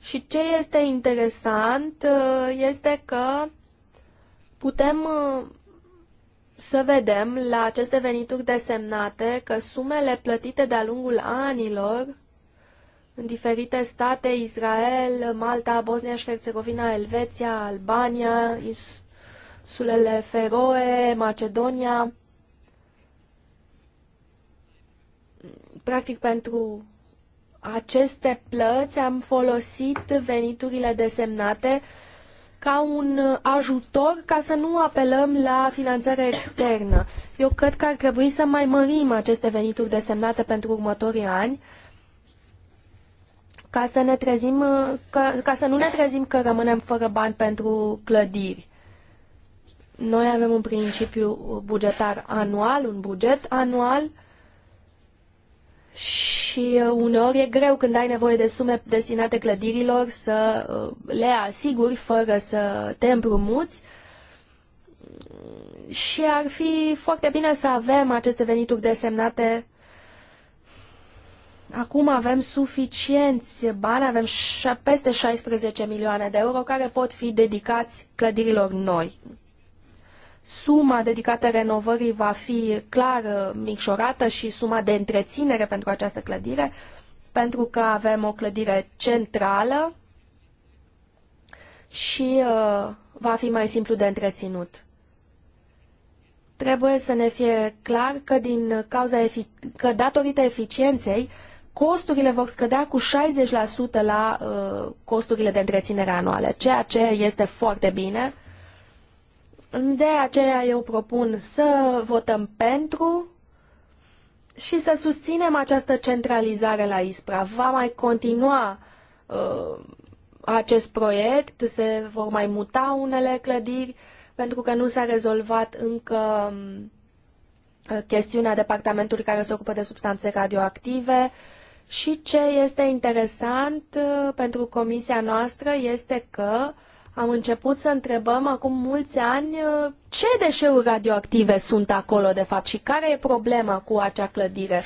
și ce este interesant uh, este că putem uh, să vedem la aceste venituri desemnate că sumele plătite de-a lungul anilor în diferite state, Israel, Malta, Bosnia și Herțegovina, Elveția, Albania, insulele Feroe, Macedonia. Practic pentru aceste plăți am folosit veniturile desemnate ca un ajutor ca să nu apelăm la finanțare externă. Eu cred că ar trebui să mai mărim aceste venituri desemnate pentru următorii ani ca să, ne trezim, uh, ca, ca să nu ne trezim că rămânem fără bani pentru clădiri. Noi avem un principiu bugetar anual, un buget anual și uh, uneori e greu când ai nevoie de sume destinate clădirilor să uh, le asiguri fără să te împrumuți și ar fi foarte bine să avem aceste venituri desemnate Acum avem suficienți bani, avem peste 16 milioane de euro care pot fi dedicați clădirilor noi. Suma dedicată renovării va fi clar uh, micșorată și suma de întreținere pentru această clădire, pentru că avem o clădire centrală și uh, va fi mai simplu de întreținut trebuie să ne fie clar că, din cauza efic- că datorită eficienței costurile vor scădea cu 60% la uh, costurile de întreținere anuale, ceea ce este foarte bine. De aceea eu propun să votăm pentru și să susținem această centralizare la ISPRA. Va mai continua uh, acest proiect, se vor mai muta unele clădiri, pentru că nu s-a rezolvat încă um, chestiunea departamentului care se ocupă de substanțe radioactive. Uh, și ce este interesant uh, pentru comisia noastră este că am început să întrebăm acum mulți ani uh, ce deșeuri radioactive sunt acolo de fapt și care e problema cu acea clădire.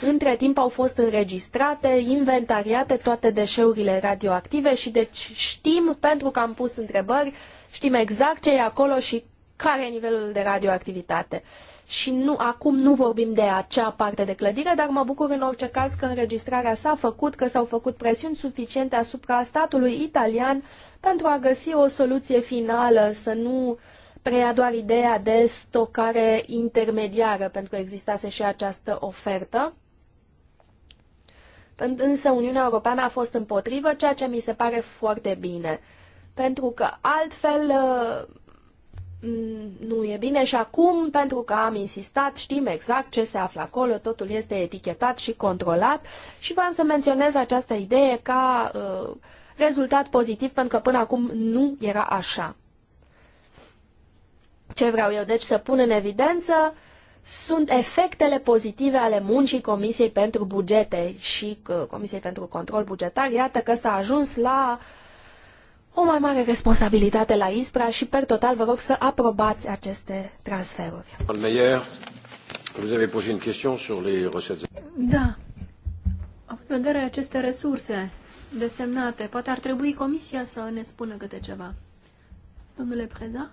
Între timp au fost înregistrate, inventariate toate deșeurile radioactive și deci știm, pentru că am pus întrebări, știm exact ce e acolo și care e nivelul de radioactivitate. Uh, și nu, acum nu vorbim de acea parte de clădire, dar mă bucur în orice caz că înregistrarea s-a făcut, că s-au făcut presiuni suficiente asupra statului italian pentru a găsi o soluție finală, să nu preia doar ideea de stocare intermediară, pentru că existase și această ofertă. Însă Uniunea Europeană a fost împotrivă, ceea ce mi se pare foarte bine, pentru că altfel Mm, nu e bine și acum, pentru că am insistat, știm exact ce se află acolo, totul este etichetat și controlat și vreau să menționez această idee ca uh, rezultat pozitiv, pentru că până acum nu era așa. Ce vreau eu deci să pun în evidență sunt efectele pozitive ale muncii Comisiei pentru Bugete și uh, Comisiei pentru Control Bugetar. Iată că s-a ajuns la uh, o mai mare responsabilitate la ISPRA și, per total, vă rog să aprobați aceste transferuri. Vous avez posé une question sur les recettes. Da. Având în vedere aceste resurse desemnate, poate ar trebui Comisia să ne spună câte ceva. Domnule Preza?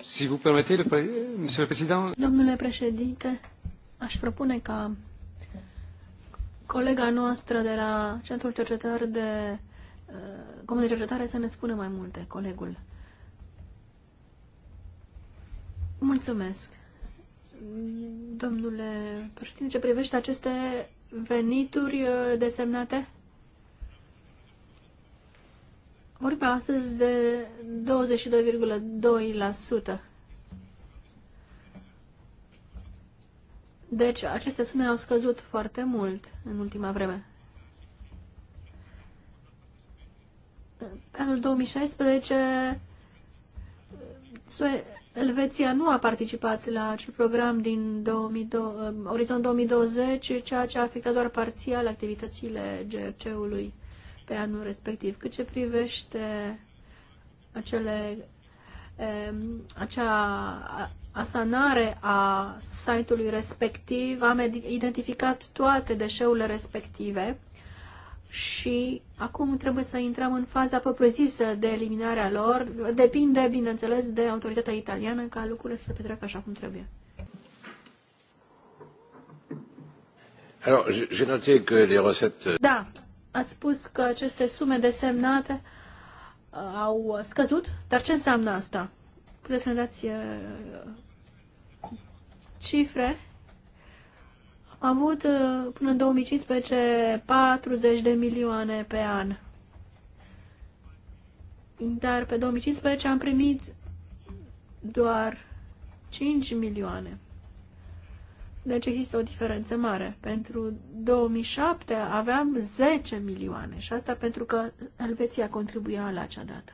Si vous permettez, le pre... Monsieur le Président. Domnule președinte, aș propune ca colega noastră de la Centrul Cercetări de uh, Comun de Cercetare să ne spună mai multe, colegul. Mulțumesc. Domnule președinte, ce privește aceste venituri uh, desemnate? Vorbim astăzi de 22,2%. Deci, aceste sume au scăzut foarte mult în ultima vreme. anul 2016, Elveția nu a participat la acel program din 2002, uh, Orizont 2020, ceea ce a afectat doar parțial activitățile GRC-ului pe anul respectiv. Cât ce privește acele, um, acea asanare a site-ului respectiv, am identificat toate deșeurile respective și acum trebuie să intrăm în faza propriu-zisă de eliminarea lor. Depinde, bineînțeles, de autoritatea italiană ca lucrurile să se petreacă așa cum trebuie. Alors, j'ai noté que les recettes... Euh, da, ați spus că aceste sume desemnate uh, au scăzut, dar ce înseamnă asta? Puteți să ne dați uh, cifre, am avut uh, până în 2015 40 de milioane pe an. Dar pe 2015 am primit doar 5 milioane. Deci există o diferență mare. Pentru 2007 aveam 10 milioane și asta pentru că Elveția contribuia la acea dată.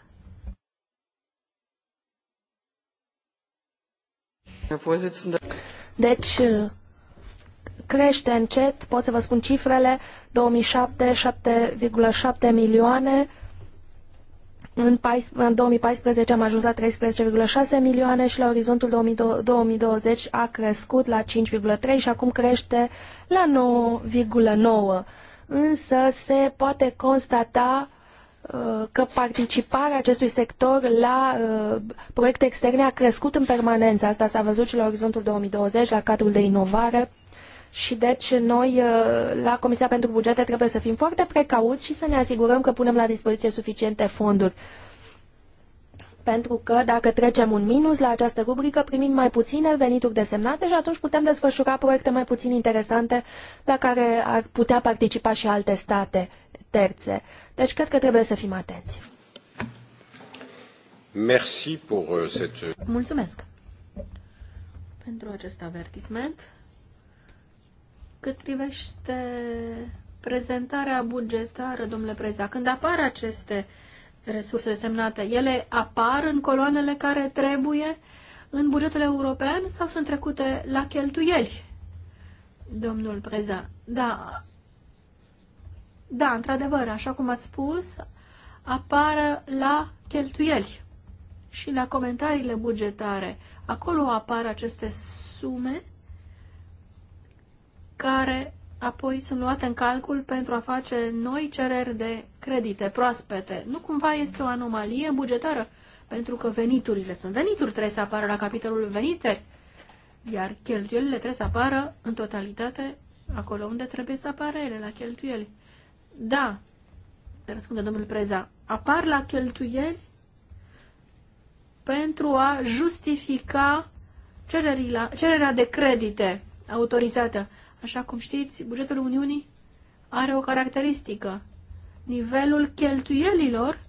Deci, crește încet, pot să vă spun cifrele, 2007, 7,7 milioane, în 2014 am ajuns la 13,6 milioane și la orizontul 2020 a crescut la 5,3 și acum crește la 9,9. Însă se poate constata Uh, că participarea acestui sector la uh, proiecte externe a crescut în permanență. Asta s-a văzut și la Orizontul 2020, la cadrul de inovare. Și deci noi uh, la Comisia pentru Bugete trebuie să fim foarte precauți și să ne asigurăm că punem la dispoziție suficiente fonduri. Pentru că dacă trecem un minus la această rubrică, primim mai puține venituri desemnate și atunci putem desfășura proiecte mai puțin interesante la care ar putea participa și alte state terțe. Deci cred că trebuie să fim atenți. Merci pour uh, cette... Mulțumesc pentru acest avertisment. Cât privește prezentarea bugetară, domnule Preza, când apar aceste resurse semnate, ele apar în coloanele care trebuie în bugetul european sau sunt trecute la cheltuieli? Domnul Preza, da, da, într-adevăr, așa cum ați spus, apară la cheltuieli și la comentariile bugetare. Acolo apar aceste sume care apoi sunt luate în calcul pentru a face noi cereri de credite proaspete. Nu cumva este o anomalie bugetară, pentru că veniturile sunt venituri, trebuie să apară la capitolul venite, iar cheltuielile trebuie să apară în totalitate acolo unde trebuie să apară ele, la cheltuieli. Da, răspunde domnul Preza, apar la cheltuieli pentru a justifica cererea de credite autorizată. Așa cum știți, bugetul Uniunii are o caracteristică. Nivelul cheltuielilor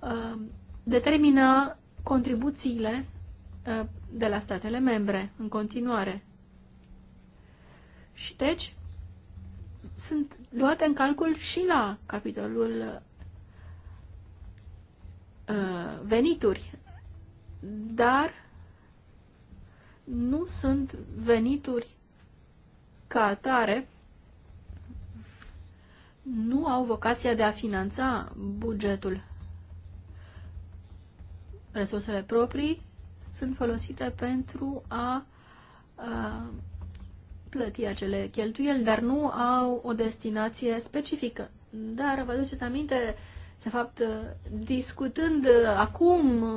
uh, determină contribuțiile uh, de la statele membre în continuare. Și deci, sunt luate în calcul și la capitolul uh, venituri, dar nu sunt venituri ca atare, nu au vocația de a finanța bugetul. Resursele proprii sunt folosite pentru a a uh, plăti acele cheltuieli, dar nu au o destinație specifică. Dar vă duceți aminte, de fapt, discutând acum uh,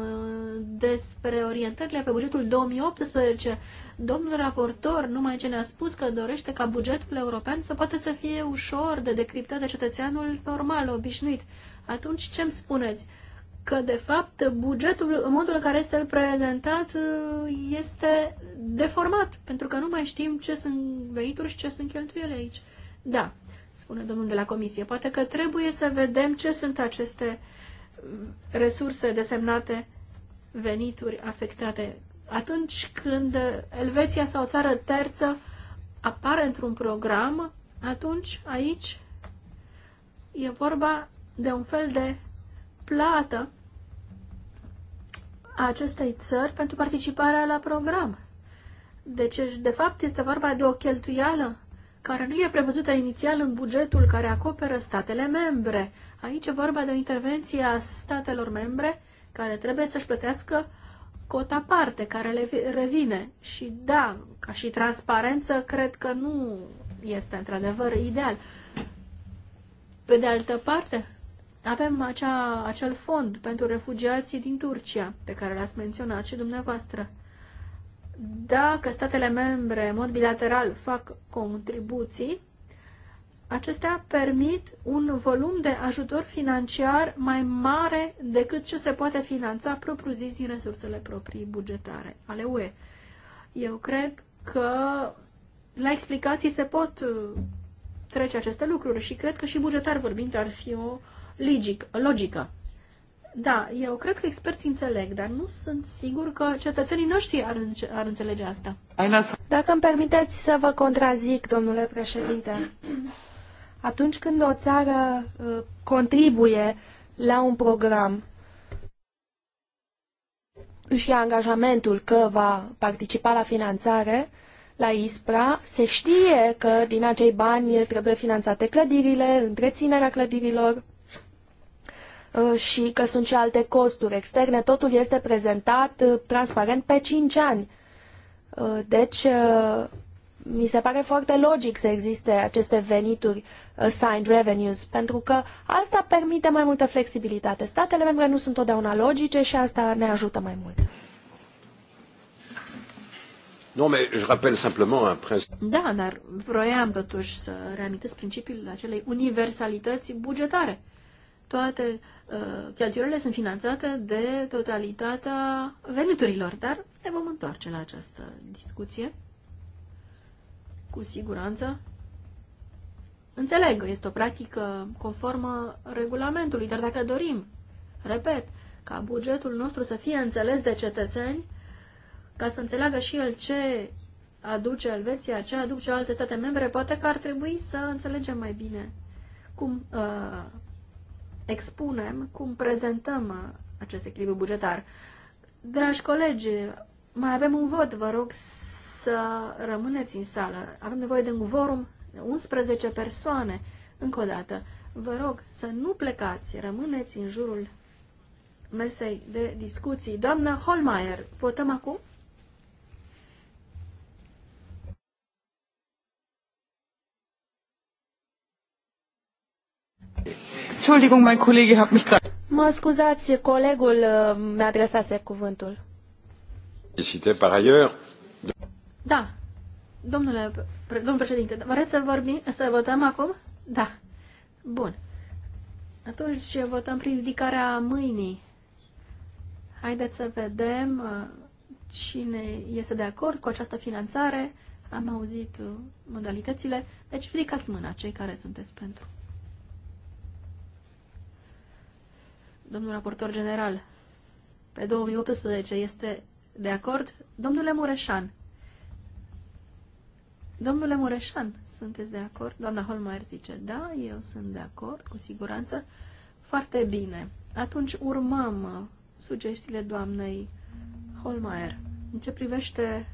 despre orientările pe bugetul 2018, domnul raportor numai ce ne-a spus că dorește ca bugetul european să poată să fie ușor de decriptat de cetățeanul normal, obișnuit. Atunci ce mi spuneți? că, de fapt, bugetul, în modul în care este prezentat, este deformat, pentru că nu mai știm ce sunt venituri și ce sunt cheltuielile aici. Da, spune domnul de la comisie, poate că trebuie să vedem ce sunt aceste resurse desemnate venituri afectate. Atunci când Elveția sau o țară terță apare într-un program, atunci aici e vorba de un fel de plată acestei țări pentru participarea la program. Deci, de fapt, este vorba de o cheltuială care nu e prevăzută inițial în bugetul care acoperă statele membre. Aici e vorba de o intervenție a statelor membre care trebuie să-și plătească cota parte care le revine. Și da, ca și transparență, cred că nu este într-adevăr ideal. Pe de altă parte, avem acea, acel fond pentru refugiații din Turcia, pe care l-ați menționat și dumneavoastră. Dacă statele membre, în mod bilateral, fac contribuții, acestea permit un volum de ajutor financiar mai mare decât ce se poate finanța propriu-zis din resursele proprii bugetare ale UE. Eu cred că la explicații se pot uh, trece aceste lucruri și cred că și bugetar vorbind ar fi o logic, logică. Da, eu cred că experții înțeleg, dar nu sunt sigur că cetățenii noștri ar, înce- ar înțelege asta. Dacă îmi permiteți să vă contrazic, domnule președinte, atunci când o țară uh, contribuie la un program și angajamentul că va participa la finanțare, la ISPRA, se știe că din acei bani trebuie finanțate clădirile, întreținerea clădirilor, Uh, și că sunt și alte costuri externe, totul este prezentat uh, transparent pe 5 ani. Uh, deci, mi se pare foarte logic să existe aceste venituri assigned revenues, pentru că asta permite mai multă flexibilitate. Statele membre nu sunt totdeauna logice și asta ne ajută mai mult. Non, mais je rappelle simplement un principe. Da, dar vroiam totuși să reamintesc principiul acelei universalități bugetare toate uh, cheltuielile sunt finanțate de totalitatea veniturilor, dar ne vom întoarce la această discuție. Cu siguranță. Înțeleg, este o practică conformă regulamentului, dar dacă dorim, repet, ca bugetul nostru să fie înțeles de cetățeni, ca să înțeleagă și el ce aduce Elveția, ce aduce alte state membre, poate că ar trebui să înțelegem mai bine cum uh, expunem, cum prezentăm uh, acest echilibru bugetar. Dragi colegi, mai avem un vot, vă rog să rămâneți în sală. Avem nevoie de un vorum, 11 persoane. Încă o dată, vă rog să nu plecați, rămâneți în jurul mesei de discuții. Doamna Holmeier, votăm acum? Entschuldigung, mein Kollege hat mich gerade... Mă scuzați, colegul uh, mi-a adresase cuvântul. Cité par ailleurs. Da. Domnule, domnul președinte, vreți să vorbim, să votăm acum? Da. Bun. Atunci votăm prin ridicarea mâinii. Haideți să vedem uh, cine este de acord cu această finanțare. Am auzit uh, modalitățile. Deci ridicați mâna cei care sunteți pentru. domnul raportor general, pe 2018 este de acord? Domnule Mureșan. Domnule Mureșan, sunteți de acord? Doamna Holmeier zice, da, eu sunt de acord, cu siguranță. Foarte bine. Atunci urmăm sugestiile doamnei Holmeier. În ce privește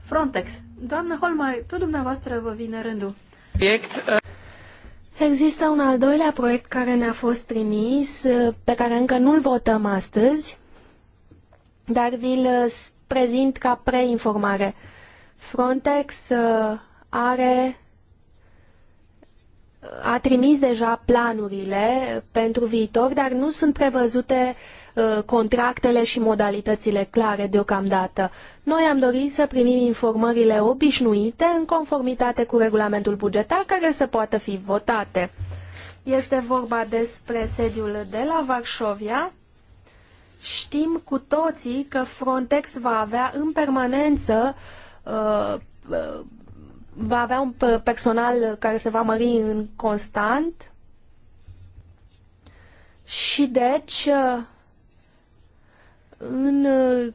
Frontex. Doamna Holmeier, tot dumneavoastră vă vine rândul. Obiect, uh... Există un al doilea proiect care ne-a fost trimis, pe care încă nu-l votăm astăzi, dar vi-l uh, prezint ca preinformare. Frontex uh, are uh, a trimis deja planurile pentru viitor, dar nu sunt prevăzute uh, Uh, contractele și modalitățile clare deocamdată. Noi am dorit să primim informările obișnuite în conformitate cu regulamentul bugetar care să poată fi votate. Este vorba despre sediul de la Varșovia. Știm cu toții că Frontex va avea în permanență uh, uh, va avea un personal care se va mări în constant și deci în uh,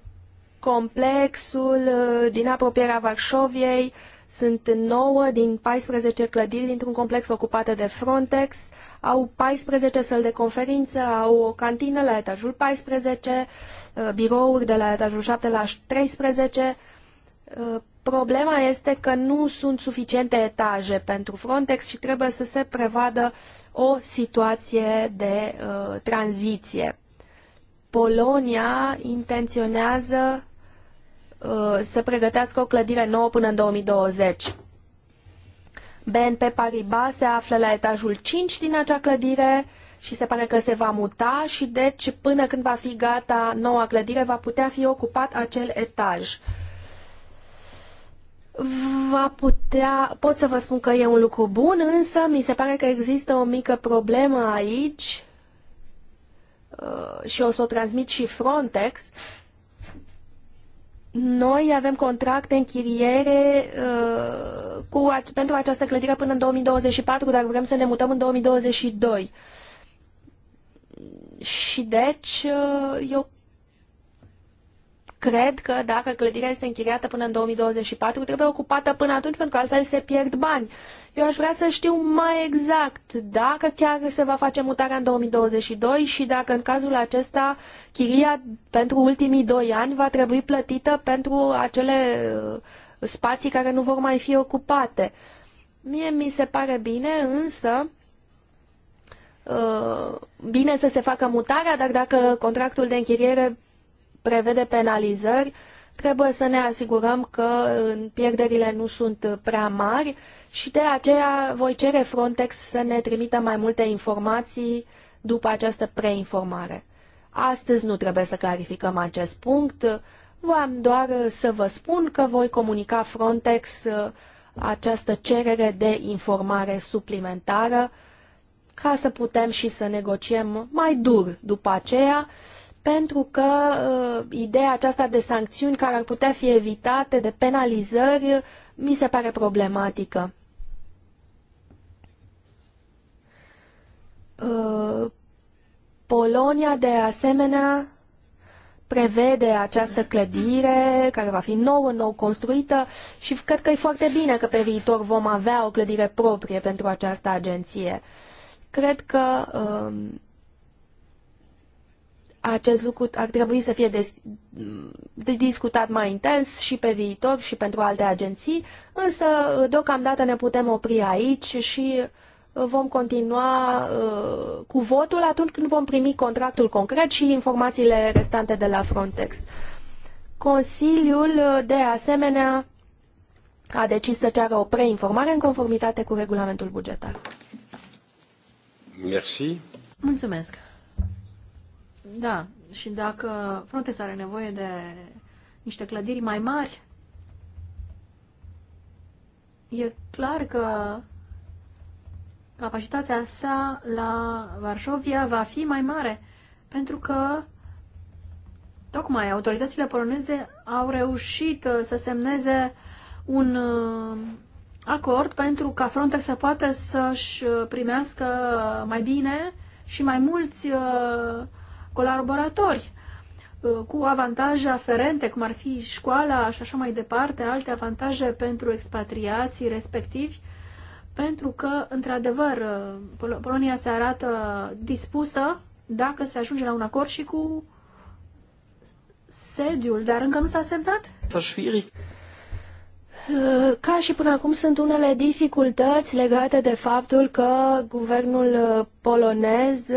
complexul uh, din apropierea Varșoviei sunt 9 din 14 clădiri dintr-un complex ocupat de Frontex, au 14 săli de conferință, au o cantină la etajul 14, uh, birouri de la etajul 7 la 13. Problema este că nu sunt suficiente etaje pentru Frontex și trebuie să se prevadă o situație de uh, tranziție Polonia intenționează uh, să pregătească o clădire nouă până în 2020. BNP Paribas se află la etajul 5 din acea clădire și se pare că se va muta și deci până când va fi gata noua clădire va putea fi ocupat acel etaj. Va putea, pot să vă spun că e un lucru bun, însă mi se pare că există o mică problemă aici Uh, și o să o transmit și Frontex, noi avem contracte închiriere uh, cu, pentru această clădire până în 2024, dar vrem să ne mutăm în 2022. Și deci, uh, eu Cred că dacă clădirea este închiriată până în 2024, trebuie ocupată până atunci, pentru că altfel se pierd bani. Eu aș vrea să știu mai exact dacă chiar se va face mutarea în 2022 și dacă în cazul acesta chiria pentru ultimii doi ani va trebui plătită pentru acele uh, spații care nu vor mai fi ocupate. Mie mi se pare bine, însă uh, bine să se facă mutarea, dar dacă contractul de închiriere prevede penalizări, trebuie să ne asigurăm că pierderile nu sunt prea mari și de aceea voi cere Frontex să ne trimită mai multe informații după această preinformare. Astăzi nu trebuie să clarificăm acest punct, voiam doar să vă spun că voi comunica Frontex uh, această cerere de informare suplimentară ca să putem și să negociem mai dur după aceea pentru că uh, ideea aceasta de sancțiuni care ar putea fi evitate, de penalizări, uh, mi se pare problematică. Uh, Polonia, de asemenea, prevede această clădire care va fi nouă, nou construită și cred că e foarte bine că pe viitor vom avea o clădire proprie pentru această agenție. Cred că uh, acest lucru ar trebui să fie discutat mai intens și pe viitor și pentru alte agenții, însă deocamdată ne putem opri aici și vom continua uh, cu votul atunci când vom primi contractul concret și informațiile restante de la Frontex. Consiliul, uh, de asemenea, a decis să ceară o preinformare în conformitate cu regulamentul bugetar. Merci. Mulțumesc. Da, și dacă Frontex are nevoie de niște clădiri mai mari, e clar că capacitatea sa la Varșovia va fi mai mare, pentru că tocmai autoritățile poloneze au reușit uh, să semneze un uh, acord pentru ca Frontex să poată să-și uh, primească mai bine și mai mulți colaboratori uh, cu avantaje aferente, cum ar fi școala și așa mai departe, alte avantaje pentru expatriații respectivi, pentru că, într-adevăr, uh, Pol Polonia se arată dispusă dacă se ajunge la un acord și cu sediul, dar încă nu s-a semnat? Uh, ca și până acum sunt unele dificultăți legate de faptul că guvernul polonez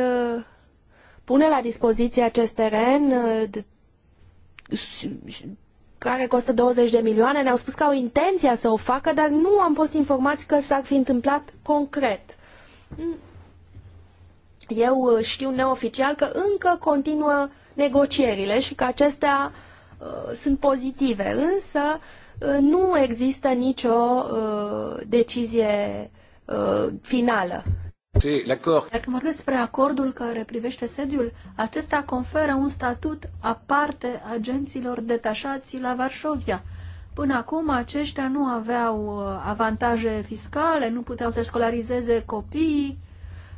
pune la dispoziție acest teren uh, care costă 20 de milioane. Ne-au spus că au intenția să o facă, dar nu am fost informați că s-ar fi întâmplat concret. Mm. Eu uh, știu neoficial că încă continuă negocierile și că acestea uh, sunt pozitive, însă nu există nicio uh, decizie finală. Dacă vorbesc despre acordul care privește sediul, acesta conferă un statut aparte agenților detașați la Varșovia. Până acum aceștia nu aveau uh, avantaje fiscale, nu puteau să scolarizeze copiii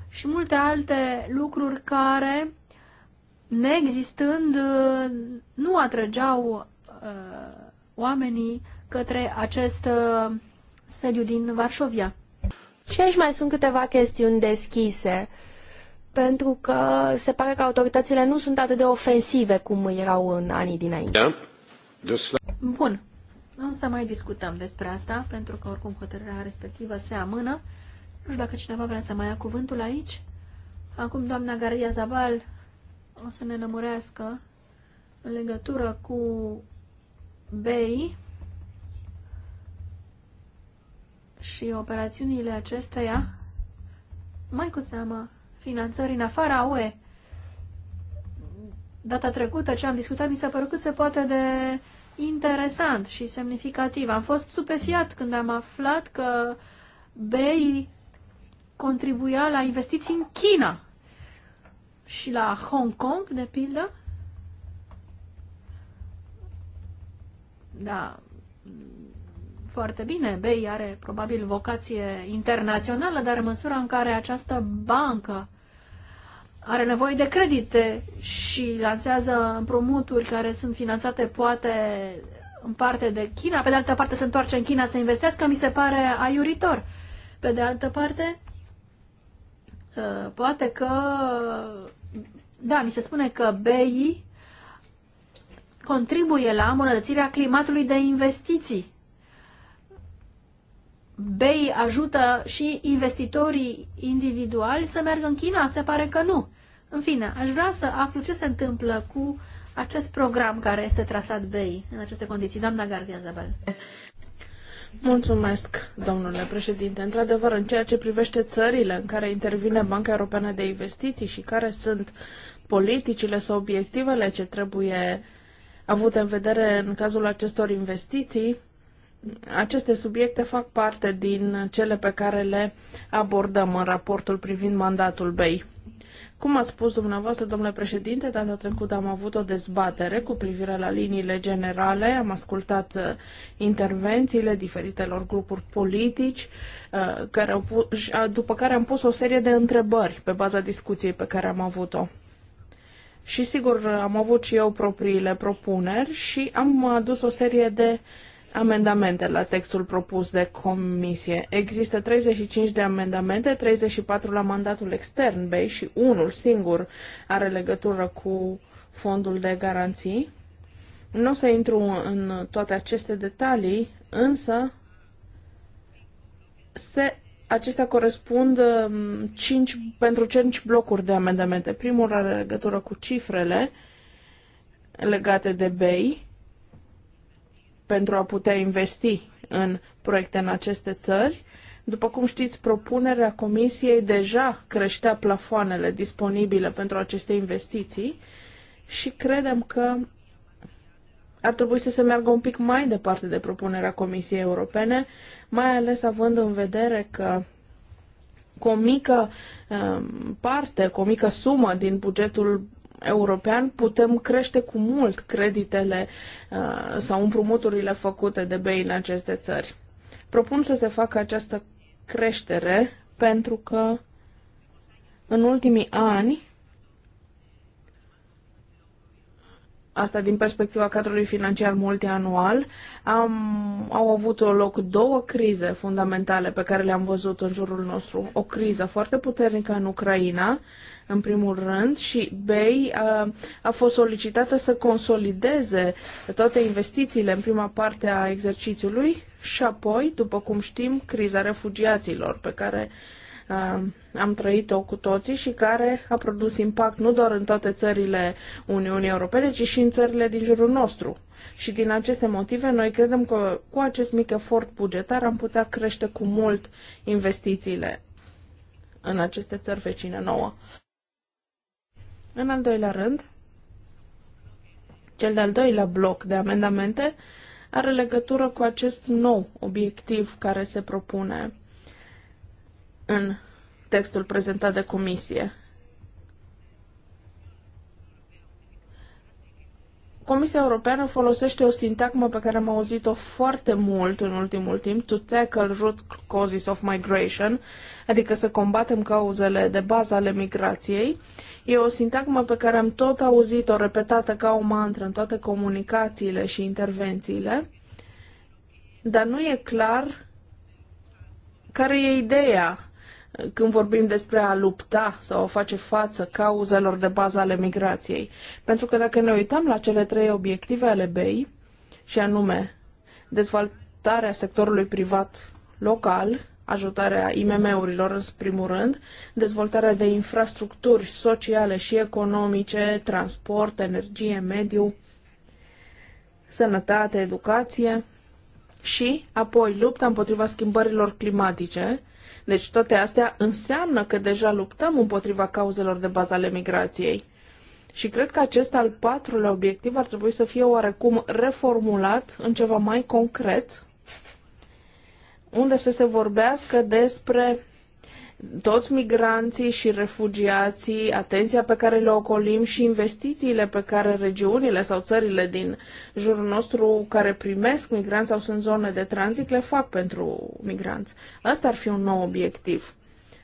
și multe alte lucruri care, neexistând, uh, nu atrăgeau uh, oamenii către acest uh, sediu din Varșovia. Și aici mai sunt câteva chestiuni deschise, pentru că se pare că autoritățile nu sunt atât de ofensive cum erau în anii dinainte. Da. Bun. Nu să mai discutăm despre asta, pentru că oricum hotărârea respectivă se amână. Nu știu dacă cineva vrea să mai ia cuvântul aici. Acum doamna Garia Zaval o să ne lămurească în legătură cu BEI și operațiunile acesteia, mai cu seamă finanțări în afara UE. Data trecută ce am discutat mi s-a părut cât se poate de interesant și semnificativ. Am fost stupefiat când am aflat că BEI contribuia la investiții în China și la Hong Kong, de pildă. Da, foarte bine. BEI are probabil vocație internațională, dar în măsura în care această bancă are nevoie de credite și lansează împrumuturi care sunt finanțate poate în parte de China, pe de altă parte se întoarce în China să investească, mi se pare aiuritor. Pe de altă parte, ă, poate că, da, mi se spune că BEI contribuie la îmbunătățirea climatului de investiții. BEI ajută și investitorii individuali să meargă în China? Se pare că nu. În fine, aș vrea să aflu ce se întâmplă cu acest program care este trasat BEI în aceste condiții. Doamna Gardia Zabel. Mulțumesc, domnule președinte. Într-adevăr, în ceea ce privește țările în care intervine Banca Europeană de Investiții și care sunt politicile sau obiectivele ce trebuie avute în vedere în cazul acestor investiții, aceste subiecte fac parte din cele pe care le abordăm în raportul privind mandatul BEI. Cum a spus dumneavoastră, domnule președinte, data trecută am avut o dezbatere cu privire la liniile generale, am ascultat uh, intervențiile diferitelor grupuri politici, uh, care au pus, uh, după care am pus o serie de întrebări pe baza discuției pe care am avut-o. Și sigur, am avut și eu propriile propuneri și am adus o serie de uh, amendamente la textul propus de comisie. Există 35 de amendamente, 34 la mandatul extern BEI și unul singur are legătură cu fondul de garanții. Nu o să intru în toate aceste detalii, însă se, acestea corespund um, cinci, pentru 5 blocuri de amendamente. Primul are legătură cu cifrele legate de BEI, pentru a putea investi în proiecte în aceste țări. După cum știți, propunerea Comisiei deja creștea plafoanele disponibile pentru aceste investiții și credem că ar trebui să se meargă un pic mai departe de propunerea Comisiei Europene, mai ales având în vedere că cu o mică um, parte, cu o mică sumă din bugetul european putem crește cu mult creditele uh, sau împrumuturile făcute de BEI în aceste țări. Propun să se facă această creștere pentru că în ultimii ani asta din perspectiva cadrului financiar multianual, am, au avut o loc două crize fundamentale pe care le-am văzut în jurul nostru. O criză foarte puternică în Ucraina, în primul rând, și BEI a, uh, a fost solicitată să consolideze toate investițiile în prima parte a exercițiului și apoi, după cum știm, criza refugiaților pe care uh, Um, am trăit-o cu toții și care a produs impact nu doar în toate țările Uniunii Europene, ci și în țările din jurul nostru. Și din aceste motive, noi credem că cu acest mic efort bugetar am putea crește cu mult investițiile în aceste țări vecine nouă. În al doilea rând, cel de-al doilea bloc de amendamente are legătură cu acest nou obiectiv care se propune în textul prezentat de comisie. Comisia Europeană folosește o sintagmă pe care am auzit-o foarte mult în ultimul timp, to tackle root causes of migration, adică să combatem cauzele de bază ale migrației. E o sintagmă pe care am tot auzit-o repetată ca o mantră în toate comunicațiile și intervențiile, dar nu e clar care e ideea când vorbim despre a lupta sau a face față cauzelor de bază ale migrației. Pentru că dacă ne uităm la cele trei obiective ale BEI, și anume dezvoltarea sectorului privat local, ajutarea IMM-urilor în primul rând, dezvoltarea de infrastructuri sociale și economice, transport, energie, mediu, sănătate, educație și apoi lupta împotriva schimbărilor climatice, deci toate astea înseamnă că deja luptăm împotriva cauzelor de bază ale migrației. Și cred că acest al patrulea obiectiv ar trebui să fie oarecum reformulat în ceva mai concret, unde să se vorbească despre toți migranții și refugiații, atenția pe care le ocolim și investițiile pe care regiunile sau țările din jurul nostru care primesc migranți sau sunt zone de tranzit le fac pentru migranți. Asta ar fi un nou obiectiv.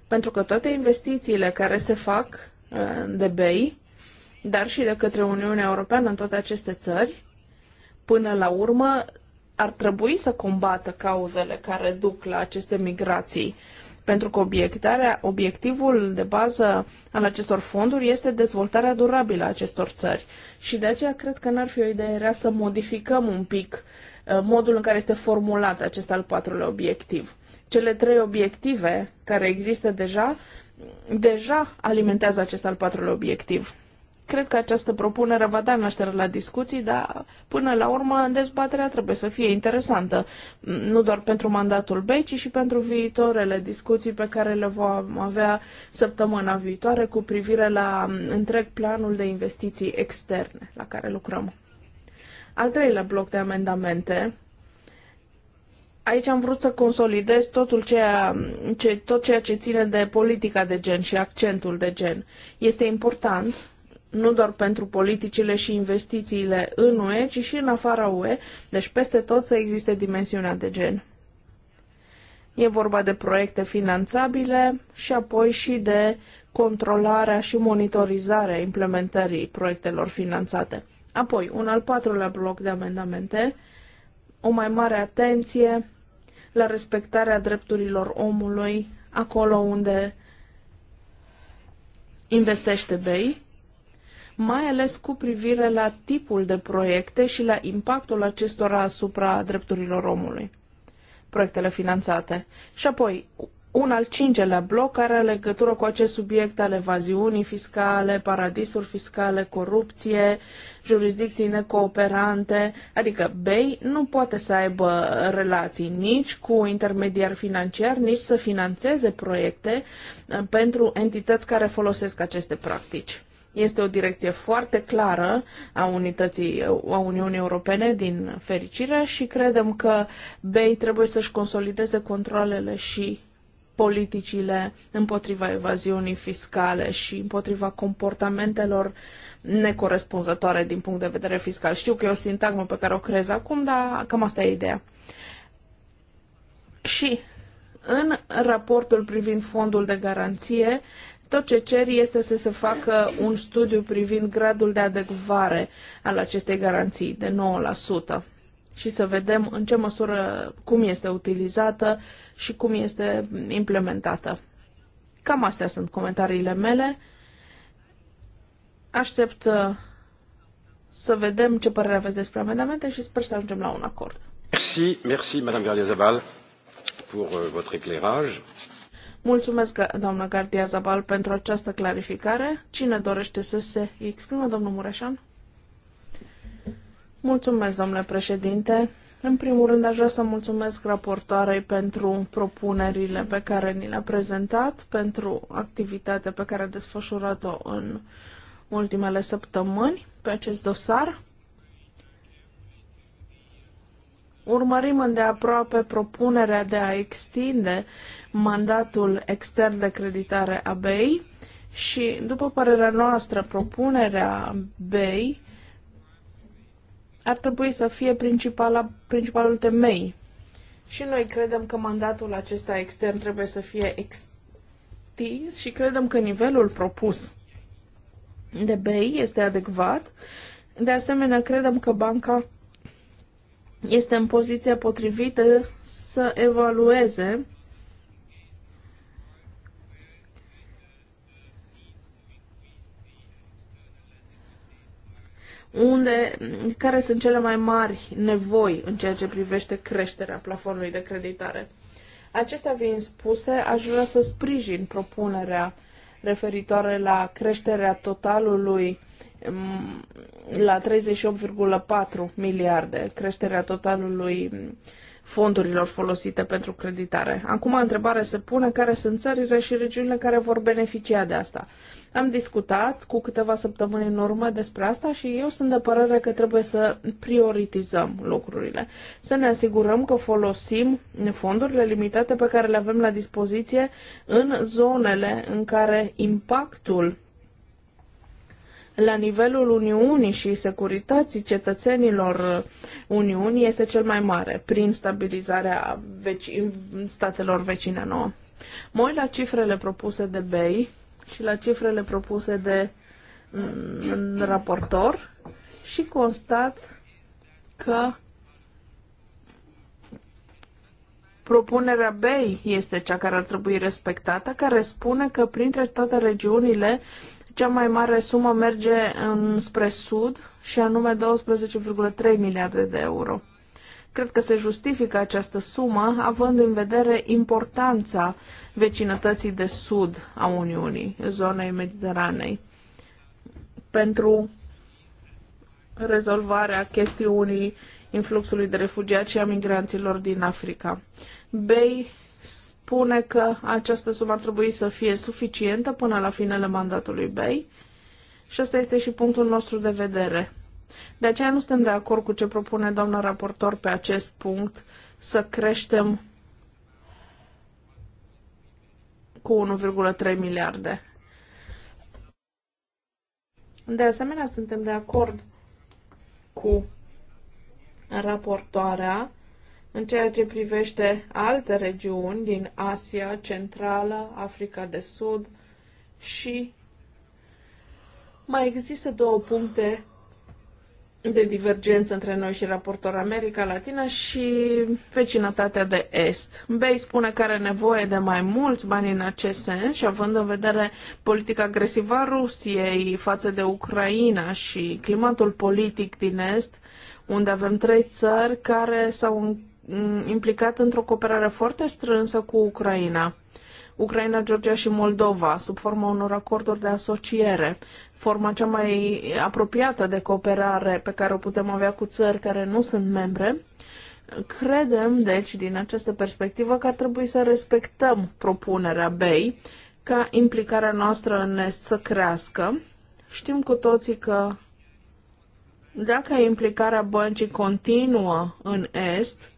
Pentru că toate investițiile care se fac uh, de BEI, dar și de către Uniunea Europeană în toate aceste țări, până la urmă ar trebui să combată cauzele care duc la aceste migrații pentru că obiectivul de bază al acestor fonduri este dezvoltarea durabilă a acestor țări. Și de aceea cred că n-ar fi o idee rea să modificăm un pic uh, modul în care este formulat acest al patrulea obiectiv. Cele trei obiective care există deja, deja alimentează acest al patrulea obiectiv. Cred că această propunere va da naștere la discuții, dar până la urmă dezbaterea trebuie să fie interesantă, nu doar pentru mandatul BEI, ci și pentru viitoarele discuții pe care le vom avea săptămâna viitoare cu privire la întreg planul de investiții externe la care lucrăm. Al treilea bloc de amendamente aici am vrut să consolidez totul ceea ce, tot ceea ce ține de politica de gen și accentul de gen. Este important nu doar pentru politicile și investițiile în UE, ci și în afara UE, deci peste tot să existe dimensiunea de gen. E vorba de proiecte finanțabile și apoi și de controlarea și monitorizarea implementării proiectelor finanțate. Apoi, un al patrulea bloc de amendamente, o mai mare atenție la respectarea drepturilor omului acolo unde investește BEI mai ales cu privire la tipul de proiecte și la impactul acestora asupra drepturilor omului. Proiectele finanțate. Și apoi, un al cincelea bloc are legătură cu acest subiect al evaziunii fiscale, paradisuri fiscale, corupție, jurisdicții necooperante, adică BEI nu poate să aibă relații nici cu intermediari financiari, nici să financeze proiecte uh, pentru entități care folosesc aceste practici. Este o direcție foarte clară a unității, a Uniunii Europene, din fericire, și credem că BEI trebuie să-și consolideze controlele și politicile împotriva evaziunii fiscale și împotriva comportamentelor necorespunzătoare din punct de vedere fiscal. Știu că e o sintagmă pe care o creez acum, dar cam asta e ideea. Și în raportul privind fondul de garanție, tot ce cer este să se facă un studiu privind gradul de adecvare al acestei garanții de 9% și să vedem în ce măsură, cum este utilizată și cum este implementată. Cam astea sunt comentariile mele. Aștept uh, să vedem ce părere aveți despre amendamente și sper să ajungem la un acord. Merci, merci, Madame Gardiazabal, pour uh, votre éclairage. Mulțumesc, doamna Gardia Zabal, pentru această clarificare. Cine dorește să se exprime, domnul Mureșan? Mulțumesc, domnule președinte. În primul rând, aș vrea să mulțumesc raportoarei pentru propunerile pe care ni le-a prezentat, pentru activitatea pe care a desfășurat-o în ultimele săptămâni pe acest dosar. Urmărim îndeaproape propunerea de a extinde mandatul extern de creditare a BEI și, după părerea noastră, propunerea BEI ar trebui să fie principala, principalul temei. Și noi credem că mandatul acesta extern trebuie să fie extins și credem că nivelul propus de BEI este adecvat. De asemenea, credem că banca este în poziția potrivită să evalueze unde, care sunt cele mai mari nevoi în ceea ce privește creșterea plafonului de creditare. Acestea fiind spuse, aș vrea să sprijin propunerea referitoare la creșterea totalului Mm, la 38,4 miliarde, creșterea totalului fondurilor folosite pentru creditare. Acum întrebarea se pune care sunt țările și regiunile care vor beneficia de asta. Am discutat cu câteva săptămâni în urmă despre asta și eu sunt de părere că trebuie să prioritizăm lucrurile. Să ne asigurăm că folosim fondurile limitate pe care le avem la dispoziție în zonele în care impactul la nivelul Uniunii și securității cetățenilor Uniunii este cel mai mare prin stabilizarea veci- statelor vecine nouă. Mă uit la cifrele propuse de BEI și la cifrele propuse de mm, raportor și constat că propunerea BEI este cea care ar trebui respectată, care spune că printre toate regiunile cea mai mare sumă merge spre sud și anume 12,3 miliarde de euro. Cred că se justifică această sumă, având în vedere importanța vecinătății de sud a Uniunii, zonei Mediteranei, pentru rezolvarea chestiunii influxului de refugiați și a migranților din Africa. Bay spune că această sumă ar trebui să fie suficientă până la finele mandatului BEI și ăsta este și punctul nostru de vedere. De aceea nu suntem de acord cu ce propune doamna raportor pe acest punct, să creștem cu 1,3 miliarde. De asemenea, suntem de acord cu raportoarea în ceea ce privește alte regiuni din Asia Centrală, Africa de Sud și mai există două puncte de divergență între noi și raportor America Latina și vecinătatea de Est. Bay spune că are nevoie de mai mulți bani în acest sens și având în vedere politica agresivă a Rusiei față de Ucraina și climatul politic din Est, unde avem trei țări care s-au implicat într-o cooperare foarte strânsă cu Ucraina. Ucraina, Georgia și Moldova, sub forma unor acorduri de asociere, forma cea mai apropiată de cooperare pe care o putem avea cu țări care nu sunt membre. Credem, deci, din această perspectivă, că ar trebui să respectăm propunerea BEI ca implicarea noastră în Est să crească. Știm cu toții că dacă implicarea băncii continuă în Est,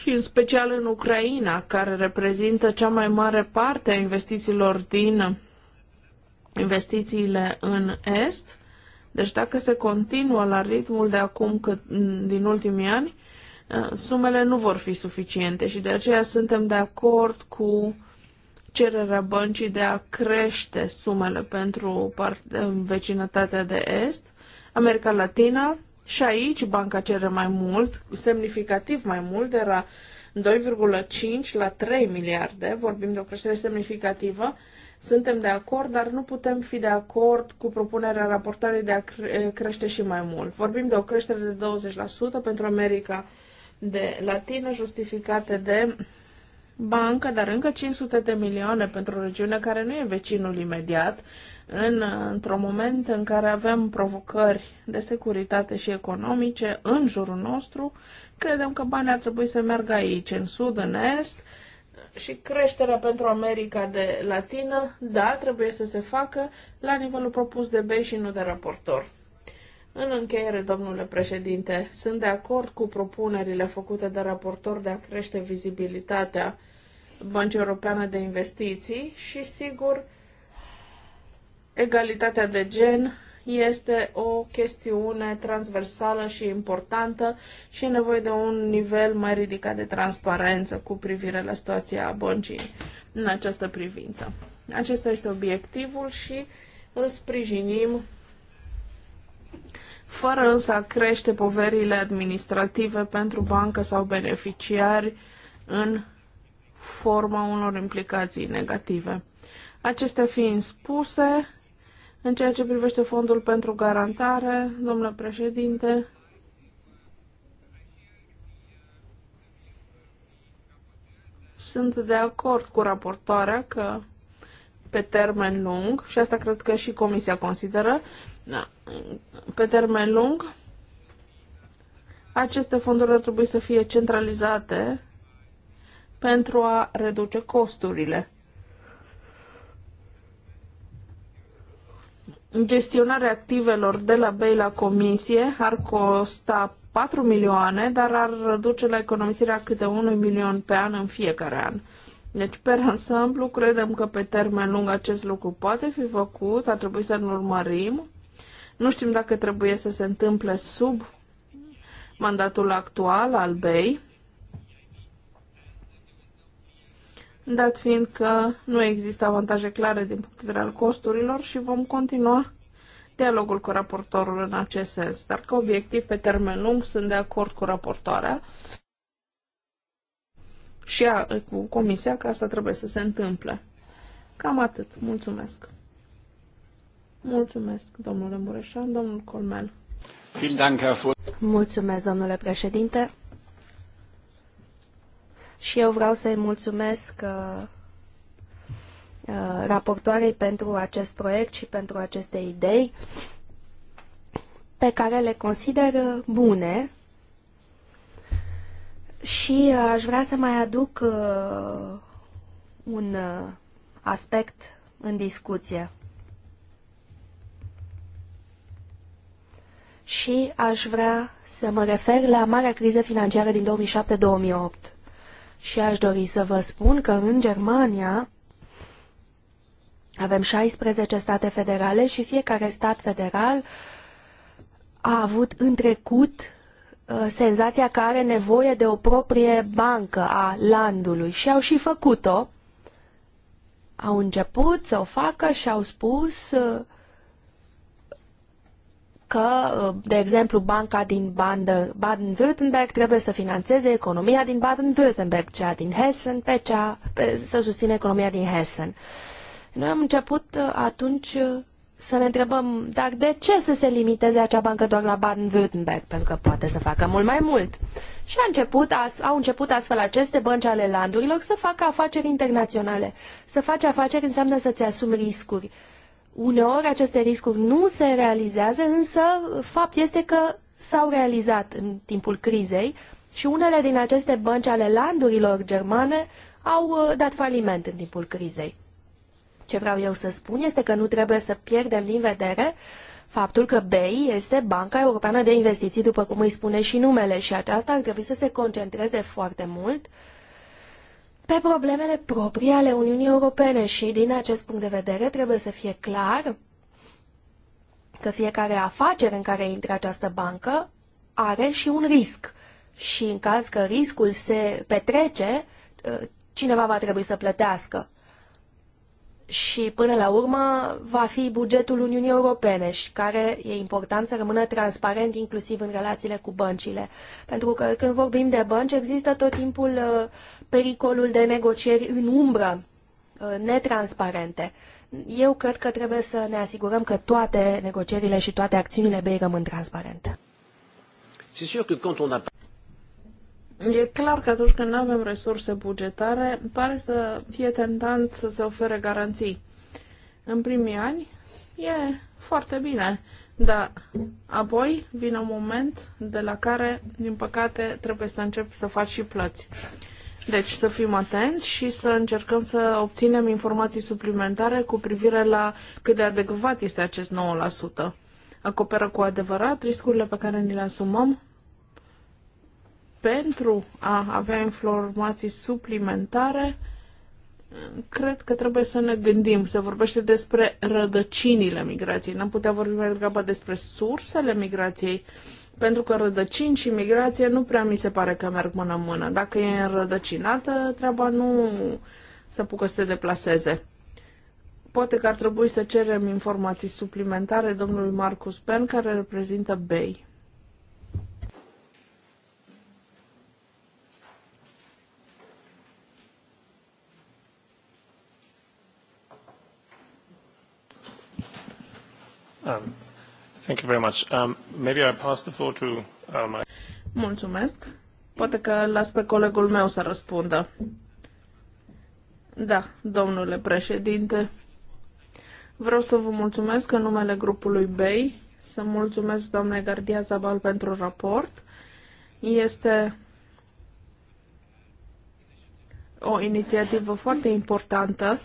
și în special în Ucraina, care reprezintă cea mai mare parte a investițiilor din investițiile în Est. Deci dacă se continuă la ritmul de acum cât, din ultimii ani, uh, sumele nu vor fi suficiente și de aceea suntem de acord cu cererea băncii de a crește sumele pentru part, uh, vecinătatea de est, America Latina, și aici banca cere mai mult, semnificativ mai mult, de la 2,5 la 3 miliarde, vorbim de o creștere semnificativă, suntem de acord, dar nu putem fi de acord cu propunerea raportării de a crește și mai mult. Vorbim de o creștere de 20% pentru America de Latină, justificate de bancă, dar încă 500 de milioane pentru o regiune care nu e vecinul imediat, în, într-un moment în care avem provocări de securitate și economice în jurul nostru, credem că banii ar trebui să meargă aici, în sud, în est, și creșterea pentru America de Latină, da, trebuie să se facă la nivelul propus de BEI și nu de raportor. În încheiere, domnule președinte, sunt de acord cu propunerile făcute de raportor de a crește vizibilitatea Băncii Europeană de Investiții și, sigur, egalitatea de gen este o chestiune transversală și importantă și e nevoie de un nivel mai ridicat de transparență cu privire la situația băncii în această privință. Acesta este obiectivul și îl sprijinim fără însă a crește poverile administrative pentru bancă sau beneficiari în forma unor implicații negative. Acestea fiind spuse, în ceea ce privește fondul pentru garantare, domnule președinte, sunt de acord cu raportoarea că pe termen lung, și asta cred că și Comisia consideră, da, pe termen lung, aceste fonduri ar trebui să fie centralizate pentru a reduce costurile. Gestionarea activelor de la BEI la comisie ar costa 4 milioane, dar ar duce la economisirea câte 1 milion pe an în fiecare an. Deci, pe ansamblu, credem că pe termen lung acest lucru poate fi făcut, ar trebui să-l urmărim. Nu știm dacă trebuie să se întâmple sub mandatul actual al BEI, dat fiind că nu există avantaje clare din punct de vedere al costurilor și vom continua dialogul cu raportorul în acest sens. Dar ca obiectiv pe termen lung sunt de acord cu raportoarea și a, cu comisia că asta trebuie să se întâmple. Cam atât. Mulțumesc. Mulțumesc, domnule Mureșan, domnul Colmel. Mulțumesc, domnule președinte și eu vreau să-i mulțumesc uh, uh, raportoarei pentru acest proiect și pentru aceste idei pe care le consider bune și uh, aș vrea să mai aduc un aspect în discuție. Și aș vrea să mă refer la marea criză financiară din 2007-2008 și aș dori să vă spun că în Germania avem 16 state federale și fiecare stat federal a avut în trecut uh, senzația că are nevoie de o proprie bancă a landului și au și făcut-o. Au început să o facă și au spus uh, că, uh, de exemplu, banca din Baden-Württemberg trebuie să financeze economia din Baden-Württemberg, cea din Hessen, pe cea, pe, să susține economia din Hessen. Noi am început uh, atunci uh, să ne întrebăm, dar de ce să se limiteze acea bancă doar la Baden-Württemberg? Pentru că poate să facă mult mai mult. Și a început, au început astfel aceste bănci ale landurilor să facă afaceri internaționale. Să faci afaceri înseamnă să-ți asumi riscuri, Uneori aceste riscuri nu se realizează, însă fapt este că s-au realizat în timpul crizei și unele din aceste bănci ale landurilor germane au uh, dat faliment în timpul crizei. Ce vreau eu să spun este că nu trebuie să pierdem din vedere faptul că BEI este Banca Europeană de Investiții, după cum îi spune și numele, și aceasta ar trebui să se concentreze foarte mult uh, pe problemele proprii ale Uniunii Europene și din acest punct de vedere trebuie să fie clar că fiecare afacere în care intră această bancă are și un risc. Și în caz că riscul se petrece, ă, cineva va trebui să plătească și până la urmă va fi bugetul Uniunii Europene și care e important să rămână transparent inclusiv în relațiile cu băncile. Pentru că când vorbim de bănci există tot timpul uh, pericolul de negocieri în umbră, uh, netransparente. Eu cred că trebuie să ne asigurăm că toate negocierile și toate acțiunile BEI rămân transparente. C'est sûr on a E clar că atunci când nu avem resurse bugetare, pare să fie tentant să se ofere garanții. În primii ani e foarte bine, dar apoi vine un moment de la care, din păcate, trebuie să începi să faci și plăți. Deci să fim atenți și să încercăm să obținem informații suplimentare cu privire la cât de adecvat este acest 9%. Acoperă cu adevărat riscurile pe care ni le asumăm? pentru a avea informații suplimentare, cred că trebuie să ne gândim. Se vorbește despre rădăcinile migrației. N-am putea vorbi mai degrabă despre sursele migrației, pentru că rădăcini și migrație nu prea mi se pare că merg mână în mână. Dacă e înrădăcinată, treaba nu se pucă să se deplaseze. Poate că ar trebui să cerem informații suplimentare domnului Marcus Pen, care reprezintă BEI. Um, thank you very much. Um, maybe I pass the floor to uh, my... Mulțumesc. Poate că las pe colegul meu să răspundă. Da, domnule președinte. Vreau să vă mulțumesc în numele grupului BEI, să mulțumesc doamnei Gardia Zabal pentru raport. Este o inițiativă foarte importantă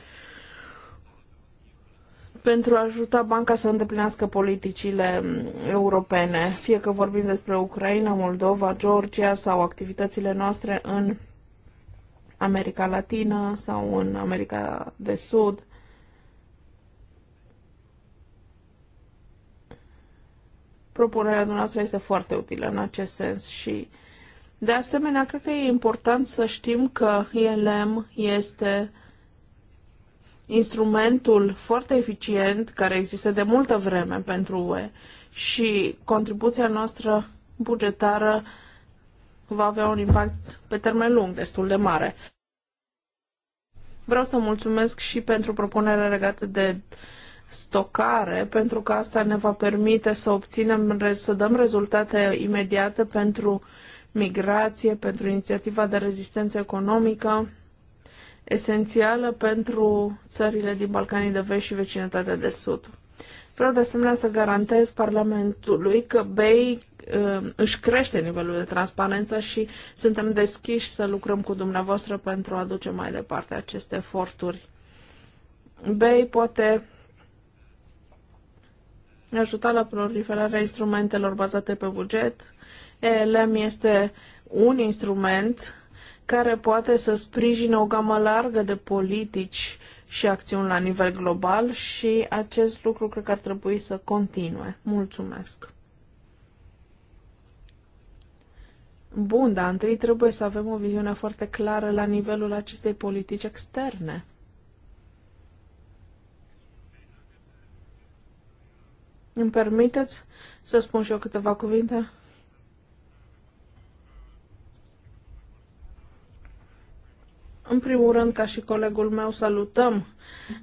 pentru a ajuta banca să îndeplinească politicile mm, europene, fie că vorbim despre Ucraina, Moldova, Georgia sau activitățile noastre în America Latină sau în America de Sud. Propunerea dumneavoastră este foarte utilă în acest sens și de asemenea, cred că e important să știm că ILM este instrumentul foarte eficient care există de multă vreme pentru UE și contribuția noastră bugetară va avea un impact pe termen lung destul de mare. Vreau să mulțumesc și pentru propunerea legată de stocare, pentru că asta ne va permite să obținem, să dăm rezultate imediate pentru migrație, pentru inițiativa de rezistență economică, esențială pentru țările din Balcanii de Vest și vecinătatea de Sud. Vreau de asemenea să garantez Parlamentului că BEI uh, își crește nivelul de transparență și suntem deschiși să lucrăm cu dumneavoastră pentru a duce mai departe aceste eforturi. BEI poate ajuta la proliferarea instrumentelor bazate pe buget. ELM este un instrument care poate să sprijine o gamă largă de politici și acțiuni la nivel global și acest lucru cred că ar trebui să continue. Mulțumesc! Bun, dar întâi trebuie să avem o viziune foarte clară la nivelul acestei politici externe. Îmi permiteți să spun și eu câteva cuvinte? În primul rând, ca și colegul meu, salutăm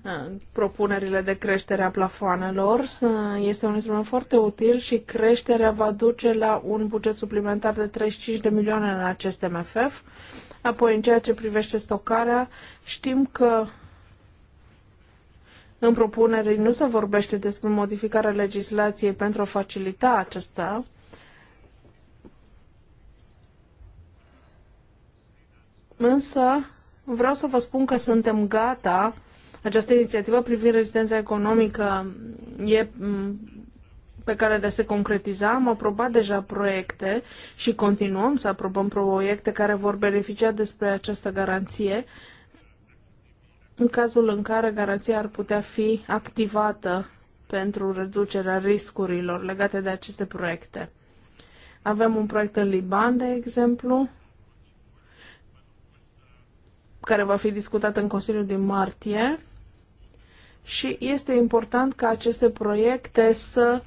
uh, propunerile de creștere a plafoanelor. Uh, este un instrument foarte util și creșterea va duce la un buget suplimentar de 35 de milioane în acest MFF. Apoi, în ceea ce privește stocarea, știm că în propunere nu se vorbește despre modificarea legislației pentru a facilita acesta. Însă, Vreau să vă spun că suntem gata. Această inițiativă privind rezistența economică e pe care de se concretiza. Am aprobat deja proiecte și continuăm să aprobăm proiecte care vor beneficia despre această garanție în cazul în care garanția ar putea fi activată pentru reducerea riscurilor legate de aceste proiecte. Avem un proiect în Liban, de exemplu, care va fi discutată în Consiliul din martie și este important ca aceste proiecte să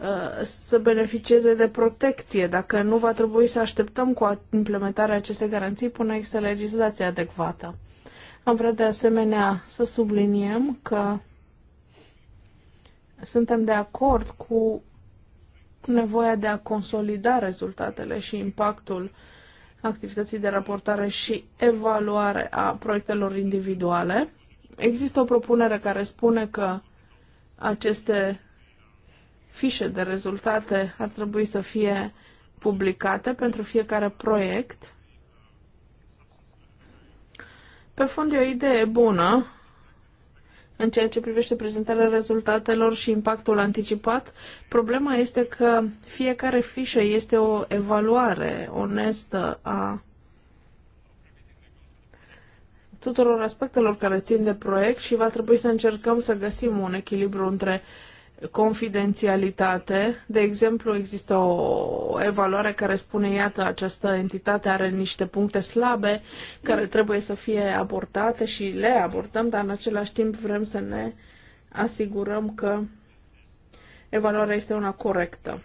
uh, să beneficieze de protecție, dacă nu va trebui să așteptăm cu implementarea acestei garanții până există legislație adecvată. Am vrea de asemenea să subliniem că suntem de acord cu nevoia de a consolida rezultatele și impactul uh, activității de raportare și evaluare a proiectelor individuale. Există o propunere care spune că aceste fișe de rezultate ar trebui să fie publicate pentru fiecare proiect. Pe fond e o idee bună, în ceea ce privește prezentarea rezultatelor și impactul anticipat, problema este că fiecare fișă este o evaluare onestă a tuturor aspectelor care țin de proiect și va trebui să încercăm să găsim un echilibru între uh, confidențialitate. De exemplu, există o evaluare care spune, iată, această entitate are niște puncte slabe care trebuie să fie abordate și le abordăm, dar în același timp vrem să ne asigurăm că evaluarea este una corectă.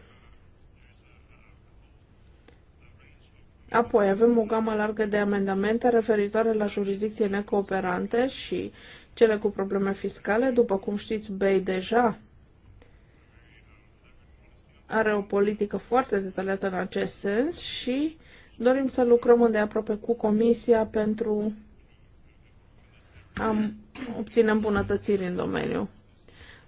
Apoi avem o gamă largă de amendamente referitoare la jurisdicții necooperante și cele cu probleme fiscale. După cum știți, BEI deja are o politică foarte detaliată în acest sens și dorim să lucrăm îndeaproape cu Comisia pentru a obține îmbunătățiri în domeniu.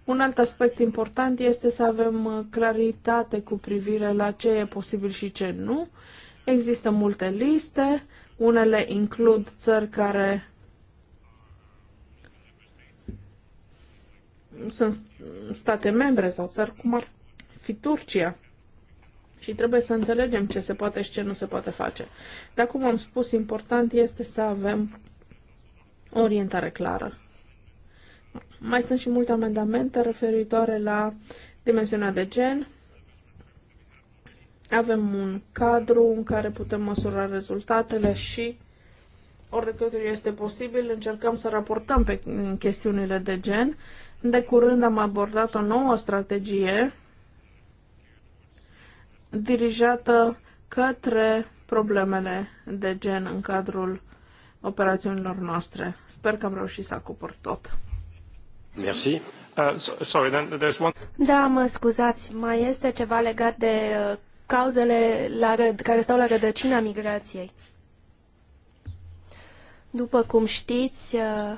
Un alt aspect important este să avem uh, claritate cu privire la ce e posibil și ce nu. Există multe liste, unele includ țări care sunt state membre sau țări cum ar fi Turcia. Și trebuie să înțelegem ce se poate și ce nu se poate face. Dar, cum am spus, important este să avem o orientare clară. Mai sunt și multe amendamente referitoare la dimensiunea de gen. Avem un cadru în care putem măsura rezultatele și ori de câte ori este posibil, încercăm să raportăm pe chestiunile de gen. De curând am abordat o nouă strategie dirijată către problemele de gen în cadrul operațiunilor noastre. Sper că am reușit să acopăr tot. Merci. Uh, sorry, then there's one... Da, mă scuzați, mai este ceva legat de uh, cauzele la răd, care stau la rădăcina migrației. După cum știți, uh,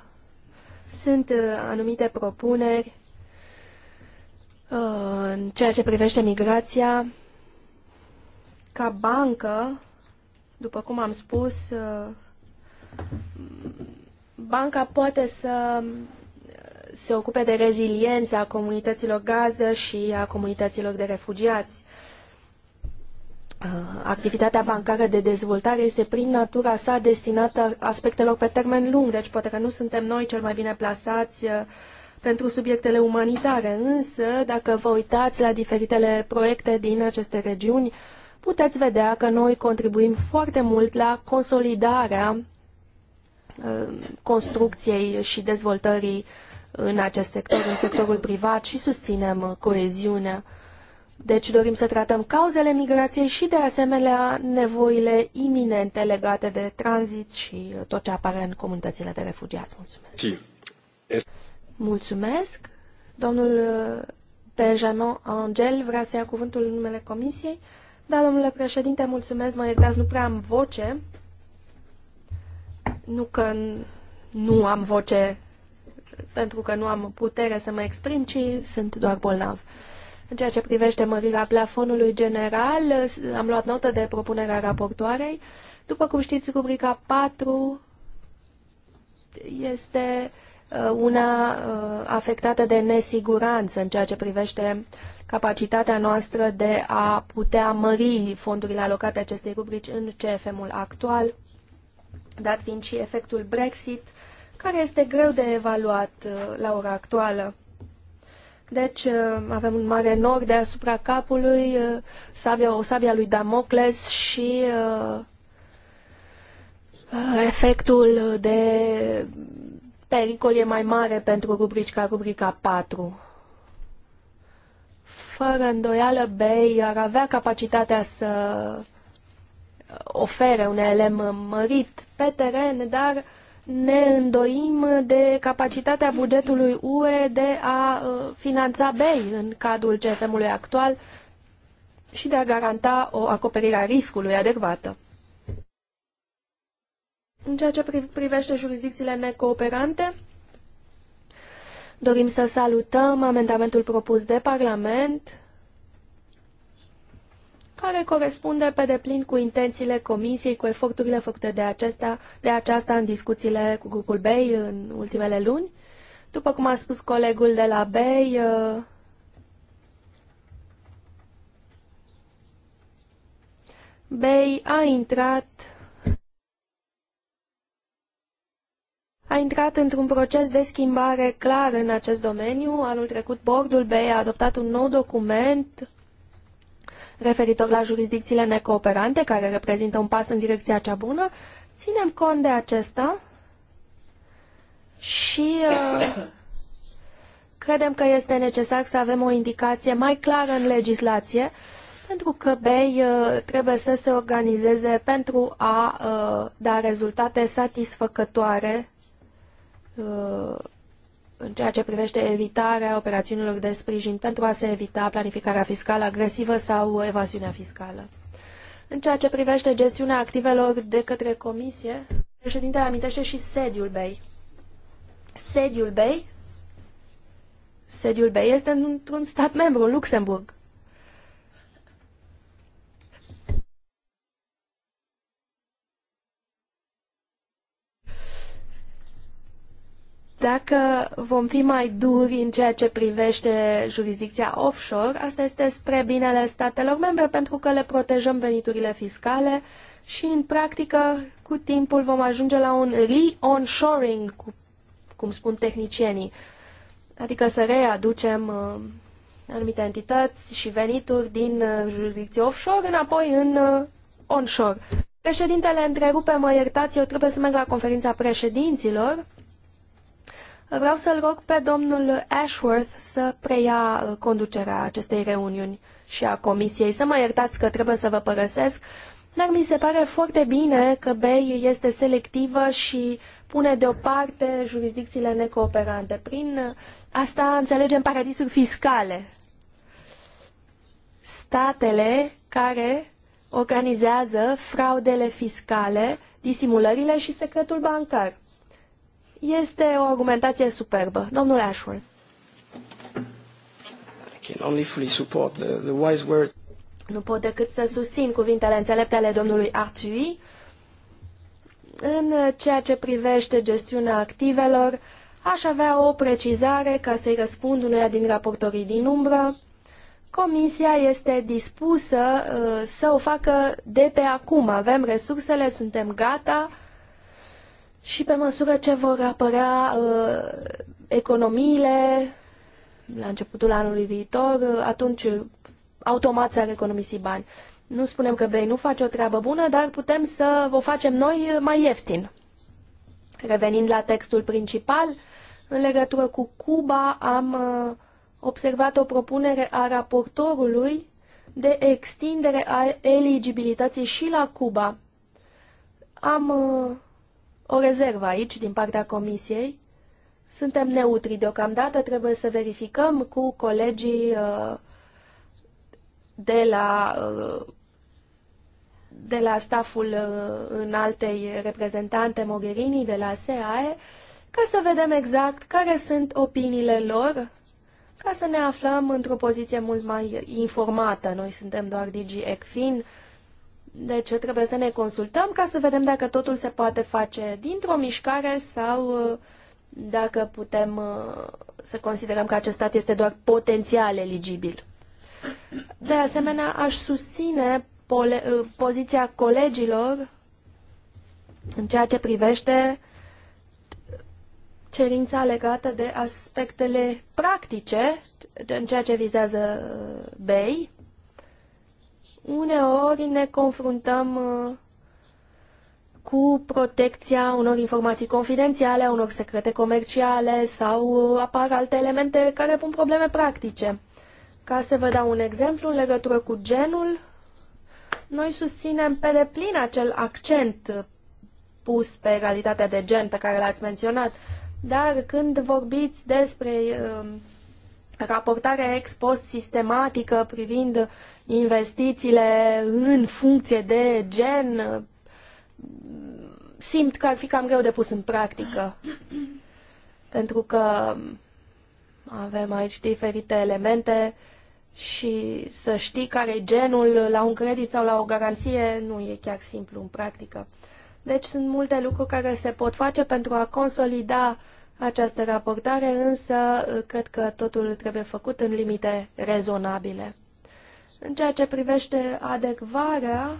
sunt uh, anumite propuneri uh, în ceea ce privește migrația ca bancă, după cum am spus, uh, banca poate să se ocupe de reziliența comunităților gazdă și a comunităților de refugiați. Uh, activitatea bancară de dezvoltare este prin natura sa destinată aspectelor pe termen lung, deci poate că nu suntem noi cel mai bine plasați uh, pentru subiectele umanitare, însă dacă vă uitați la diferitele proiecte din aceste regiuni, uh, puteți vedea că noi contribuim foarte mult la consolidarea uh, construcției și dezvoltării în acest sector, în sectorul privat și susținem coeziunea. Deci dorim să tratăm cauzele migrației și de asemenea nevoile iminente legate de tranzit și tot ce apare în comunitățile de refugiați. Mulțumesc. Si. Mulțumesc. Domnul uh, Benjamin Angel vrea să ia cuvântul în numele Comisiei. Da, domnule președinte, mulțumesc, mă iertați, nu prea am voce. Nu că nu am voce pentru că nu am putere să mă exprim, ci sunt doar bolnav. În ceea ce privește mărirea plafonului general, am luat notă de propunerea raportoarei. După cum știți, rubrica 4 este Uh, una uh, afectată de nesiguranță în ceea ce privește capacitatea noastră de a putea mări fondurile alocate acestei rubrici în CFM-ul actual, dat fiind și efectul Brexit, care este greu de evaluat uh, la ora actuală. Deci avem un mare nor deasupra capului, sabia, o sabia lui Damocles și efectul de pericol e mai mare pentru rubrici ca rubrica 4. Fără îndoială, Bay ar avea capacitatea să ofere un elem mărit pe teren, dar ne îndoim de capacitatea bugetului UE de a uh, finanța Bay în cadrul CFM-ului actual și de a garanta o acoperire a riscului adecvată. În ceea ce privește jurisdicțiile necooperante, dorim să salutăm amendamentul propus de Parlament, care corespunde pe deplin cu intențiile Comisiei, cu eforturile făcute de, acesta, de aceasta în discuțiile cu grupul BEI în ultimele luni. După cum a spus colegul de la BEI, uh, BEI a intrat a intrat într-un proces de schimbare clar în acest domeniu. Anul trecut, bordul B a adoptat un nou document referitor la jurisdicțiile necooperante, care reprezintă un pas în direcția cea bună. Ținem cont de acesta și uh, credem că este necesar să avem o indicație mai clară în legislație, pentru că BEI uh, trebuie să se organizeze pentru a uh, da rezultate satisfăcătoare Uh, în ceea ce privește evitarea operațiunilor de sprijin pentru a se evita planificarea fiscală agresivă sau evaziunea fiscală. În ceea ce privește gestiunea activelor de către comisie, președintele amintește și sediul BEI. Sediul BEI, sediul BEI este într-un stat membru, în Luxemburg. Dacă vom fi mai duri în ceea ce privește jurisdicția offshore, asta este spre binele statelor membre pentru că le protejăm veniturile fiscale și, în practică, cu timpul vom ajunge la un re-onshoring, cum spun tehnicienii, adică să readucem uh, anumite entități și venituri din uh, jurisdicție offshore înapoi în uh, onshore. Președintele întrerupe, mă iertați, eu trebuie să merg la conferința președinților. Vreau să-l rog pe domnul Ashworth să preia uh, conducerea acestei reuniuni și a comisiei. Să mă iertați că trebuie să vă părăsesc, dar mi se pare foarte bine că BEI este selectivă și pune deoparte jurisdicțiile necooperante. Prin uh, asta înțelegem paradisuri fiscale. Statele care organizează fraudele fiscale, disimulările și secretul bancar. Este o argumentație superbă. Domnule Ashworth. I can only fully support the, the wise word. Nu pot decât să susțin cuvintele înțelepte ale domnului Artui în ceea ce privește gestiunea activelor. Aș avea o precizare ca să-i răspund unuia din raportorii din umbră. Comisia este dispusă uh, să o facă de pe acum. Avem resursele, suntem gata. Uh, și pe măsură ce vor apărea uh, economiile la începutul anului viitor, uh, atunci uh, automat s-ar economisi bani. Nu spunem că BEI nu face o treabă bună, dar putem să o facem noi uh, mai ieftin. Revenind la textul principal, în legătură cu Cuba am uh, observat o propunere a raportorului de extindere a eligibilității și la Cuba. Am uh, o rezervă aici din partea Comisiei. Suntem neutri deocamdată, trebuie să verificăm cu colegii uh, de la, uh, de la staful uh, în altei reprezentante Mogherini, de la SEAE, ca să vedem exact care sunt opiniile lor, ca să ne aflăm într-o poziție mult mai informată. Noi suntem doar DG ECFIN, deci trebuie să ne consultăm ca să vedem dacă totul se poate face dintr-o mișcare sau uh, dacă putem uh, să considerăm că acest stat este doar potențial eligibil. De asemenea, aș susține uh, poziția colegilor în ceea ce privește cerința legată de aspectele practice în ceea ce vizează BEI uneori ne confruntăm uh, cu protecția unor informații confidențiale, a unor secrete comerciale sau apar alte elemente care pun probleme practice. Ca să vă dau un exemplu în legătură cu genul, noi susținem pe deplin acel accent pus pe egalitatea de gen pe care l-ați menționat, dar când vorbiți despre uh, raportarea ex post sistematică privind investițiile în funcție de gen, simt că ar fi cam greu de pus în practică. Pentru că avem aici diferite elemente și să știi care e genul la un credit sau la o garanție nu e chiar simplu în practică. Deci sunt multe lucruri care se pot face pentru a consolida această raportare, însă cred că totul trebuie făcut în limite rezonabile. În ceea ce privește adecvarea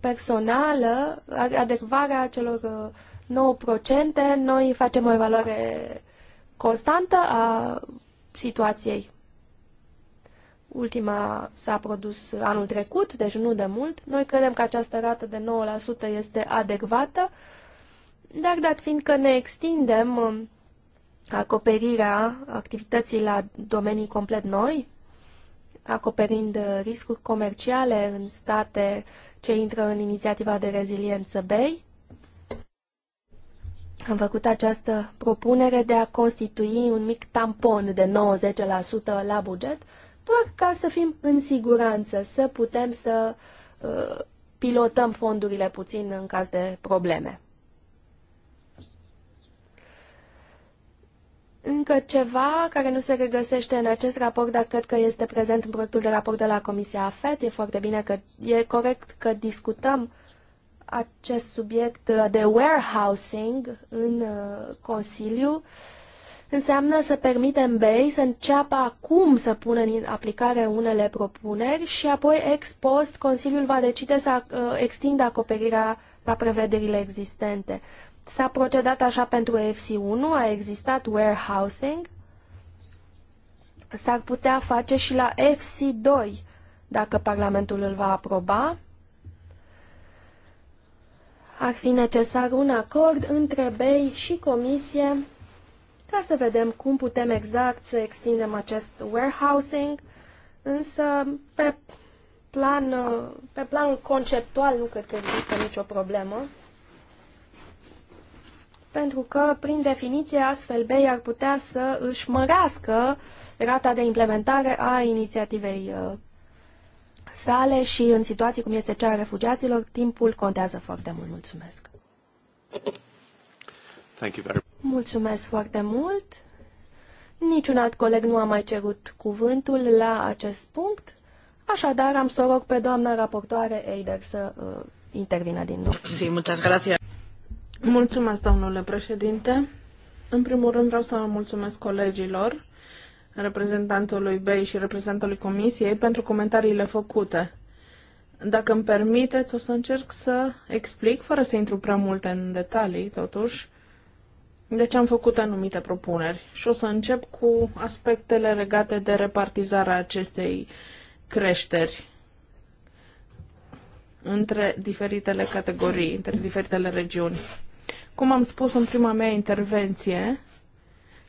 personală, adecvarea celor 9%, uh, noi facem o evaluare constantă a situației. Ultima s-a produs anul trecut, deci nu de mult. Noi credem că această rată de 9% este adecvată, dar dat fiind că ne extindem um, acoperirea activității la domenii complet noi, acoperind riscuri comerciale în state ce intră în inițiativa de reziliență BEI. Am făcut această propunere de a constitui un mic tampon de 90% la buget, doar ca să fim în siguranță, să putem să uh, pilotăm fondurile puțin în caz de probleme. Încă ceva care nu se regăsește în acest raport, dar cred că este prezent în proiectul de raport de la Comisia AFET. E foarte bine că e corect că discutăm acest subiect de warehousing în uh, Consiliu. Înseamnă să permitem BEI să înceapă acum să pună în aplicare unele propuneri și apoi, ex post, Consiliul va decide să uh, extindă acoperirea la prevederile existente. S-a procedat așa pentru FC1, a existat warehousing, s-ar putea face și la FC2, dacă Parlamentul îl va aproba. Ar fi necesar un acord între BEI și Comisie ca să vedem cum putem exact să extindem acest warehousing, însă pe, plan, pe planul conceptual nu cred că există nicio problemă pentru că, prin definiție, astfel BEI ar putea să își mărească rata de implementare a inițiativei uh, sale și în situații cum este cea a refugiaților, timpul contează foarte mult. Mulțumesc! Thank you very Mulțumesc foarte mult! Niciun alt coleg nu a mai cerut cuvântul la acest punct, așadar am să rog pe doamna raportoare Eider să uh, intervină din nou. Sí, muchas gracias. Mulțumesc, domnule președinte. În primul rând vreau să mulțumesc colegilor, reprezentantului BEI și reprezentantului Comisiei pentru comentariile făcute. Dacă îmi permiteți, o să încerc să explic, fără să intru prea multe în detalii, totuși, de ce am făcut anumite propuneri. Și o să încep cu aspectele legate de repartizarea acestei creșteri între diferitele categorii, între diferitele regiuni. Cum am spus în prima mea intervenție,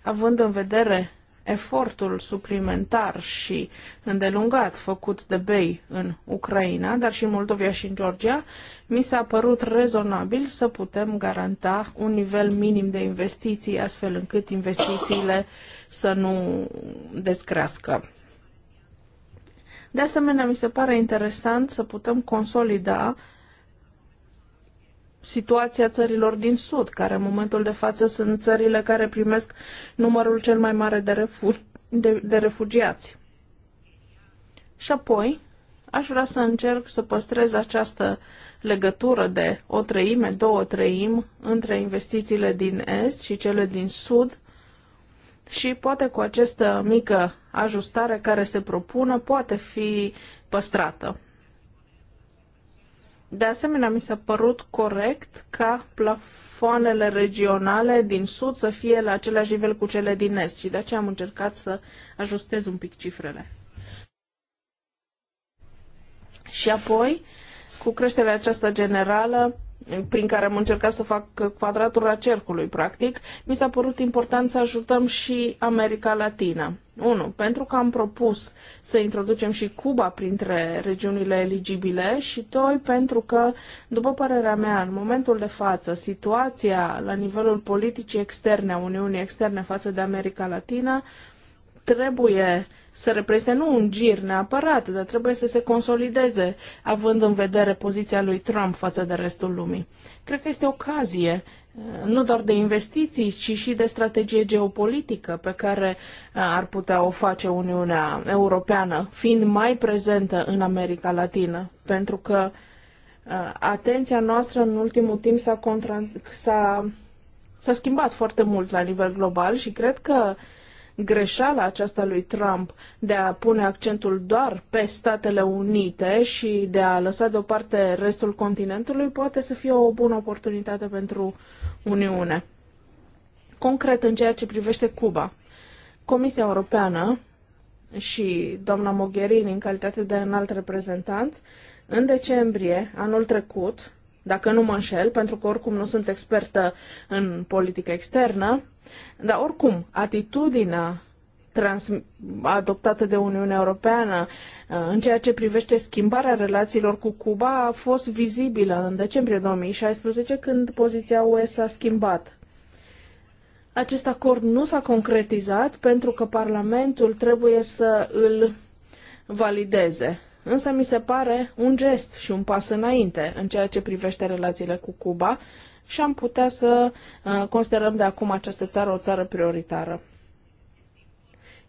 având în vedere efortul suplimentar și îndelungat făcut de BEI în Ucraina, dar și în Moldovia și în Georgia, mi s-a părut rezonabil să putem garanta un nivel minim de investiții, astfel încât investițiile să nu descrească. De asemenea, mi se pare interesant să putem consolida uh, situația țărilor din Sud, care în momentul de față sunt țările care primesc numărul cel mai mare de, refu- de, de refugiați. Și apoi, aș vrea să încerc să păstrez această legătură de o treime, două treim între investițiile din Est și cele din Sud și poate cu această mică ajustare care se propună poate fi păstrată. De asemenea, mi s-a părut corect ca plafoanele regionale din sud să fie la același nivel cu cele din est și de aceea am încercat să ajustez un pic cifrele. Și apoi, cu creșterea aceasta generală, prin care am încercat să fac quadratura cercului, practic, mi s-a părut important să ajutăm și America Latina. 1. Pentru că am propus să introducem și Cuba printre regiunile eligibile și 2. Pentru că, după părerea mea, în momentul de față, situația la nivelul politicii externe a Uniunii Externe față de America Latina trebuie să reprezinte nu un gir neapărat, dar trebuie să se consolideze, având în vedere poziția lui Trump față de restul lumii. Cred că este ocazie uh, nu doar de investiții, ci și de strategie geopolitică pe care uh, ar putea o face Uniunea Europeană, fiind mai prezentă în America Latină, pentru că uh, atenția noastră în ultimul timp s-a, contra... s-a... s-a schimbat foarte mult la nivel global și cred că uh, greșeala aceasta lui Trump de a pune accentul doar pe Statele Unite și de a lăsa deoparte restul continentului poate să fie o bună oportunitate pentru Uniune. Concret, în ceea ce privește Cuba, Comisia Europeană și doamna Mogherini, în calitate de înalt reprezentant, în decembrie anul trecut, dacă nu mă înșel, pentru că oricum nu sunt expertă în politică externă, dar oricum, atitudinea trans- adoptată de Uniunea Europeană uh, în ceea ce privește schimbarea relațiilor cu Cuba a fost vizibilă în decembrie 2016 când poziția UE s-a schimbat. Acest acord nu s-a concretizat pentru că Parlamentul trebuie să îl valideze. Însă mi se pare un gest și un pas înainte în ceea ce privește relațiile cu Cuba și am putea să uh, considerăm de acum această țară o țară prioritară.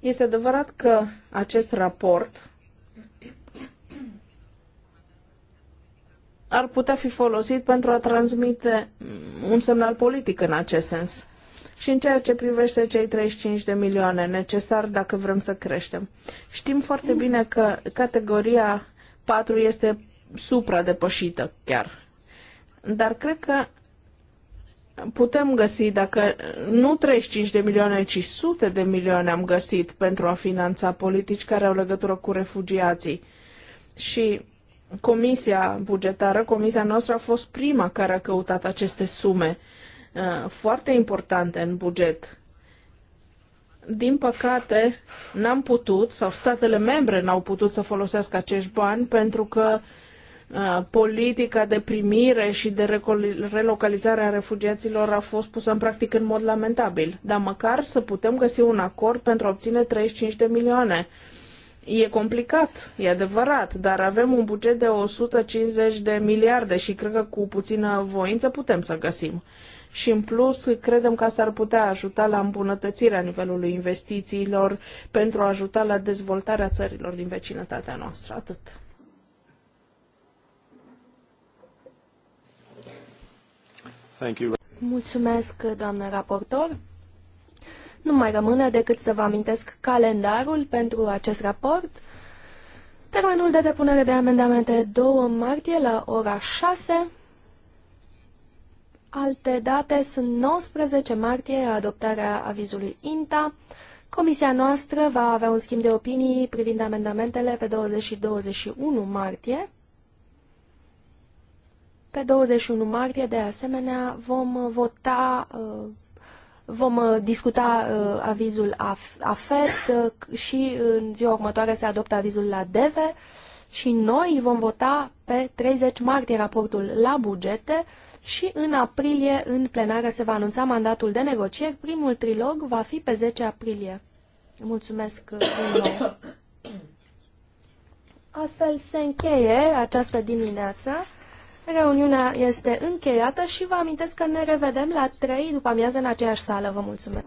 Este adevărat că acest raport ar putea fi folosit pentru a transmite un semnal politic în acest sens și în ceea ce privește cei 35 de milioane necesar dacă vrem să creștem. Știm foarte bine că categoria 4 este supra-depășită chiar. Dar cred că putem găsi, dacă nu 35 de milioane, ci sute de milioane am găsit pentru a finanța politici care au legătură cu refugiații. Și comisia bugetară, comisia noastră a fost prima care a căutat aceste sume Uh, foarte importante în buget. Din păcate, n-am putut, sau statele membre n-au putut să folosească acești bani pentru că uh, politica de primire și de relocalizare a refugiaților a fost pusă în practică în mod lamentabil. Dar măcar să putem găsi un acord pentru a obține 35 de milioane. E complicat, e adevărat, dar avem un buget de 150 de miliarde și cred că cu puțină voință putem să găsim și în plus credem că asta ar putea ajuta la îmbunătățirea nivelului investițiilor pentru a ajuta la dezvoltarea țărilor din vecinătatea noastră. Atât. Thank you. Mulțumesc, doamnă raportor. Nu mai rămâne decât să vă amintesc calendarul pentru acest raport. Termenul de depunere de amendamente 2 martie la ora 6. Alte date sunt 19 martie, adoptarea avizului INTA. Comisia noastră va avea un schimb de opinii privind amendamentele pe 20 și 21 martie. Pe 21 martie, de asemenea, vom vota, uh, vom uh, discuta uh, avizul AFET și în ziua următoare se adoptă avizul la DEVE și noi vom vota pe 30 martie raportul la bugete și în aprilie, în plenară, se va anunța mandatul de negocieri. Primul trilog va fi pe 10 aprilie. Mulțumesc uh, din nou. Astfel se încheie această dimineață. Reuniunea este încheiată și vă amintesc că ne revedem la 3 după amiază în aceeași sală. Vă mulțumesc!